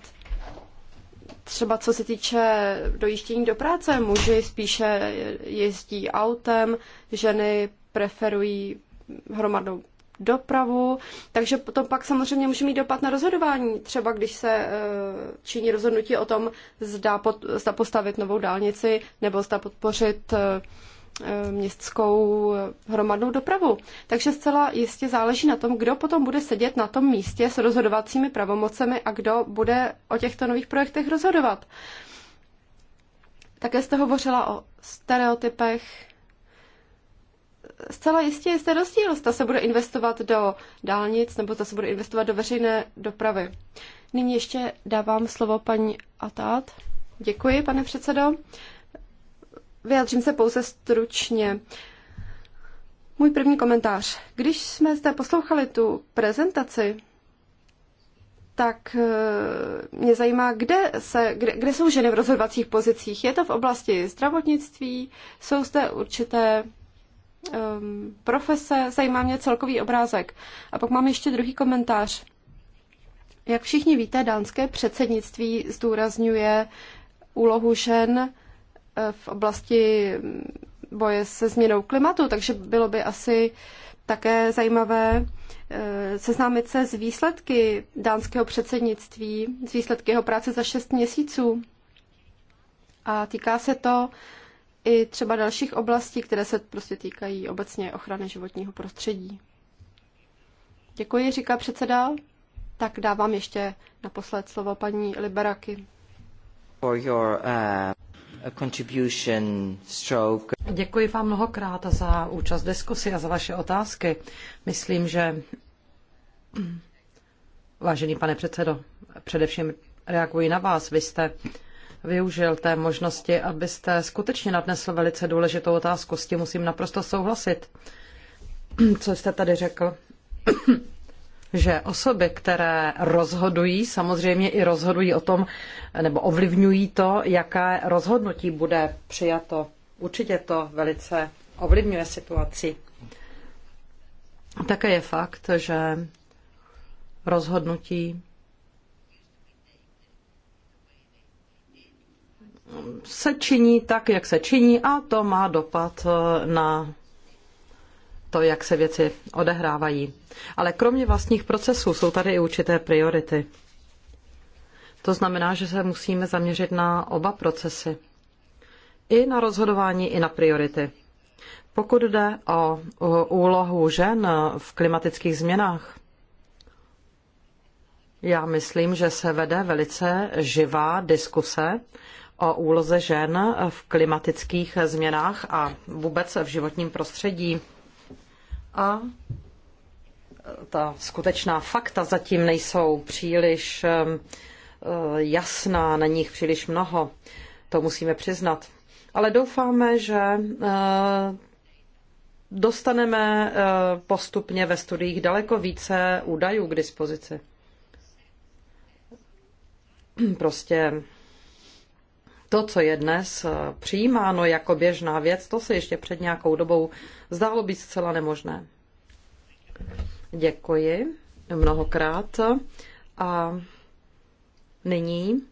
třeba co se týče dojíždění do práce, muži spíše jezdí autem, ženy preferují hromadnou dopravu, takže potom pak samozřejmě může mít dopad na rozhodování. Třeba když se eh, činí rozhodnutí o tom, zda, pod, zda postavit novou dálnici nebo zda podpořit eh, eh, městskou hromadnou dopravu. Takže zcela jistě záleží na tom, kdo potom bude sedět na tom místě s rozhodovacími pravomocemi a kdo bude o těchto nových projektech rozhodovat. Také jste hovořila o stereotypech zcela jistě je zde rozdíl, zda se bude investovat do dálnic nebo zda se bude investovat do veřejné dopravy. Nyní ještě dávám slovo paní Atát. Děkuji, pane předsedo. Vyjadřím se pouze stručně. Můj první komentář. Když jsme zde poslouchali tu prezentaci, tak e, mě zajímá, kde, se, kde, kde jsou ženy v rozhodovacích pozicích. Je to v oblasti zdravotnictví, jsou zde určité um, profese, zajímá mě celkový obrázek. A pak mám ještě druhý komentář. Jak všichni víte, dánské předsednictví zdůrazňuje úlohu žen eh, v oblasti mm, boje se změnou klimatu, takže bylo by asi také zajímavé eh, seznámit se s výsledky dánského předsednictví, s výsledky jeho práce za šest měsíců. A týká se to i třeba dalších oblastí, které se prostě týkají obecně ochrany životního prostředí. Děkuji, říká předseda. Tak dávám ještě naposled slovo paní Liberaky. For your, uh, contribution stroke. Děkuji vám mnohokrát za účast diskusy a za vaše otázky. Myslím, že vážený pane předsedo, především reaguji na vás. Vy jste uh, využil té možnosti, abyste skutečně nadnesl velice důležitou otázku. S tím musím naprosto souhlasit, (clears throat) co jste tady řekl. (clears throat) že osoby, které rozhodují, samozřejmě i rozhodují o tom, nebo ovlivňují to, jaké rozhodnutí bude přijato. Určitě to velice ovlivňuje situaci. Také je fakt, že rozhodnutí se činí tak, jak se činí a to má dopad eh, na to, jak se věci odehrávají. Ale kromě vlastních procesů jsou tady i určité priority. To znamená, že se musíme zaměřit na oba procesy. I na rozhodování, i na priority. Pokud jde o úlohu žen v klimatických změnách, já myslím, že se vede velice živá diskuse o úloze žen v klimatických změnách a vůbec v životním prostředí. A ta skutečná fakta zatím nejsou příliš eh, jasná, na nich příliš mnoho. To musíme přiznat. Ale doufáme, že eh, dostaneme eh, postupně ve studiích daleko více údajů k dispozici. Prostě to, co je dnes eh, přijímáno jako běžná věc, to se ještě před nějakou dobou zdálo být zcela nemožné. Děkuji mnohokrát. A nyní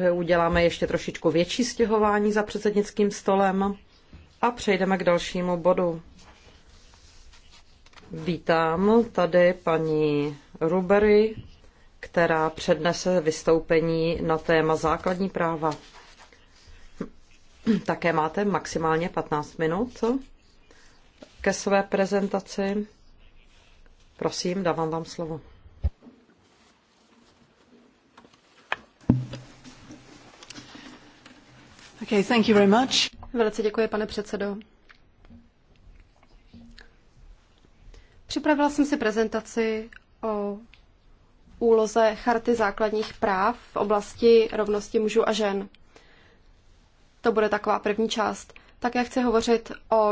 eh, uděláme ještě trošičku větší stěhování za předsednickým stolem a přejdeme k dalšímu bodu. Vítám tady paní Rubery, která přednese vystoupení na téma základní práva. Také máte maximálně 15 minut ke své prezentaci. Prosím, dávám vám slovo. Okay, thank you very much. Velice děkuji, pane předsedo. Připravila jsem si prezentaci o úloze Charty základních práv v oblasti rovnosti mužů a žen. To bude taková první část. Také chci hovořit o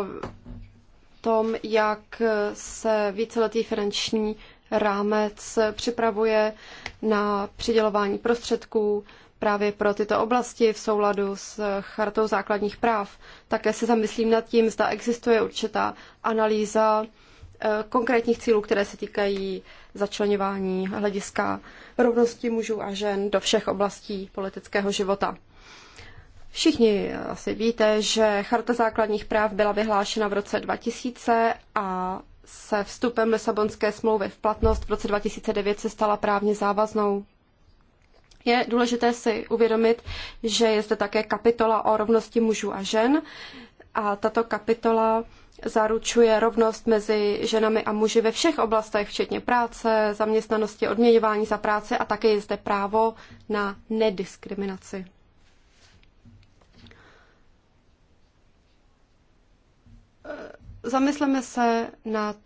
tom, jak se víceletý finanční rámec připravuje na přidělování prostředků právě pro tyto oblasti v souladu s chartou základních práv. Také se zamyslím nad tím, zda existuje určitá analýza Eh, konkrétních cílů, které se týkají začlenování hlediska rovnosti mužů a žen do všech oblastí politického života. Všichni eh, asi víte, že Charta základních práv byla vyhlášena v roce 2000 a se vstupem Lisabonské smlouvy v platnost v roce 2009 se stala právně závaznou. Je důležité si uvědomit, že je zde také kapitola o rovnosti mužů a žen a tato kapitola zaručuje rovnost mezi ženami a muži ve všech oblastech, včetně práce, zaměstnanosti, odměňování za práce a také je zde právo na nediskriminaci. Zamysleme se nad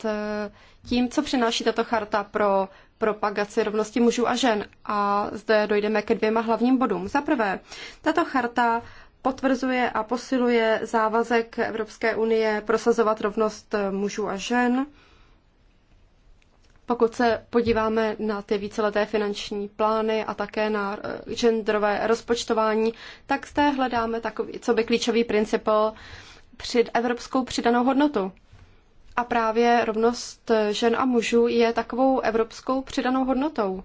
tím, co přináší tato charta pro propagaci rovnosti mužů a žen. A zde dojdeme ke dvěma hlavním bodům. Za prvé, tato charta potvrzuje a posiluje závazek Evropské unie prosazovat rovnost mužů a žen. Pokud se podíváme na ty víceleté finanční plány a také na eh, genderové rozpočtování, tak zde hledáme takový, co by klíčový princip před evropskou přidanou hodnotu. A právě rovnost eh, žen a mužů je takovou evropskou přidanou hodnotou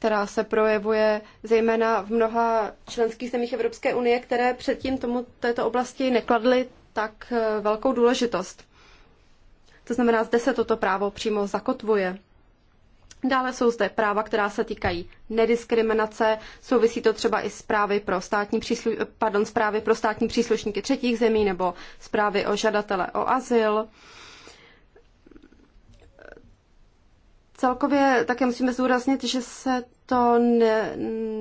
která se projevuje zejména v mnoha členských zemích Evropské unie, které předtím tomu této oblasti nekladly tak eh, velkou důležitost. To znamená, zde se toto právo přímo zakotvuje. Dále jsou zde práva, která se týkají nediskriminace, souvisí to třeba i s právy pro státní, příslu, pardon, zprávy pro státní příslušníky třetích zemí nebo zprávy o žadatele o azyl. Celkově také musíme zdůraznit, že se to ne,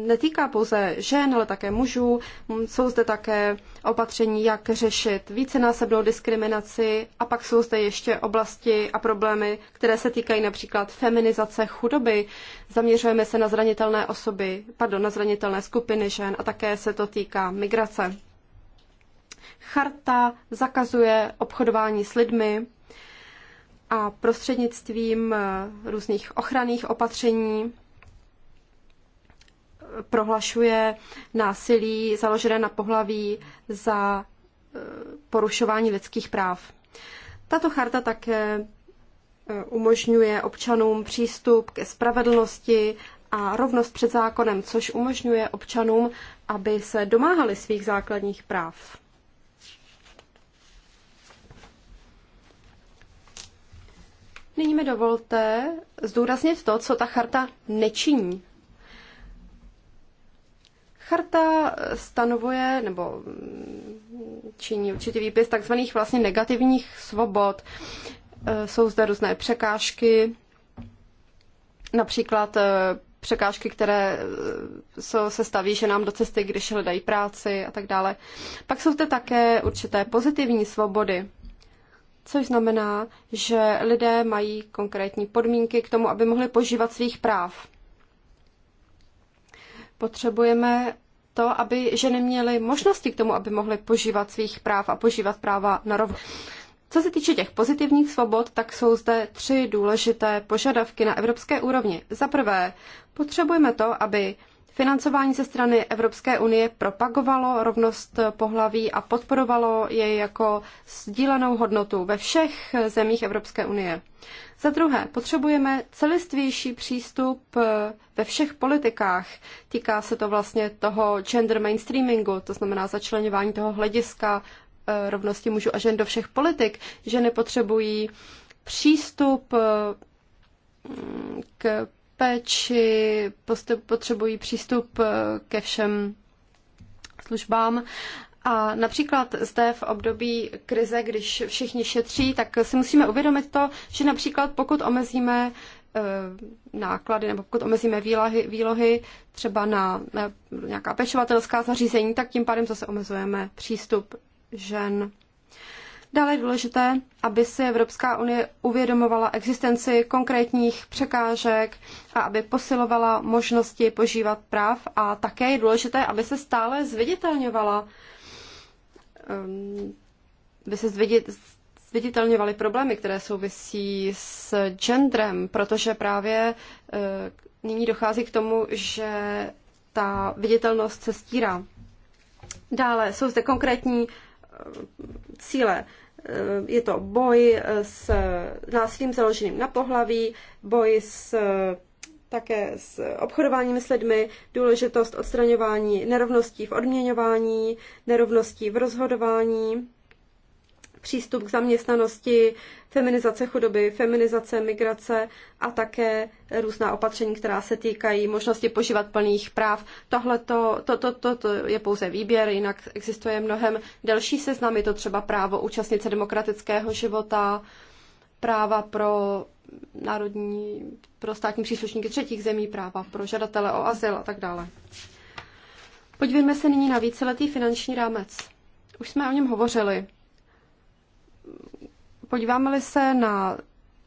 netýká pouze žen, ale také mužů. Jsou zde také opatření, jak řešit vícenásobnou diskriminaci a pak jsou zde ještě oblasti a problémy, které se týkají například feminizace chudoby. Zaměřujeme se na zranitelné osoby, pardon, na zranitelné skupiny žen a také se to týká migrace. Charta zakazuje obchodování s lidmi, a prostřednictvím eh, různých ochranných opatření prohlašuje násilí založené na pohlaví za eh, porušování lidských práv. Tato charta také eh, umožňuje občanům přístup ke spravedlnosti a rovnost před zákonem, což umožňuje občanům, aby se domáhali svých základních práv. Nyní mi dovolte zdůraznit to, co ta charta nečiní. Charta stanovuje nebo činí určitý výpis takzvaných vlastně negativních svobod. E, jsou zde různé překážky, například e, překážky, které jsou, e, se staví nám do cesty, když hledají práci a tak dále. Pak jsou zde také určité pozitivní svobody což znamená, že lidé mají konkrétní podmínky k tomu, aby mohli požívat svých práv. Potřebujeme to, aby ženy měly možnosti k tomu, aby mohly požívat svých práv a požívat práva na rovnost. Co se týče těch pozitivních svobod, tak jsou zde tři důležité požadavky na evropské úrovni. Za prvé, potřebujeme to, aby Financování ze strany Evropské unie propagovalo rovnost pohlaví a podporovalo jej jako sdílenou hodnotu ve všech zemích Evropské unie. Za druhé, potřebujeme celistvější přístup eh, ve všech politikách. Týká se to vlastně toho gender mainstreamingu, to znamená začlenování toho hlediska eh, rovnosti mužů a žen do všech politik. Ženy potřebují přístup eh, k péči, potřebují přístup eh, ke všem službám. A například zde v období krize, když všichni šetří, tak si musíme uvědomit to, že například pokud omezíme eh, náklady nebo pokud omezíme výlohy, výlohy třeba na, na nějaká pečovatelská zařízení, tak tím pádem zase omezujeme přístup žen. Dále je důležité, aby si Evropská unie uvědomovala existenci konkrétních překážek a aby posilovala možnosti požívat práv a také je důležité, aby se stále zviditelňovala ehm, aby se zviditelňovaly problémy, které souvisí s genderem, protože právě eh, nyní dochází k tomu, že ta viditelnost se stírá. Dále jsou zde konkrétní cíle. Eh, je to boj s násilím založeným na pohlaví, boj s také s obchodováním s lidmi, důležitost odstraňování nerovností v odměňování, nerovností v rozhodování přístup k zaměstnanosti, feminizace chudoby, feminizace migrace a také různá opatření, která se týkají možnosti požívat plných práv. Tohle to, to, to, to, to je pouze výběr, jinak existuje mnohem delší seznam, je to třeba právo účastnice demokratického života, práva pro národní, pro státní příslušníky třetích zemí, práva pro žadatele o azyl a tak dále. Podívejme se nyní na víceletý finanční rámec. Už jsme o něm hovořili podíváme-li se na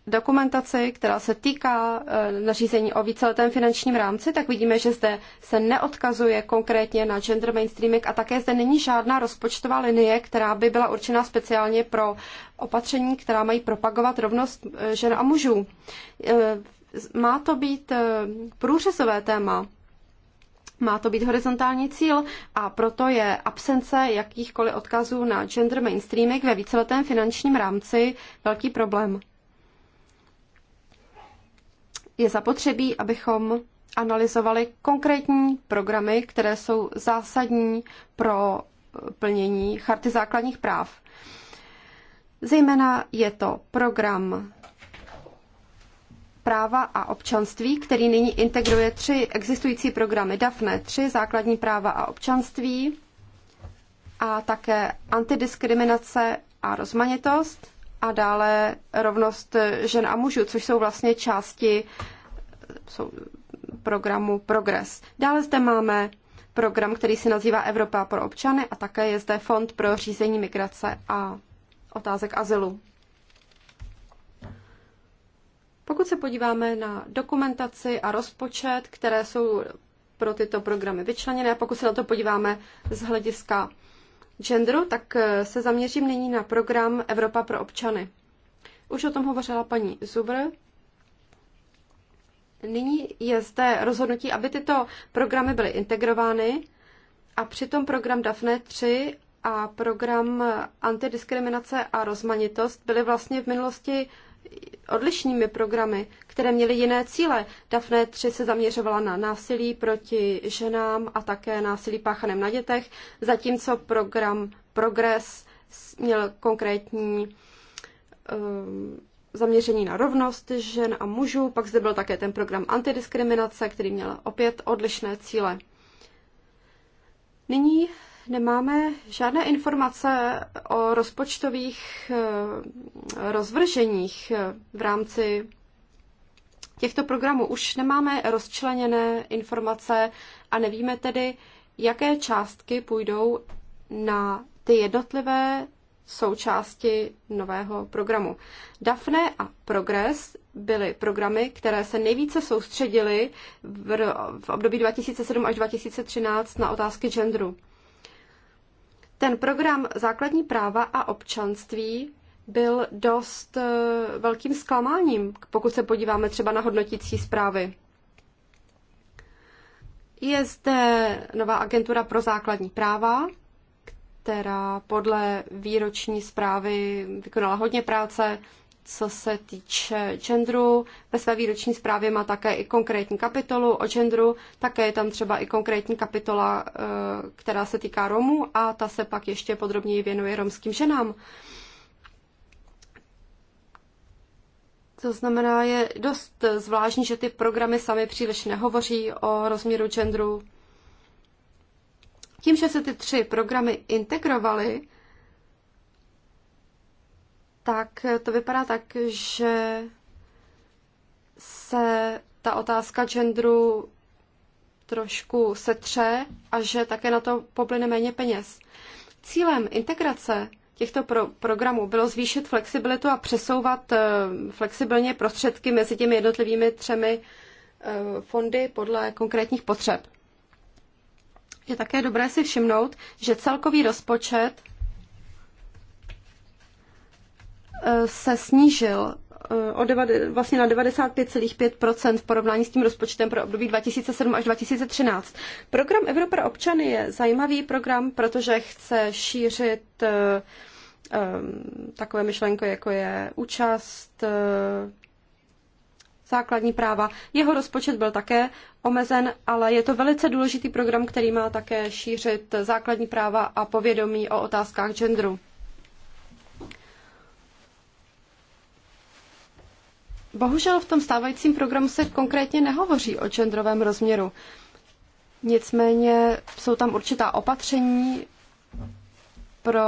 dokumentaci, která se týká eh, nařízení o víceletém finančním rámci, tak vidíme, že zde se neodkazuje konkrétně na gender mainstreaming a také zde není žádná rozpočtová linie, která by byla určena speciálně pro opatření, která mají propagovat rovnost eh, žen a mužů. Eh, má to být průřezové téma, má to být horizontální cíl a proto je absence jakýchkoliv odkazů na gender mainstreaming ve víceletém finančním rámci velký problém. Je zapotřebí, abychom analyzovali konkrétní programy, které jsou zásadní pro plnění Charty základních práv. Zejména je to program práva a občanství, který nyní integruje tři existující programy DAFNE tři základní práva a občanství a také antidiskriminace a rozmanitost a dále rovnost žen a mužů, což jsou vlastně části jsou programu Progress. Dále zde máme program, který se nazývá Evropa pro občany a také je zde Fond pro řízení migrace a otázek azylu. Pokud se podíváme na dokumentaci a rozpočet, které jsou pro tyto programy vyčleněné, pokud se na to podíváme z hlediska genderu, tak eh, se zaměřím nyní na program Evropa pro občany. Už o tom hovořila paní Zubr. Nyní je zde rozhodnutí, aby tyto programy byly integrovány a přitom program DAFNE 3 a program eh, antidiskriminace a rozmanitost byly vlastně v minulosti odlišnými programy, které měly jiné cíle. Dafne 3 se zaměřovala na násilí proti ženám a také násilí páchaném na dětech, zatímco program Progress měl konkrétní um, zaměření na rovnost žen a mužů. Pak zde byl také ten program antidiskriminace, který měl opět odlišné cíle. Nyní nemáme žádné informace o rozpočtových eh, rozvrženích eh, v rámci těchto programů. Už nemáme rozčleněné informace a nevíme tedy, jaké částky půjdou na ty jednotlivé součásti nového programu. Dafne a Progress byly programy, které se nejvíce soustředily v, v období 2007 až 2013 na otázky genderu. Ten program Základní práva a občanství byl dost eh, velkým zklamáním, pokud se podíváme třeba na hodnotící zprávy. Je zde nová agentura pro základní práva, která podle výroční zprávy vykonala hodně práce, co se týče genderu. Ve své výroční zprávě má také i konkrétní kapitolu o genderu, také je tam třeba i konkrétní kapitola, eh, která se týká Romů a ta se pak ještě podrobněji věnuje romským ženám. To znamená, je dost zvláštní, že ty programy sami příliš nehovoří o rozměru genderu. Tím, že se ty tři programy integrovaly, tak to vypadá tak, že se ta otázka genderu trošku setře a že také na to poplyne méně peněz. Cílem integrace těchto pro- programů bylo zvýšit flexibilitu a přesouvat eh, flexibilně prostředky mezi těmi jednotlivými třemi eh, fondy podle konkrétních potřeb. Je také dobré si všimnout, že celkový rozpočet Eh, se snížil eh, o deva, vlastně na 95,5 v porovnání s tím rozpočtem pro období 2007 až 2013. Program Evropa občany je zajímavý program, protože chce šířit eh, takové myšlenky, jako je účast, základní práva. Jeho rozpočet byl také omezen, ale je to velice důležitý program, který má také šířit základní práva a povědomí o otázkách genderu. Bohužel v tom stávajícím programu se konkrétně nehovoří o genderovém rozměru. Nicméně jsou tam určitá opatření pro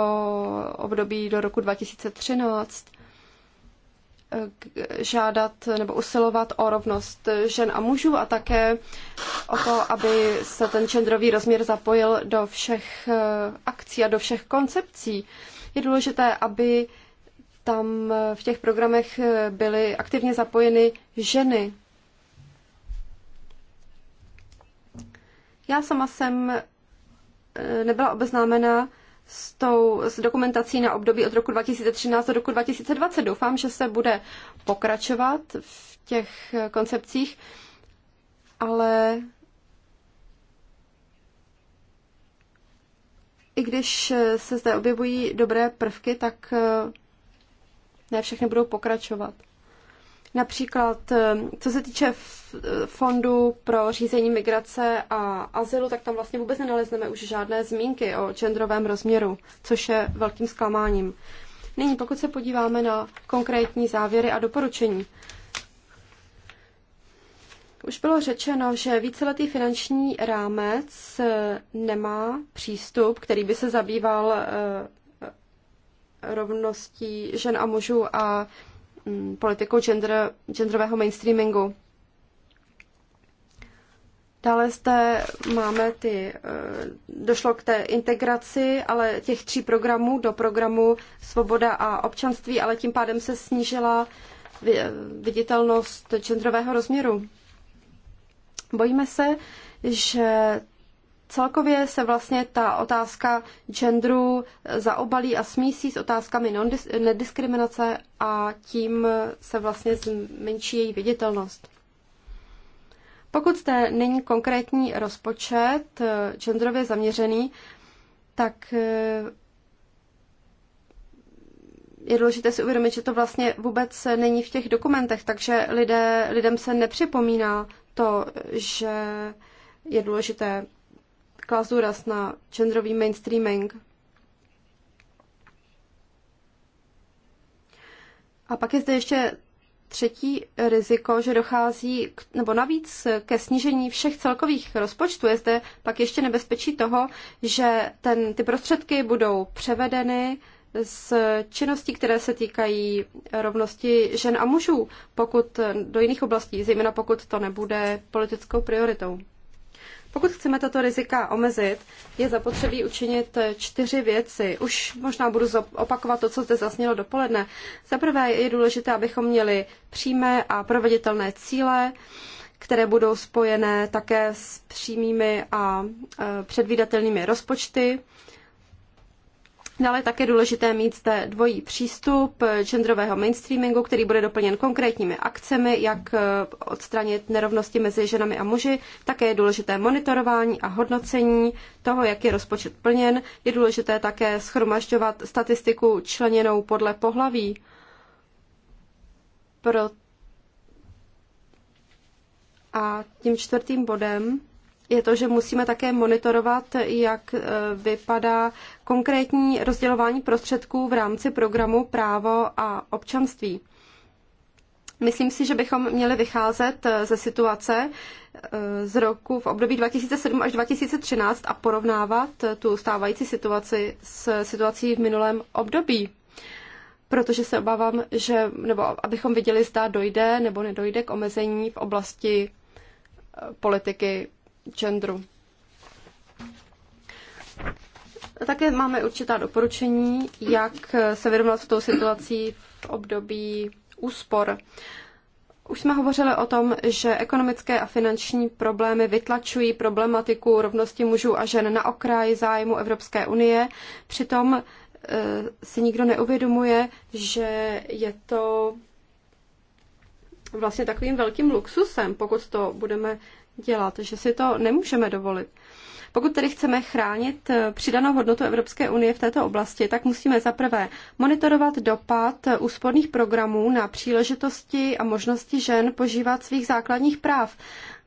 období do roku 2013 eh, žádat nebo usilovat o rovnost žen a mužů a také o to, aby se ten genderový rozměr zapojil do všech eh, akcí a do všech koncepcí. Je důležité, aby tam eh, v těch programech eh, byly aktivně zapojeny ženy. Já sama jsem eh, nebyla obeznámena s, tou, s dokumentací na období od roku 2013 do roku 2020. Doufám, že se bude pokračovat v těch koncepcích, ale i když se zde objevují dobré prvky, tak ne všechny budou pokračovat. Například, eh, co se týče eh, fondu pro řízení migrace a azylu, tak tam vlastně vůbec nenalezneme už žádné zmínky o genderovém rozměru, což je velkým zklamáním. Nyní, pokud se podíváme na konkrétní závěry a doporučení. Už bylo řečeno, že víceletý finanční rámec eh, nemá přístup, který by se zabýval rovností žen a mužů a mm, politikou gender, genderového mainstreamingu. Dále zde máme ty, eh, došlo k té integraci, ale těch tří programů do programu Svoboda a občanství, ale tím pádem se snížila eh, viditelnost genderového rozměru. Bojíme se, že Celkově se vlastně ta otázka genderu zaobalí a smísí s otázkami nediskriminace a tím se vlastně zmenší její viditelnost. Pokud zde není konkrétní rozpočet eh, genderově zaměřený, tak eh, je důležité si uvědomit, že to vlastně vůbec není v těch dokumentech, takže lidé, lidem se nepřipomíná to, že je důležité klas důraz na genderový mainstreaming. A pak je zde ještě třetí riziko, že dochází, k, nebo navíc ke snížení všech celkových rozpočtů. Je zde pak ještě nebezpečí toho, že ten, ty prostředky budou převedeny z činností, které se týkají rovnosti žen a mužů, pokud do jiných oblastí, zejména pokud to nebude politickou prioritou. Pokud chceme tato rizika omezit, je zapotřebí učinit čtyři věci. Už možná budu opakovat to, co zde zasnělo dopoledne. Za prvé je důležité, abychom měli přímé a proveditelné cíle, které budou spojené také s přímými a e, předvídatelnými rozpočty. Dále je také důležité mít zde dvojí přístup genderového mainstreamingu, který bude doplněn konkrétními akcemi, jak eh, odstranit nerovnosti mezi ženami a muži. Také je důležité monitorování a hodnocení toho, jak je rozpočet plněn. Je důležité také schromažďovat statistiku členěnou podle pohlaví. Pro... A tím čtvrtým bodem je to, že musíme také monitorovat, jak eh, vypadá konkrétní rozdělování prostředků v rámci programu právo a občanství. Myslím si, že bychom měli vycházet eh, ze situace eh, z roku v období 2007 až 2013 a porovnávat tu stávající situaci s situací v minulém období. Protože se obávám, že, nebo abychom viděli, zda dojde nebo nedojde k omezení v oblasti politiky genderu. Také máme určitá doporučení, jak se vyrovnat s tou situací v období úspor. Už jsme hovořili o tom, že ekonomické a finanční problémy vytlačují problematiku rovnosti mužů a žen na okraj zájmu Evropské unie. Přitom e, si nikdo neuvědomuje, že je to vlastně takovým velkým luxusem, pokud to budeme dělat, že si to nemůžeme dovolit. Pokud tedy chceme chránit eh, přidanou hodnotu Evropské unie v této oblasti, tak musíme zaprvé monitorovat dopad eh, úsporných programů na příležitosti a možnosti žen požívat svých základních práv.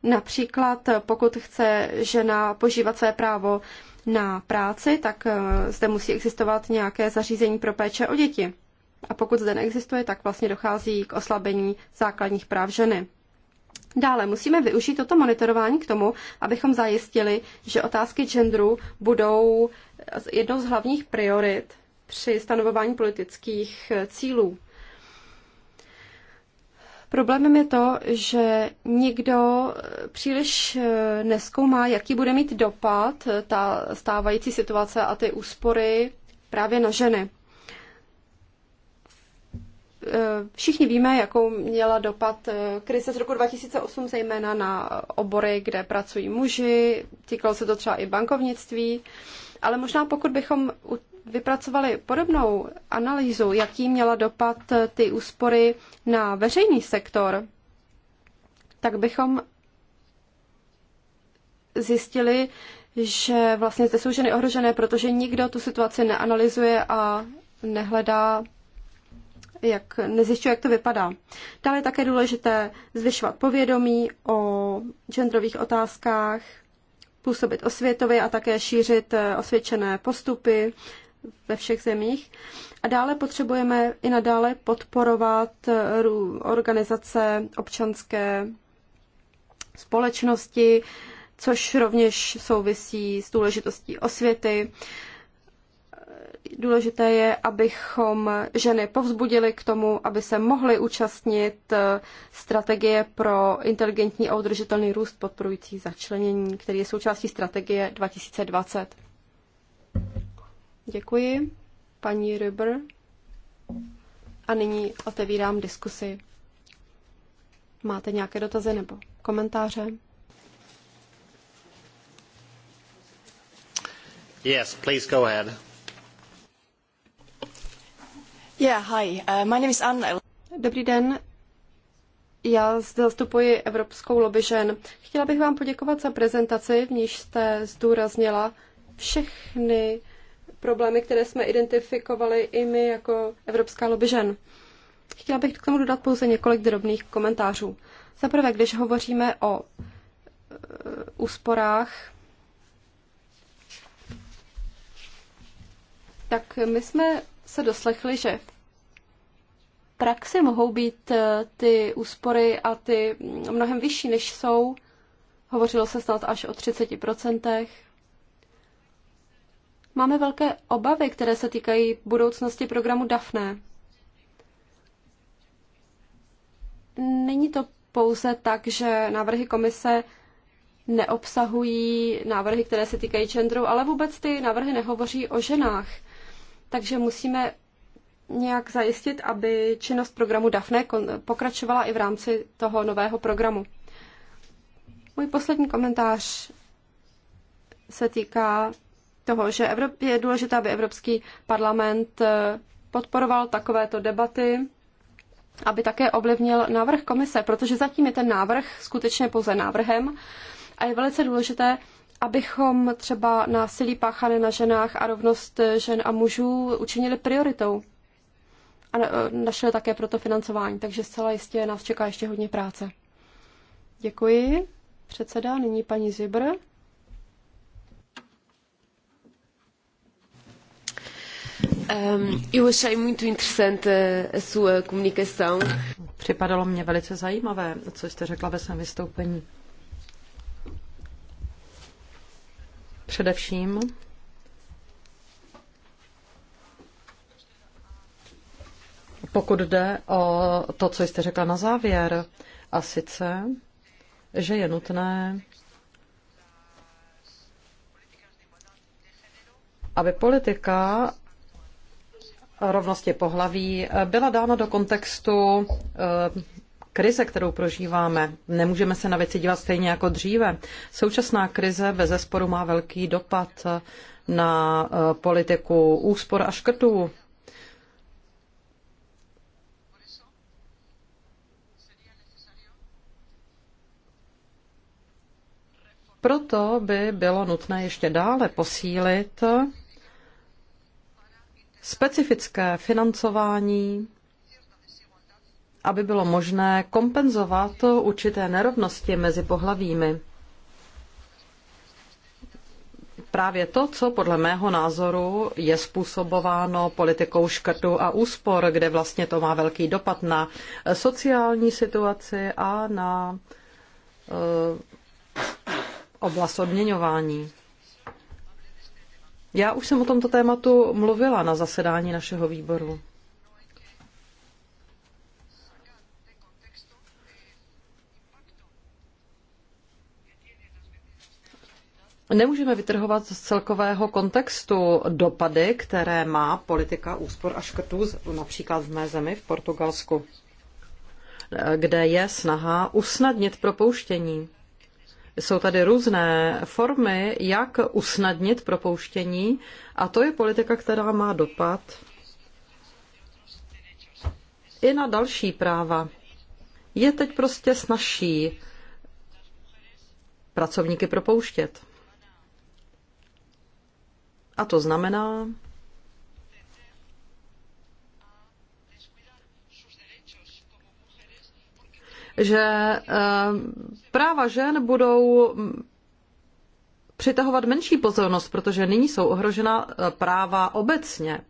Například eh, pokud chce žena požívat své právo na práci, tak zde musí existovat nějaké zařízení pro péče o děti. A pokud zde neexistuje, tak vlastně dochází k oslabení základních práv ženy. Dále musíme využít toto monitorování k tomu, abychom zajistili, že otázky genderu budou jednou z hlavních priorit při stanovování politických cílů. Problémem je to, že nikdo příliš neskoumá, jaký bude mít dopad ta stávající situace a ty úspory právě na ženy. Eh, všichni víme, jakou měla dopad eh, krize z roku 2008, zejména na obory, kde pracují muži, týkalo se to třeba i bankovnictví, ale možná pokud bychom vypracovali podobnou analýzu, jaký měla dopad eh, ty úspory na veřejný sektor, tak bychom zjistili, že vlastně zde jsou ženy ohrožené, protože nikdo tu situaci neanalyzuje a nehledá jak nezjišťuje, jak to vypadá. Dále je také důležité zvyšovat povědomí o genderových otázkách, působit osvětově a také šířit eh, osvědčené postupy ve všech zemích. A dále potřebujeme i nadále podporovat eh, organizace občanské společnosti, což rovněž souvisí s důležitostí osvěty. Důležité je, abychom ženy povzbudili k tomu, aby se mohly účastnit eh, strategie pro inteligentní a udržitelný růst podporující začlenění, který je součástí strategie 2020. Děkuji, paní Ryber. A nyní otevírám diskusi. Máte nějaké dotazy nebo komentáře? Yes, please go ahead. Yeah, hi. Uh, my name is Anna. Dobrý den, já zde zastupuji Evropskou lobby žen. Chtěla bych vám poděkovat za prezentaci, v níž jste zdůraznila všechny problémy, které jsme identifikovali i my jako Evropská lobby žen. Chtěla bych k tomu dodat pouze několik drobných komentářů. Za prvé, když hovoříme o uh, úsporách, tak my jsme se doslechli, že v praxi mohou být eh, ty úspory a ty mm, mnohem vyšší, než jsou. Hovořilo se snad až o 30%. Máme velké obavy, které se týkají budoucnosti programu DAFNE. Není to pouze tak, že návrhy komise neobsahují návrhy, které se týkají genderu, ale vůbec ty návrhy nehovoří o ženách – takže musíme nějak zajistit, aby činnost programu DAFNE pokračovala i v rámci toho nového programu. Můj poslední komentář se týká toho, že je důležité, aby Evropský parlament eh, podporoval takovéto debaty, aby také ovlivnil návrh komise, protože zatím je ten návrh skutečně pouze návrhem a je velice důležité, abychom třeba násilí páchané na ženách a rovnost žen a mužů učinili prioritou a e, našli také proto financování. Takže zcela jistě nás čeká ještě hodně práce. Děkuji. Předseda, nyní paní Zibr. Um, eu achei muito interessante a, a sua comunicação. Připadalo mě velice zajímavé, co jste řekla ve svém vystoupení. především pokud jde o to, co jste řekla na závěr, a sice, že je nutné, aby politika rovnosti pohlaví byla dána do kontextu eh, krize, kterou prožíváme, nemůžeme se na věci dívat stejně jako dříve. Současná krize ve zesporu má velký dopad na eh, politiku úspor a škrtů. Proto by bylo nutné ještě dále posílit specifické financování aby bylo možné kompenzovat určité nerovnosti mezi pohlavími. Právě to, co podle mého názoru je způsobováno politikou škrtu a úspor, kde vlastně to má velký dopad na sociální situaci a na eh, oblast odměňování. Já už jsem o tomto tématu mluvila na zasedání našeho výboru. Nemůžeme vytrhovat z celkového kontextu dopady, které má politika úspor a škrtů například v mé zemi v Portugalsku, kde je snaha usnadnit propouštění. Jsou tady různé formy, jak usnadnit propouštění a to je politika, která má dopad i na další práva. Je teď prostě snažší pracovníky propouštět. A to znamená, že eh, práva žen budou mm, přitahovat menší pozornost, protože nyní jsou ohrožena eh, práva obecně,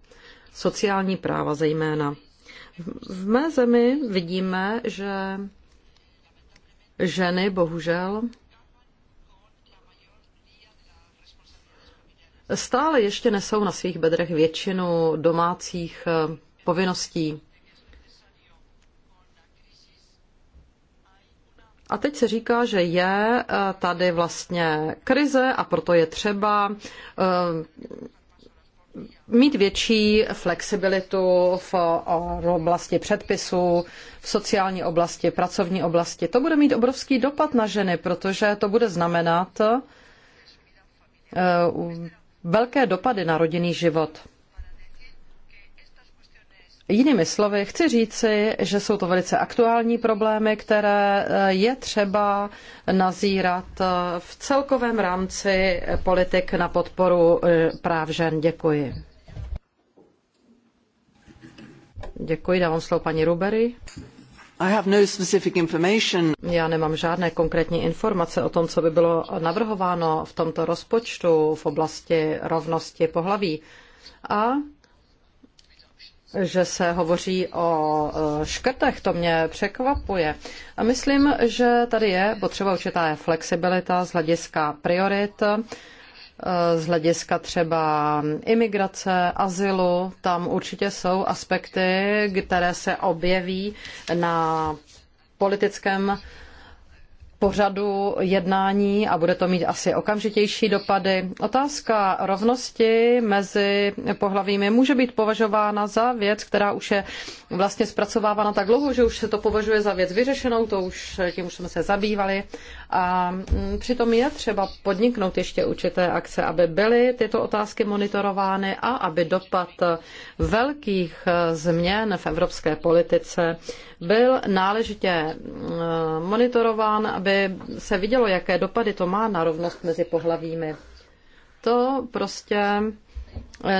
sociální práva zejména. V mé zemi vidíme, že ženy bohužel stále ještě nesou na svých bedrech většinu domácích eh, povinností. A teď se říká, že je eh, tady vlastně krize a proto je třeba eh, mít větší flexibilitu v oblasti předpisů, v sociální oblasti, pracovní oblasti. To bude mít obrovský dopad na ženy, protože to bude znamenat velké dopady na rodinný život. Jinými slovy, chci říci, že jsou to velice aktuální problémy, které eh, je třeba nazírat eh, v celkovém rámci politik na podporu eh, práv žen. Děkuji. Děkuji, dávám slovo paní Rubery. No Já nemám žádné konkrétní informace o tom, co by bylo navrhováno v tomto rozpočtu v oblasti rovnosti pohlaví. A že se hovoří o e, škrtech, to mě překvapuje. A myslím, že tady je potřeba určitá flexibilita z hlediska priorit z hlediska třeba imigrace, azylu, tam určitě jsou aspekty, které se objeví na politickém pořadu jednání a bude to mít asi okamžitější dopady. Otázka rovnosti mezi pohlavími může být považována za věc, která už je vlastně zpracovávána tak dlouho, že už se to považuje za věc vyřešenou, to už, tím už jsme se zabývali a mm, přitom je třeba podniknout ještě určité akce, aby byly tyto otázky monitorovány a aby dopad velkých e, změn v evropské politice byl náležitě e, monitorován, aby se vidělo, jaké dopady to má na rovnost mezi pohlavími. To prostě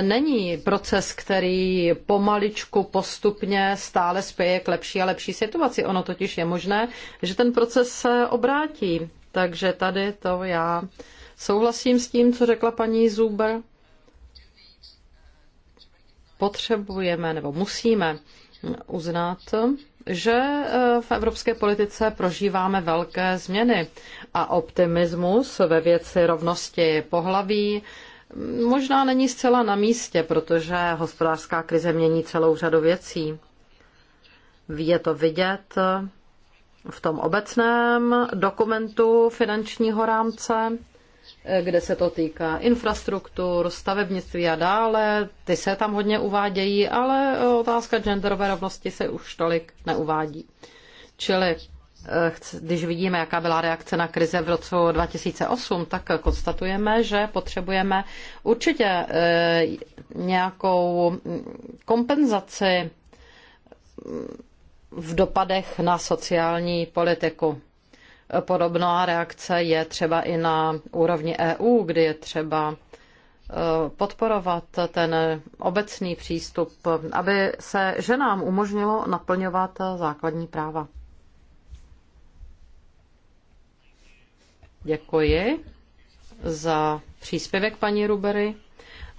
není proces, který pomaličku, postupně stále spěje k lepší a lepší situaci. Ono totiž je možné, že ten proces se obrátí. Takže tady to já souhlasím s tím, co řekla paní Zuber. Potřebujeme nebo musíme uznat, že e, v evropské politice prožíváme velké změny a optimismus ve věci rovnosti pohlaví, možná není zcela na místě, protože hospodářská krize mění celou řadu věcí. Je to vidět v tom obecném dokumentu finančního rámce, kde se to týká infrastruktur, stavebnictví a dále. Ty se tam hodně uvádějí, ale otázka genderové rovnosti se už tolik neuvádí. Čili Eh, když vidíme, jaká byla reakce na krize v roce 2008, tak konstatujeme, že potřebujeme určitě eh, nějakou kompenzaci mm, v dopadech na sociální politiku. Eh, podobná reakce je třeba i na úrovni EU, kdy je třeba podporovat ten obecný přístup, aby se ženám umožnilo naplňovat základní práva. Děkuji za příspěvek paní Rubery.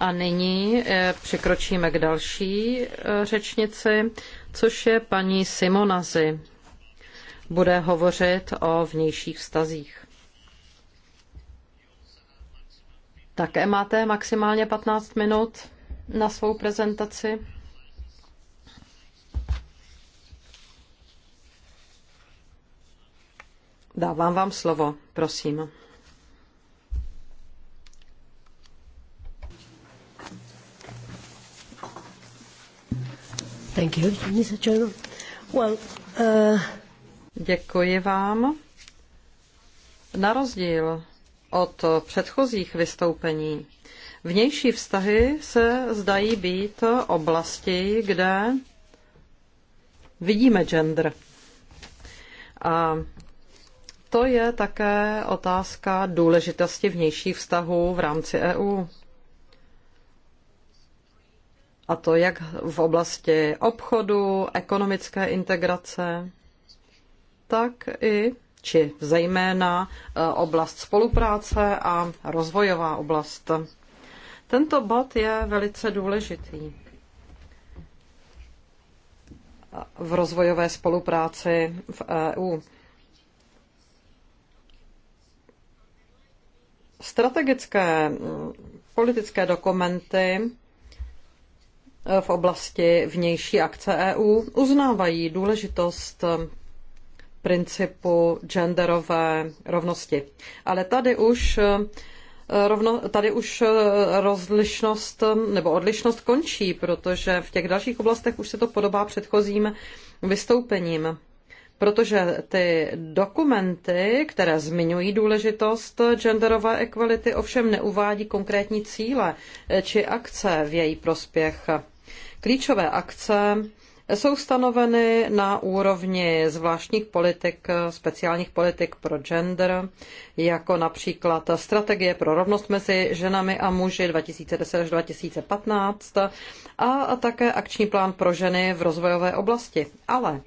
A nyní eh, překročíme k další eh, řečnici, což je paní Simonazy. Bude hovořit o vnějších vztazích. Také máte maximálně 15 minut na svou prezentaci. Dávám vám slovo, prosím. Thank you, Mr. Chairman. Well, uh... Děkuji vám. Na rozdíl od předchozích vystoupení, vnější vztahy se zdají být oblasti, kde vidíme gender. A to je také otázka důležitosti vnějších vztahů v rámci EU. A to jak v oblasti obchodu, ekonomické integrace, tak i či zejména e, oblast spolupráce a rozvojová oblast. Tento bod je velice důležitý. V rozvojové spolupráci v EU. strategické mm, politické dokumenty eh, v oblasti vnější akce EU uznávají důležitost eh, principu genderové rovnosti. Ale tady už eh, Rovno, tady už rozlišnost nebo odlišnost končí, protože v těch dalších oblastech už se to podobá předchozím vystoupením protože ty dokumenty, které zmiňují důležitost genderové equality, ovšem neuvádí konkrétní cíle či akce v její prospěch. Klíčové akce jsou stanoveny na úrovni zvláštních politik, speciálních politik pro gender, jako například strategie pro rovnost mezi ženami a muži 2010 až 2015 a také akční plán pro ženy v rozvojové oblasti. Ale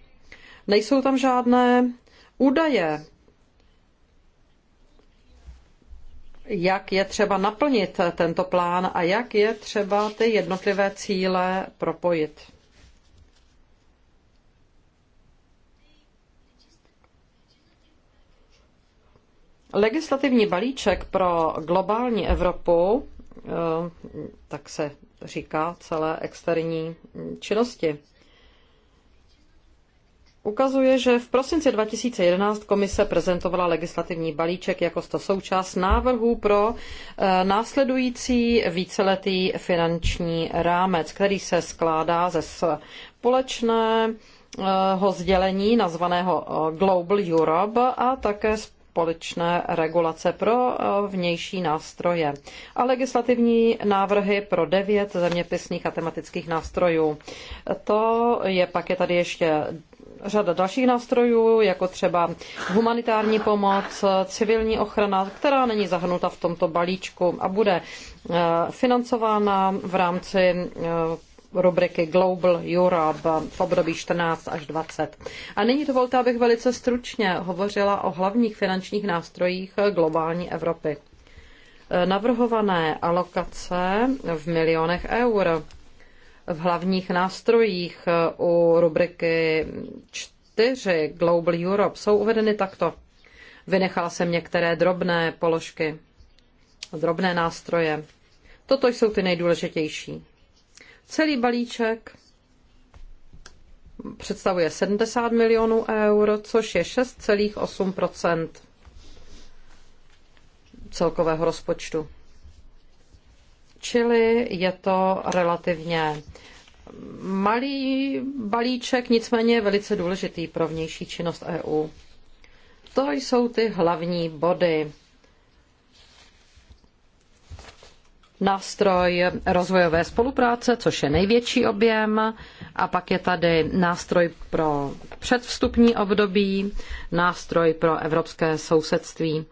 Nejsou tam žádné údaje, jak je třeba naplnit tento plán a jak je třeba ty jednotlivé cíle propojit. Legislativní balíček pro globální Evropu, eh, tak se říká celé externí činnosti ukazuje, že v prosinci 2011 komise prezentovala legislativní balíček jakožto součást návrhu pro eh, následující víceletý finanční rámec, který se skládá ze společného eh, sdělení nazvaného eh, Global Europe a také společné regulace pro vnější nástroje a legislativní návrhy pro devět zeměpisných a tematických nástrojů. To je pak je tady ještě řada dalších nástrojů, jako třeba humanitární pomoc, civilní ochrana, která není zahrnuta v tomto balíčku a bude eh, financována v rámci eh, rubriky Global Europe v období 14 až 20. A nyní dovolte, abych velice stručně hovořila o hlavních finančních nástrojích globální Evropy. Eh, navrhované alokace v milionech eur v hlavních nástrojích eh, u rubriky 4 Global Europe jsou uvedeny takto. Vynechal jsem některé drobné položky, drobné nástroje. Toto jsou ty nejdůležitější. Celý balíček představuje 70 milionů eur, což je 6,8 celkového rozpočtu čili je to relativně malý balíček, nicméně velice důležitý pro vnější činnost EU. To jsou ty hlavní body. Nástroj rozvojové spolupráce, což je největší objem, a pak je tady nástroj pro předvstupní období, nástroj pro evropské sousedství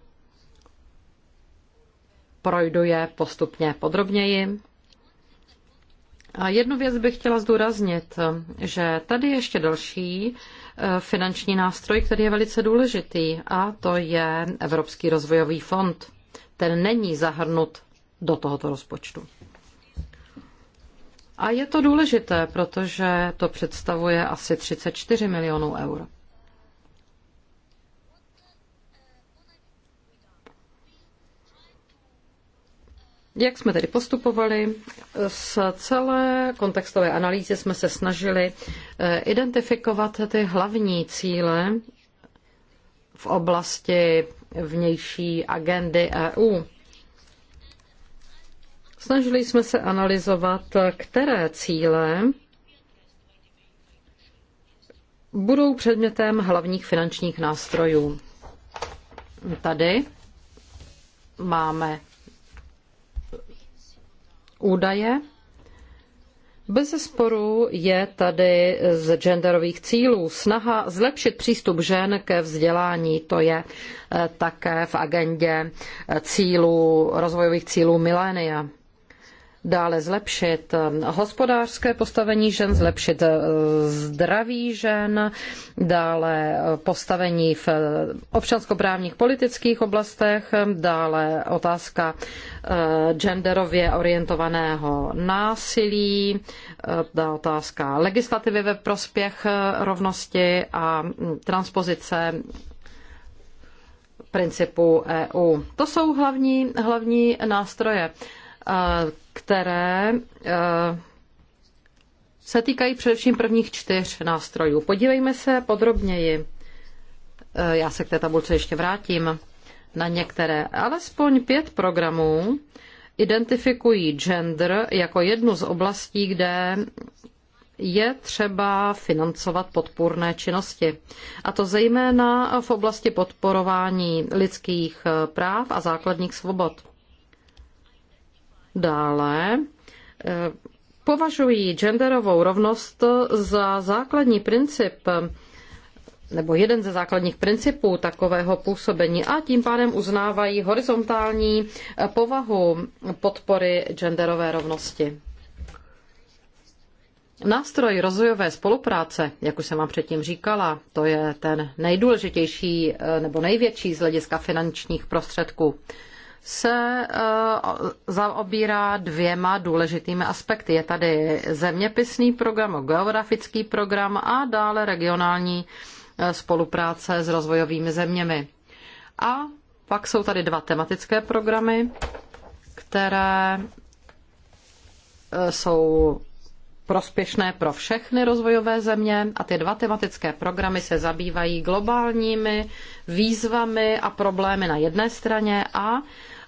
projdu je postupně podrobněji. A jednu věc bych chtěla zdůraznit, že tady ještě další eh, finanční nástroj, který je velice důležitý, a to je Evropský rozvojový fond. Ten není zahrnut do tohoto rozpočtu. A je to důležité, protože to představuje asi 34 milionů eur. Jak jsme tedy postupovali? Z celé kontextové analýzy jsme se snažili eh, identifikovat ty hlavní cíle v oblasti vnější agendy EU. Snažili jsme se analyzovat, které cíle budou předmětem hlavních finančních nástrojů. Tady máme údaje. Bez sporu je tady z genderových cílů snaha zlepšit přístup žen ke vzdělání. To je eh, také v agendě eh, cílů, rozvojových cílů milénia dále zlepšit um, hospodářské postavení žen, zlepšit uh, zdraví žen, dále uh, postavení v uh, občanskoprávních politických oblastech, um, dále otázka genderově orientovaného násilí, ta otázka legislativy ve prospěch rovnosti a mm, transpozice principu EU. To jsou hlavní, hlavní nástroje které se týkají především prvních čtyř nástrojů. Podívejme se podrobněji. E, já se k té tabulce ještě vrátím na některé. Alespoň pět programů identifikují gender jako jednu z oblastí, kde je třeba financovat podpůrné činnosti. A to zejména v oblasti podporování lidských práv a základních svobod. Dále eh, považují genderovou rovnost za základní princip nebo jeden ze základních principů takového působení a tím pádem uznávají horizontální povahu podpory genderové rovnosti. Nástroj rozvojové spolupráce, jak už jsem vám předtím říkala, to je ten nejdůležitější eh, nebo největší z hlediska finančních prostředků se eh, zaobírá dvěma důležitými aspekty. Je tady zeměpisný program, geografický program a dále regionální eh, spolupráce s rozvojovými zeměmi. A pak jsou tady dva tematické programy, které eh, jsou prospěšné pro všechny rozvojové země a ty dva tematické programy se zabývají globálními výzvami a problémy na jedné straně a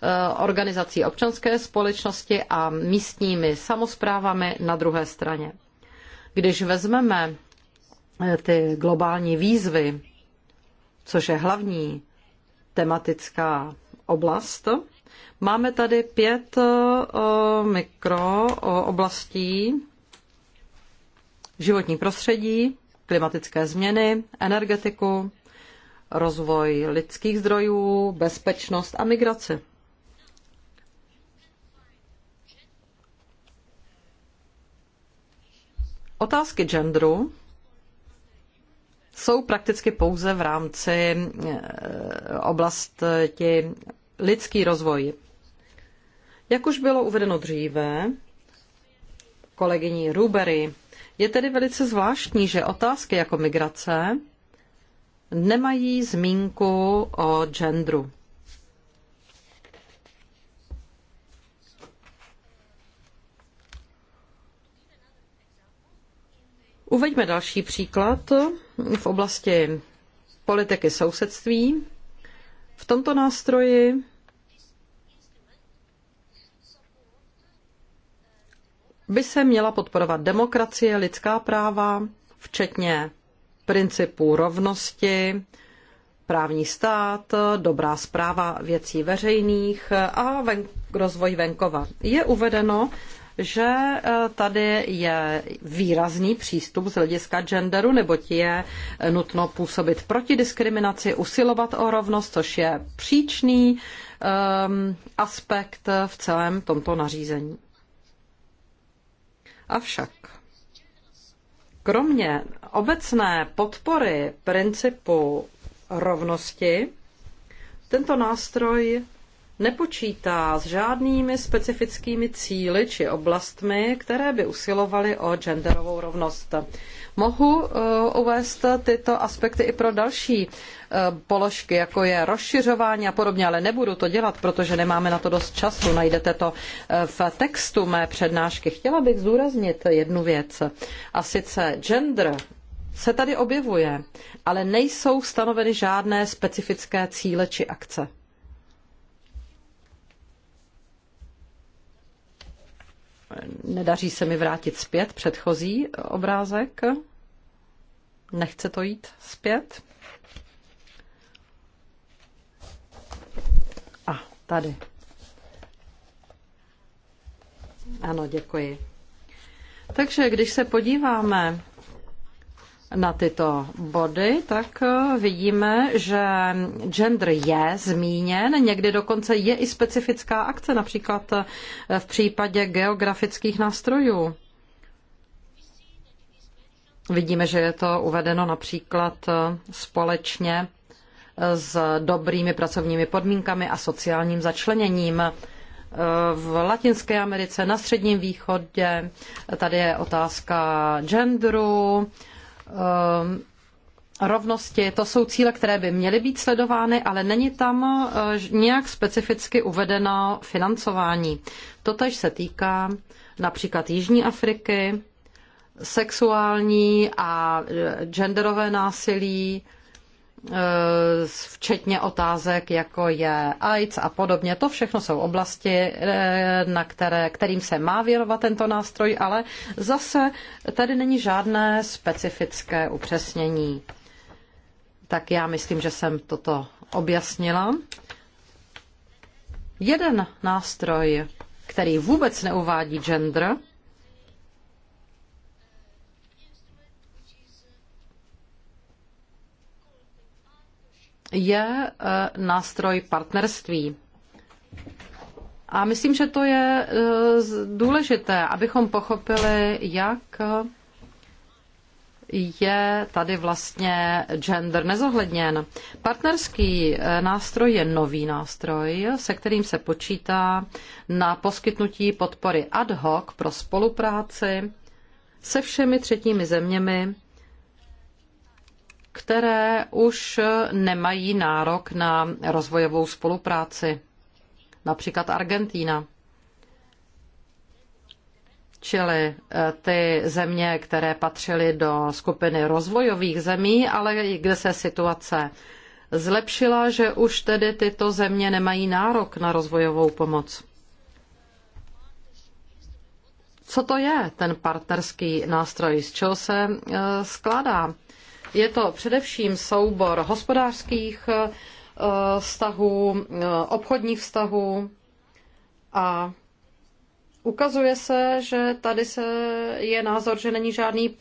Eh, organizací občanské společnosti a místními samozprávami na druhé straně. Když vezmeme eh, ty globální výzvy, což je hlavní tematická oblast, máme tady pět eh, mikrooblastí životní prostředí, klimatické změny, energetiku, rozvoj lidských zdrojů, bezpečnost a migraci. Otázky genderu jsou prakticky pouze v rámci eh, oblasti lidský rozvoj. Jak už bylo uvedeno dříve, kolegyní Rubery, je tedy velice zvláštní, že otázky jako migrace nemají zmínku o genderu. Uveďme další příklad v oblasti politiky sousedství. V tomto nástroji by se měla podporovat demokracie, lidská práva, včetně principů rovnosti, právní stát, dobrá zpráva věcí veřejných a ven, rozvoj venkova. Je uvedeno, že eh, tady je výrazný přístup z hlediska genderu, neboť je eh, nutno působit proti diskriminaci, usilovat o rovnost, což je příčný um, aspekt v celém tomto nařízení. Avšak kromě obecné podpory principu rovnosti, tento nástroj nepočítá s žádnými specifickými cíly či oblastmi, které by usilovaly o genderovou rovnost. Mohu eh, uvést tyto aspekty i pro další eh, položky, jako je rozšiřování a podobně, ale nebudu to dělat, protože nemáme na to dost času. Najdete to eh, v textu mé přednášky. Chtěla bych zúraznit jednu věc, a sice gender se tady objevuje, ale nejsou stanoveny žádné specifické cíle či akce. Nedaří se mi vrátit zpět předchozí obrázek. Nechce to jít zpět. A tady. Ano, děkuji. Takže když se podíváme na tyto body, tak eh, vidíme, že gender je zmíněn, někdy dokonce je i specifická akce, například eh, v případě geografických nástrojů. Vidíme, že je to uvedeno například eh, společně s dobrými pracovními podmínkami a sociálním začleněním v Latinské Americe, na Středním východě. Tady je otázka genderu, Ehm, rovnosti. To jsou cíle, které by měly být sledovány, ale není tam eh, nějak specificky uvedeno financování. Totež se týká například Jižní Afriky, sexuální a eh, genderové násilí, Eh, včetně otázek, jako je AIDS a podobně. To všechno jsou oblasti, eh, na které, kterým se má věnovat tento nástroj, ale zase tady není žádné specifické upřesnění. Tak já myslím, že jsem toto objasnila. Jeden nástroj, který vůbec neuvádí gender, je e, nástroj partnerství. A myslím, že to je e, důležité, abychom pochopili, jak je tady vlastně gender nezohledněn. Partnerský e, nástroj je nový nástroj, se kterým se počítá na poskytnutí podpory ad hoc pro spolupráci se všemi třetími zeměmi které už nemají nárok na rozvojovou spolupráci. Například Argentína. Čili eh, ty země, které patřily do skupiny rozvojových zemí, ale kde se situace zlepšila, že už tedy tyto země nemají nárok na rozvojovou pomoc. Co to je ten partnerský nástroj, z čeho se eh, skládá? Je to především soubor hospodářských eh, vztahů, eh, obchodních vztahů a ukazuje se, že tady se je názor, že není žádný,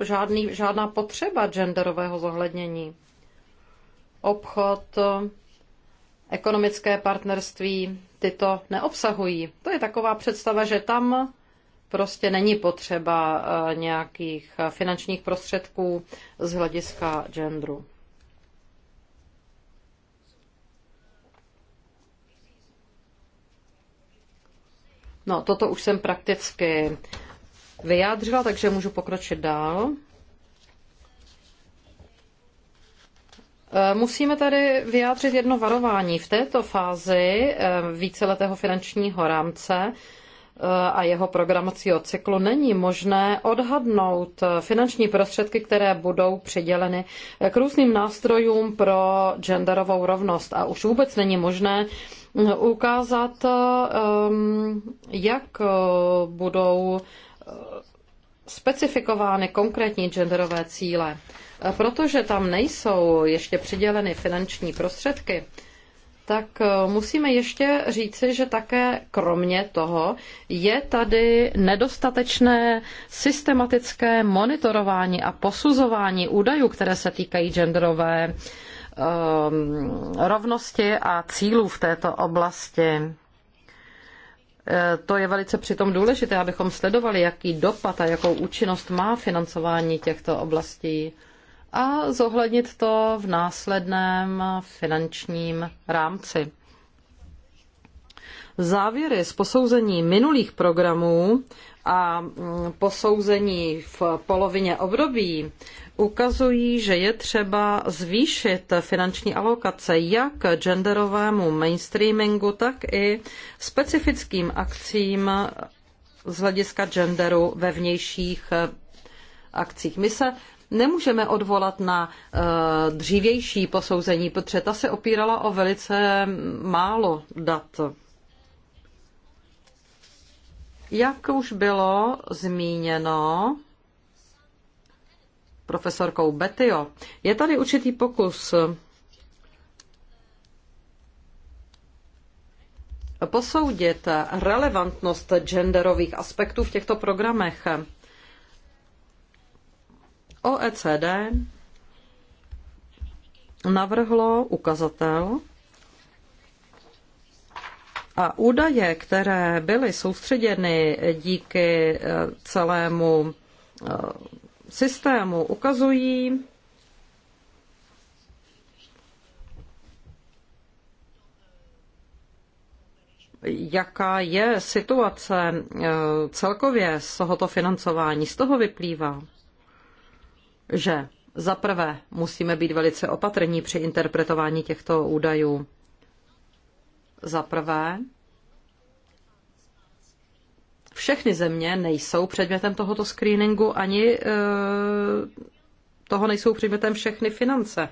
žádný žádná potřeba genderového zohlednění. Obchod, ekonomické partnerství, tyto neobsahují. To je taková představa, že tam prostě není potřeba eh, nějakých eh, finančních prostředků z hlediska genderu. No, toto už jsem prakticky vyjádřila, takže můžu pokročit dál. Eh, musíme tady vyjádřit jedno varování. V této fázi víceletého finančního rámce a jeho programacího cyklu není možné odhadnout finanční prostředky, které budou přiděleny k různým nástrojům pro genderovou rovnost. A už vůbec není možné ukázat, um, jak budou specifikovány konkrétní genderové cíle. Protože tam nejsou ještě přiděleny finanční prostředky, tak eh, musíme ještě říci, že také kromě toho je tady nedostatečné systematické monitorování a posuzování údajů, které se týkají genderové um, rovnosti a cílů v této oblasti. Eh, to je velice přitom důležité, abychom sledovali, jaký dopad a jakou účinnost má financování těchto oblastí a zohlednit to v následném finančním rámci. Závěry z posouzení minulých programů a mm, posouzení v polovině období ukazují, že je třeba zvýšit finanční alokace jak genderovému mainstreamingu, tak i specifickým akcím z hlediska genderu ve vnějších akcích. My se nemůžeme odvolat na eh, dřívější posouzení, protože ta se opírala o velice málo dat. Jak už bylo zmíněno profesorkou Betio, je tady určitý pokus posoudit relevantnost genderových aspektů v těchto programech. OECD navrhlo ukazatel a údaje, které byly soustředěny díky eh, celému eh, systému, ukazují, jaká je situace eh, celkově z tohoto financování. Z toho vyplývá, že za prvé musíme být velice opatrní při interpretování těchto údajů. Za prvé, všechny země nejsou předmětem tohoto screeningu ani e, toho nejsou předmětem všechny finance.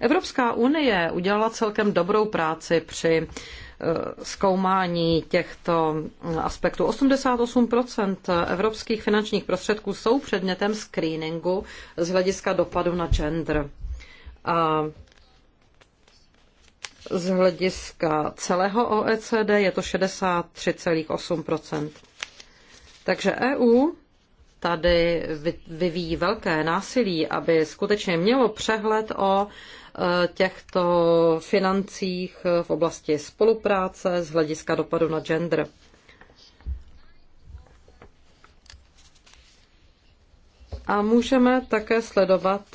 Evropská unie udělala celkem dobrou práci při Eh, zkoumání těchto aspektů. 88 evropských finančních prostředků jsou předmětem screeningu z hlediska dopadu na gender. A z hlediska celého OECD je to 63,8 Takže EU tady vyvíjí velké násilí, aby skutečně mělo přehled o Eh, těchto financích v oblasti spolupráce z hlediska dopadu na gender. A můžeme také sledovat,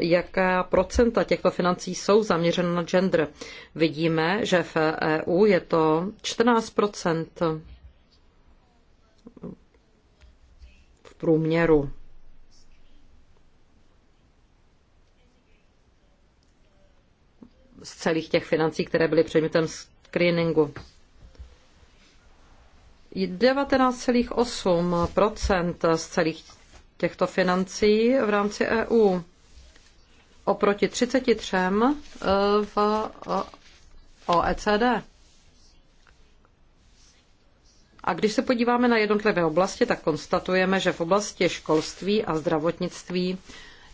jaká procenta těchto financí jsou zaměřena na gender. Vidíme, že v EU je to 14 v průměru. z celých těch financí, které byly předmětem screeningu. 19,8 z celých těchto financí v rámci EU oproti 33 eh, v eh, OECD. A když se podíváme na jednotlivé oblasti, tak konstatujeme, že v oblasti školství a zdravotnictví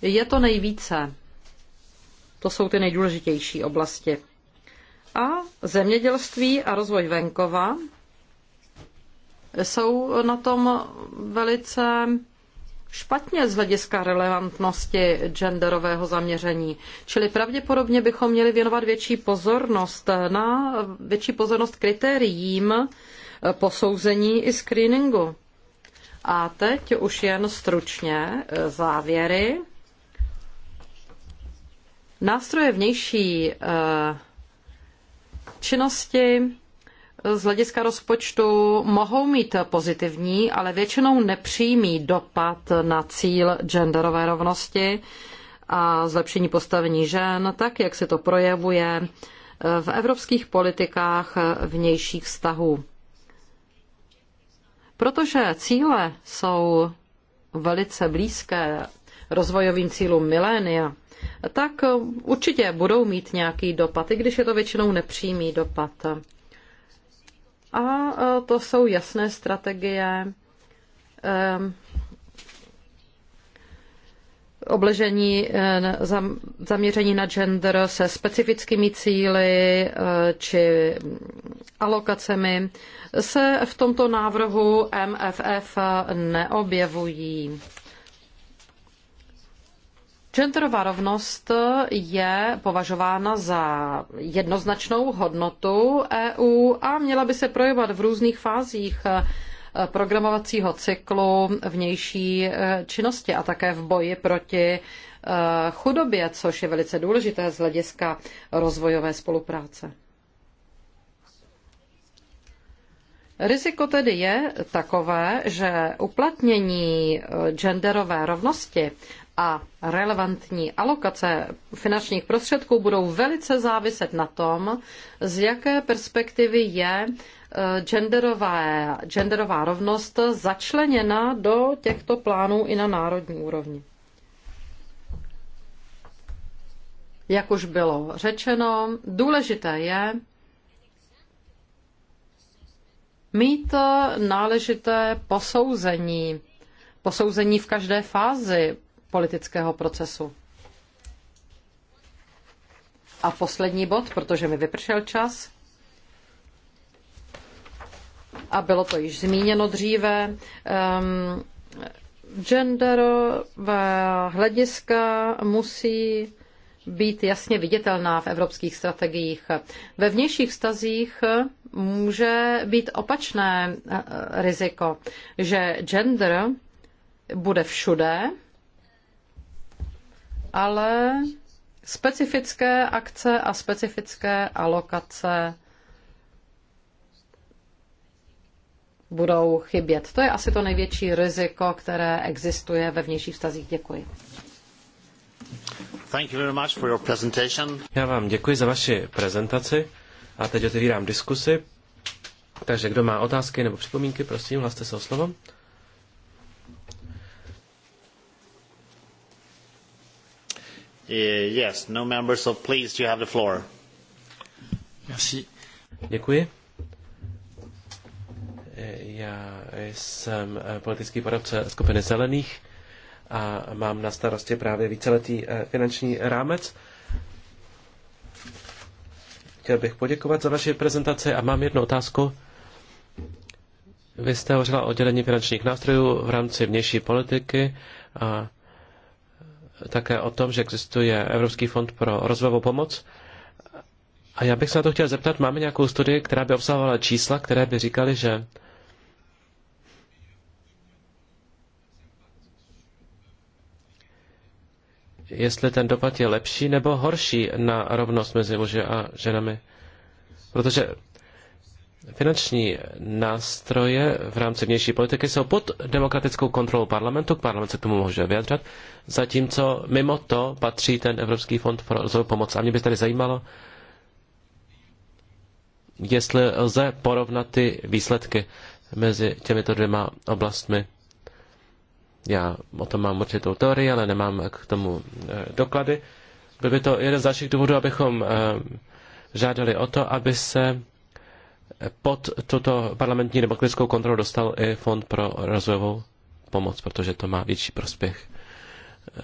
je to nejvíce. To jsou ty nejdůležitější oblasti. A zemědělství a rozvoj venkova jsou na tom velice špatně z hlediska relevantnosti genderového zaměření. Čili pravděpodobně bychom měli věnovat větší pozornost na větší pozornost kritériím posouzení i screeningu. A teď už jen stručně závěry. Nástroje vnější eh, činnosti z hlediska rozpočtu mohou mít pozitivní, ale většinou nepřímý dopad na cíl genderové rovnosti a zlepšení postavení žen, tak jak se to projevuje eh, v evropských politikách vnějších vztahů. Protože cíle jsou velice blízké rozvojovým cílům milénia, tak eh, určitě budou mít nějaký dopad, i když je to většinou nepřímý dopad. A eh, to jsou jasné strategie ehm, obležení, eh, zaměření na gender se specifickými cíly či alokacemi se v tomto návrhu MFF neobjevují. Genderová rovnost je považována za jednoznačnou hodnotu EU a měla by se projevovat v různých fázích eh, programovacího cyklu vnější eh, činnosti a také v boji proti eh, chudobě, což je velice důležité z hlediska rozvojové spolupráce. Riziko tedy je takové, že uplatnění genderové rovnosti a relevantní alokace finančních prostředků budou velice záviset na tom, z jaké perspektivy je eh, genderová, genderová rovnost začleněna do těchto plánů i na národní úrovni. Jak už bylo řečeno, důležité je mít náležité posouzení posouzení v každé fázi politického procesu. A poslední bod, protože mi vypršel čas. A bylo to již zmíněno dříve. Um, ehm, v hlediska musí být jasně viditelná v evropských strategiích. Ve vnějších vztazích může být opačné eh, riziko, že gender bude všude ale specifické akce a specifické alokace budou chybět. To je asi to největší riziko, které existuje ve vnějších vztazích. Děkuji. Thank you very much for your presentation. Já vám děkuji za vaši prezentaci a teď otevírám diskusi. Takže kdo má otázky nebo připomínky, prosím, hlaste se o slovo. Eh, yes, no members, so please, you have the floor. Merci. Děkuji. Eh, já jsem eh, politický poradce skupiny Zelených a mám na starosti právě víceletý finanční rámec. Chtěl bych poděkovat za vaši prezentaci a mám jednu otázku. Vy jste hovořila o dělení finančních nástrojů v rámci vnější politiky a také o tom, že existuje Evropský fond pro rozvojovou pomoc. A já bych se na to chtěl zeptat, máme nějakou studii, která by obsahovala čísla, které by říkaly, že jestli ten dopad je lepší nebo horší na rovnost mezi muži a ženami. Protože finanční nástroje v rámci vnější politiky jsou pod demokratickou kontrolou parlamentu, parlament se k tomu může vyjadřovat, zatímco mimo to patří ten Evropský fond pro rozvoj pomoc. A mě by tady zajímalo, jestli lze porovnat ty výsledky mezi těmito dvěma oblastmi. Já o tom mám určitou teorii, ale nemám k tomu eh, doklady. Byl by to jeden z dalších důvodů, abychom eh, žádali o to, aby se pod tuto parlamentní demokratickou kontrolu dostal i Fond pro rozvojovou pomoc, protože to má větší prospěch,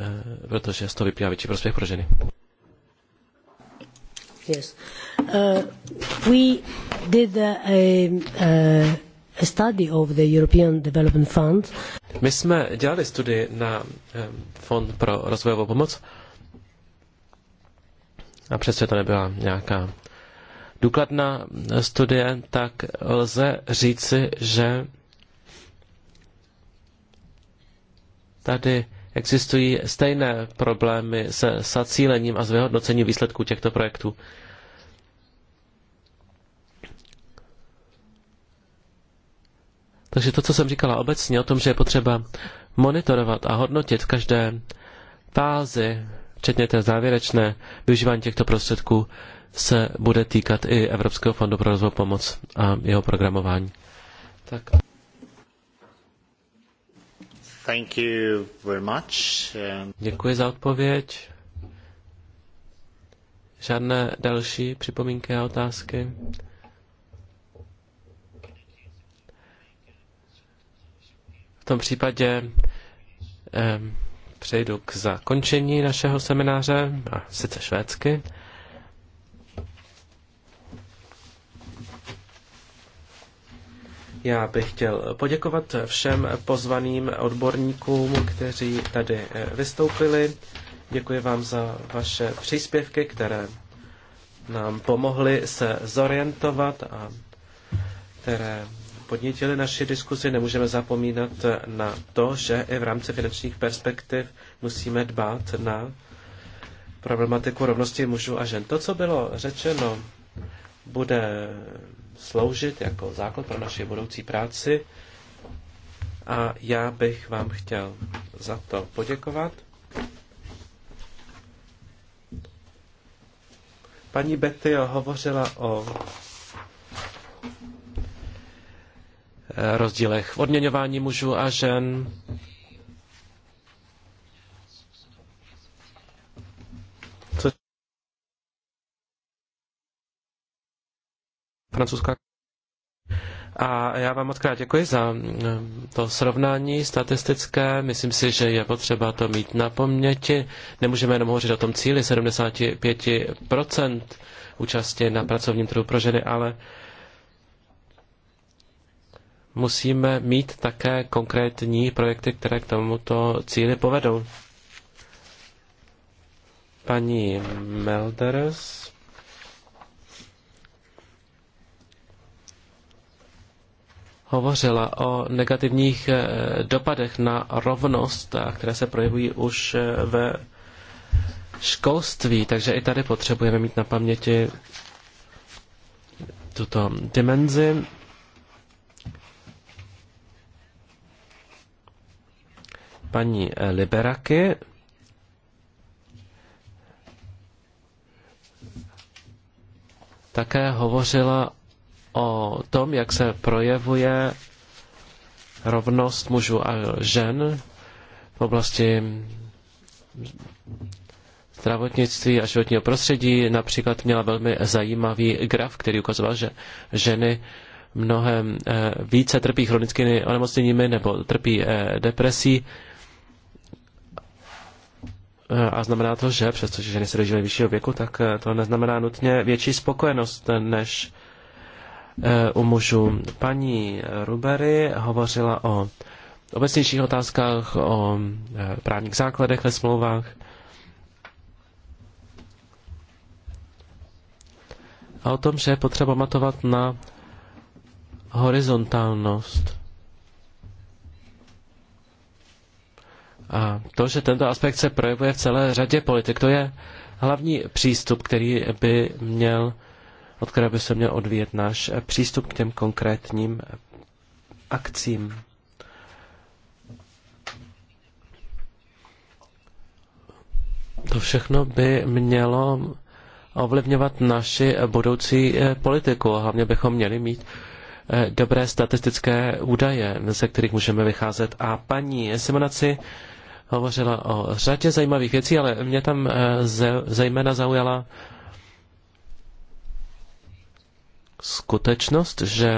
eh, protože z toho vyplývá větší prospěch pro ženy. Yes. Uh, we did a, a, a study of the European Development Fund. My jsme dělali studii na eh, Fond pro rozvojovou pomoc a přesto to nebyla nějaká důkladná studie, tak lze říci, že tady existují stejné problémy se zacílením a s vyhodnocením výsledků těchto projektů. Takže to, co jsem říkala obecně o tom, že je potřeba monitorovat a hodnotit každé fázi včetně té závěrečné, využívání těchto prostředků se bude týkat i Evropského fondu pro rozvoj pomoc a jeho programování. Tak. Thank you very much. Děkuji za odpověď. Žádné další připomínky a otázky? V tom případě eh, přejdu k zakončení našeho semináře, a sice švédsky. Já bych chtěl poděkovat všem pozvaným odborníkům, kteří tady eh, vystoupili. Děkuji vám za vaše příspěvky, které nám pomohly se zorientovat a které podnítili naši diskuzi. Nemůžeme zapomínat na to, že i v rámci finančních perspektiv musíme dbát na problematiku rovnosti mužů a žen. To, co bylo řečeno, bude sloužit jako základ pro naši budoucí práci a já bych vám chtěl za to poděkovat. Paní Betty hovořila o Eh, rozdílech v odměňování mužů a žen. Co... Francouzská a já vám moc krát děkuji za mm, to srovnání statistické. Myslím si, že je potřeba to mít na paměti. Nemůžeme jenom hovořit o tom cíli 75% účasti na pracovním trhu pro ženy, ale musíme mít také konkrétní projekty, které k tomuto cíli povedou. Paní Melders. hovořila o negativních eh, dopadech na rovnost, které se projevují už eh, ve školství, takže i tady potřebujeme mít na paměti tuto dimenzi. paní eh, Liberaky. Také hovořila o tom, jak se projevuje rovnost mužů a žen v oblasti zdravotnictví a životního prostředí. Například měla velmi zajímavý graf, který ukazoval, že ženy mnohem eh, více trpí chronickými onemocněními nebo trpí eh, depresí Eh, a znamená to, že přestože ženy se dožily vyššího věku, tak eh, to neznamená nutně větší spokojenost eh, než u mužů. Paní Rubery hovořila o obecnějších otázkách, o právních základech ve smlouvách. A o tom, že je potřeba matovat na horizontálnost. A to, že tento aspekt se projevuje v celé řadě politik, to je hlavní přístup, který by měl, od kterého by se měl odvíjet náš přístup k těm konkrétním akcím. To všechno by mělo ovlivňovat naši budoucí eh, politiku. Hlavně bychom měli mít eh, dobré statistické údaje, ze kterých můžeme vycházet. A paní Simonaci hovořila o řadě zajímavých věcí, ale mě tam eh, zejména zaujala skutečnost, že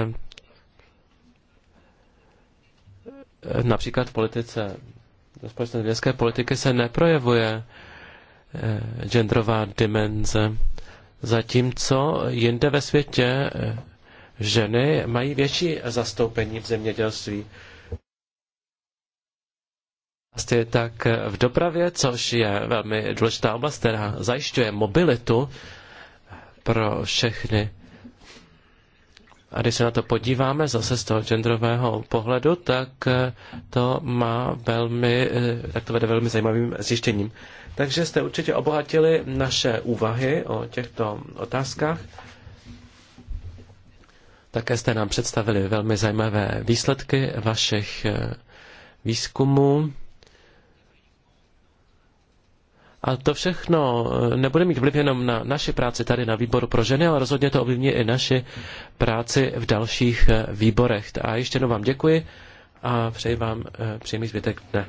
eh, například v politice, společné vědecké politiky se neprojevuje eh, genderová dimenze, zatímco jinde ve světě ženy mají větší zastoupení v zemědělství. Vlastně tak v dopravě, což je velmi důležitá oblast, která zajišťuje mobilitu pro všechny. A když se na to podíváme zase z toho genderového pohledu, tak to má velmi, tak to vede velmi zajímavým zjištěním. Takže jste určitě obohatili naše úvahy o těchto otázkách. Také jste nám představili velmi zajímavé výsledky vašich výzkumů. A to všechno eh, nebude mít vliv jenom na naši práci tady na výboru pro ženy, ale rozhodně to ovlivní i naši práci v dalších eh, výborech. A ještě jednou vám děkuji a přeji vám eh, příjemný zbytek dne.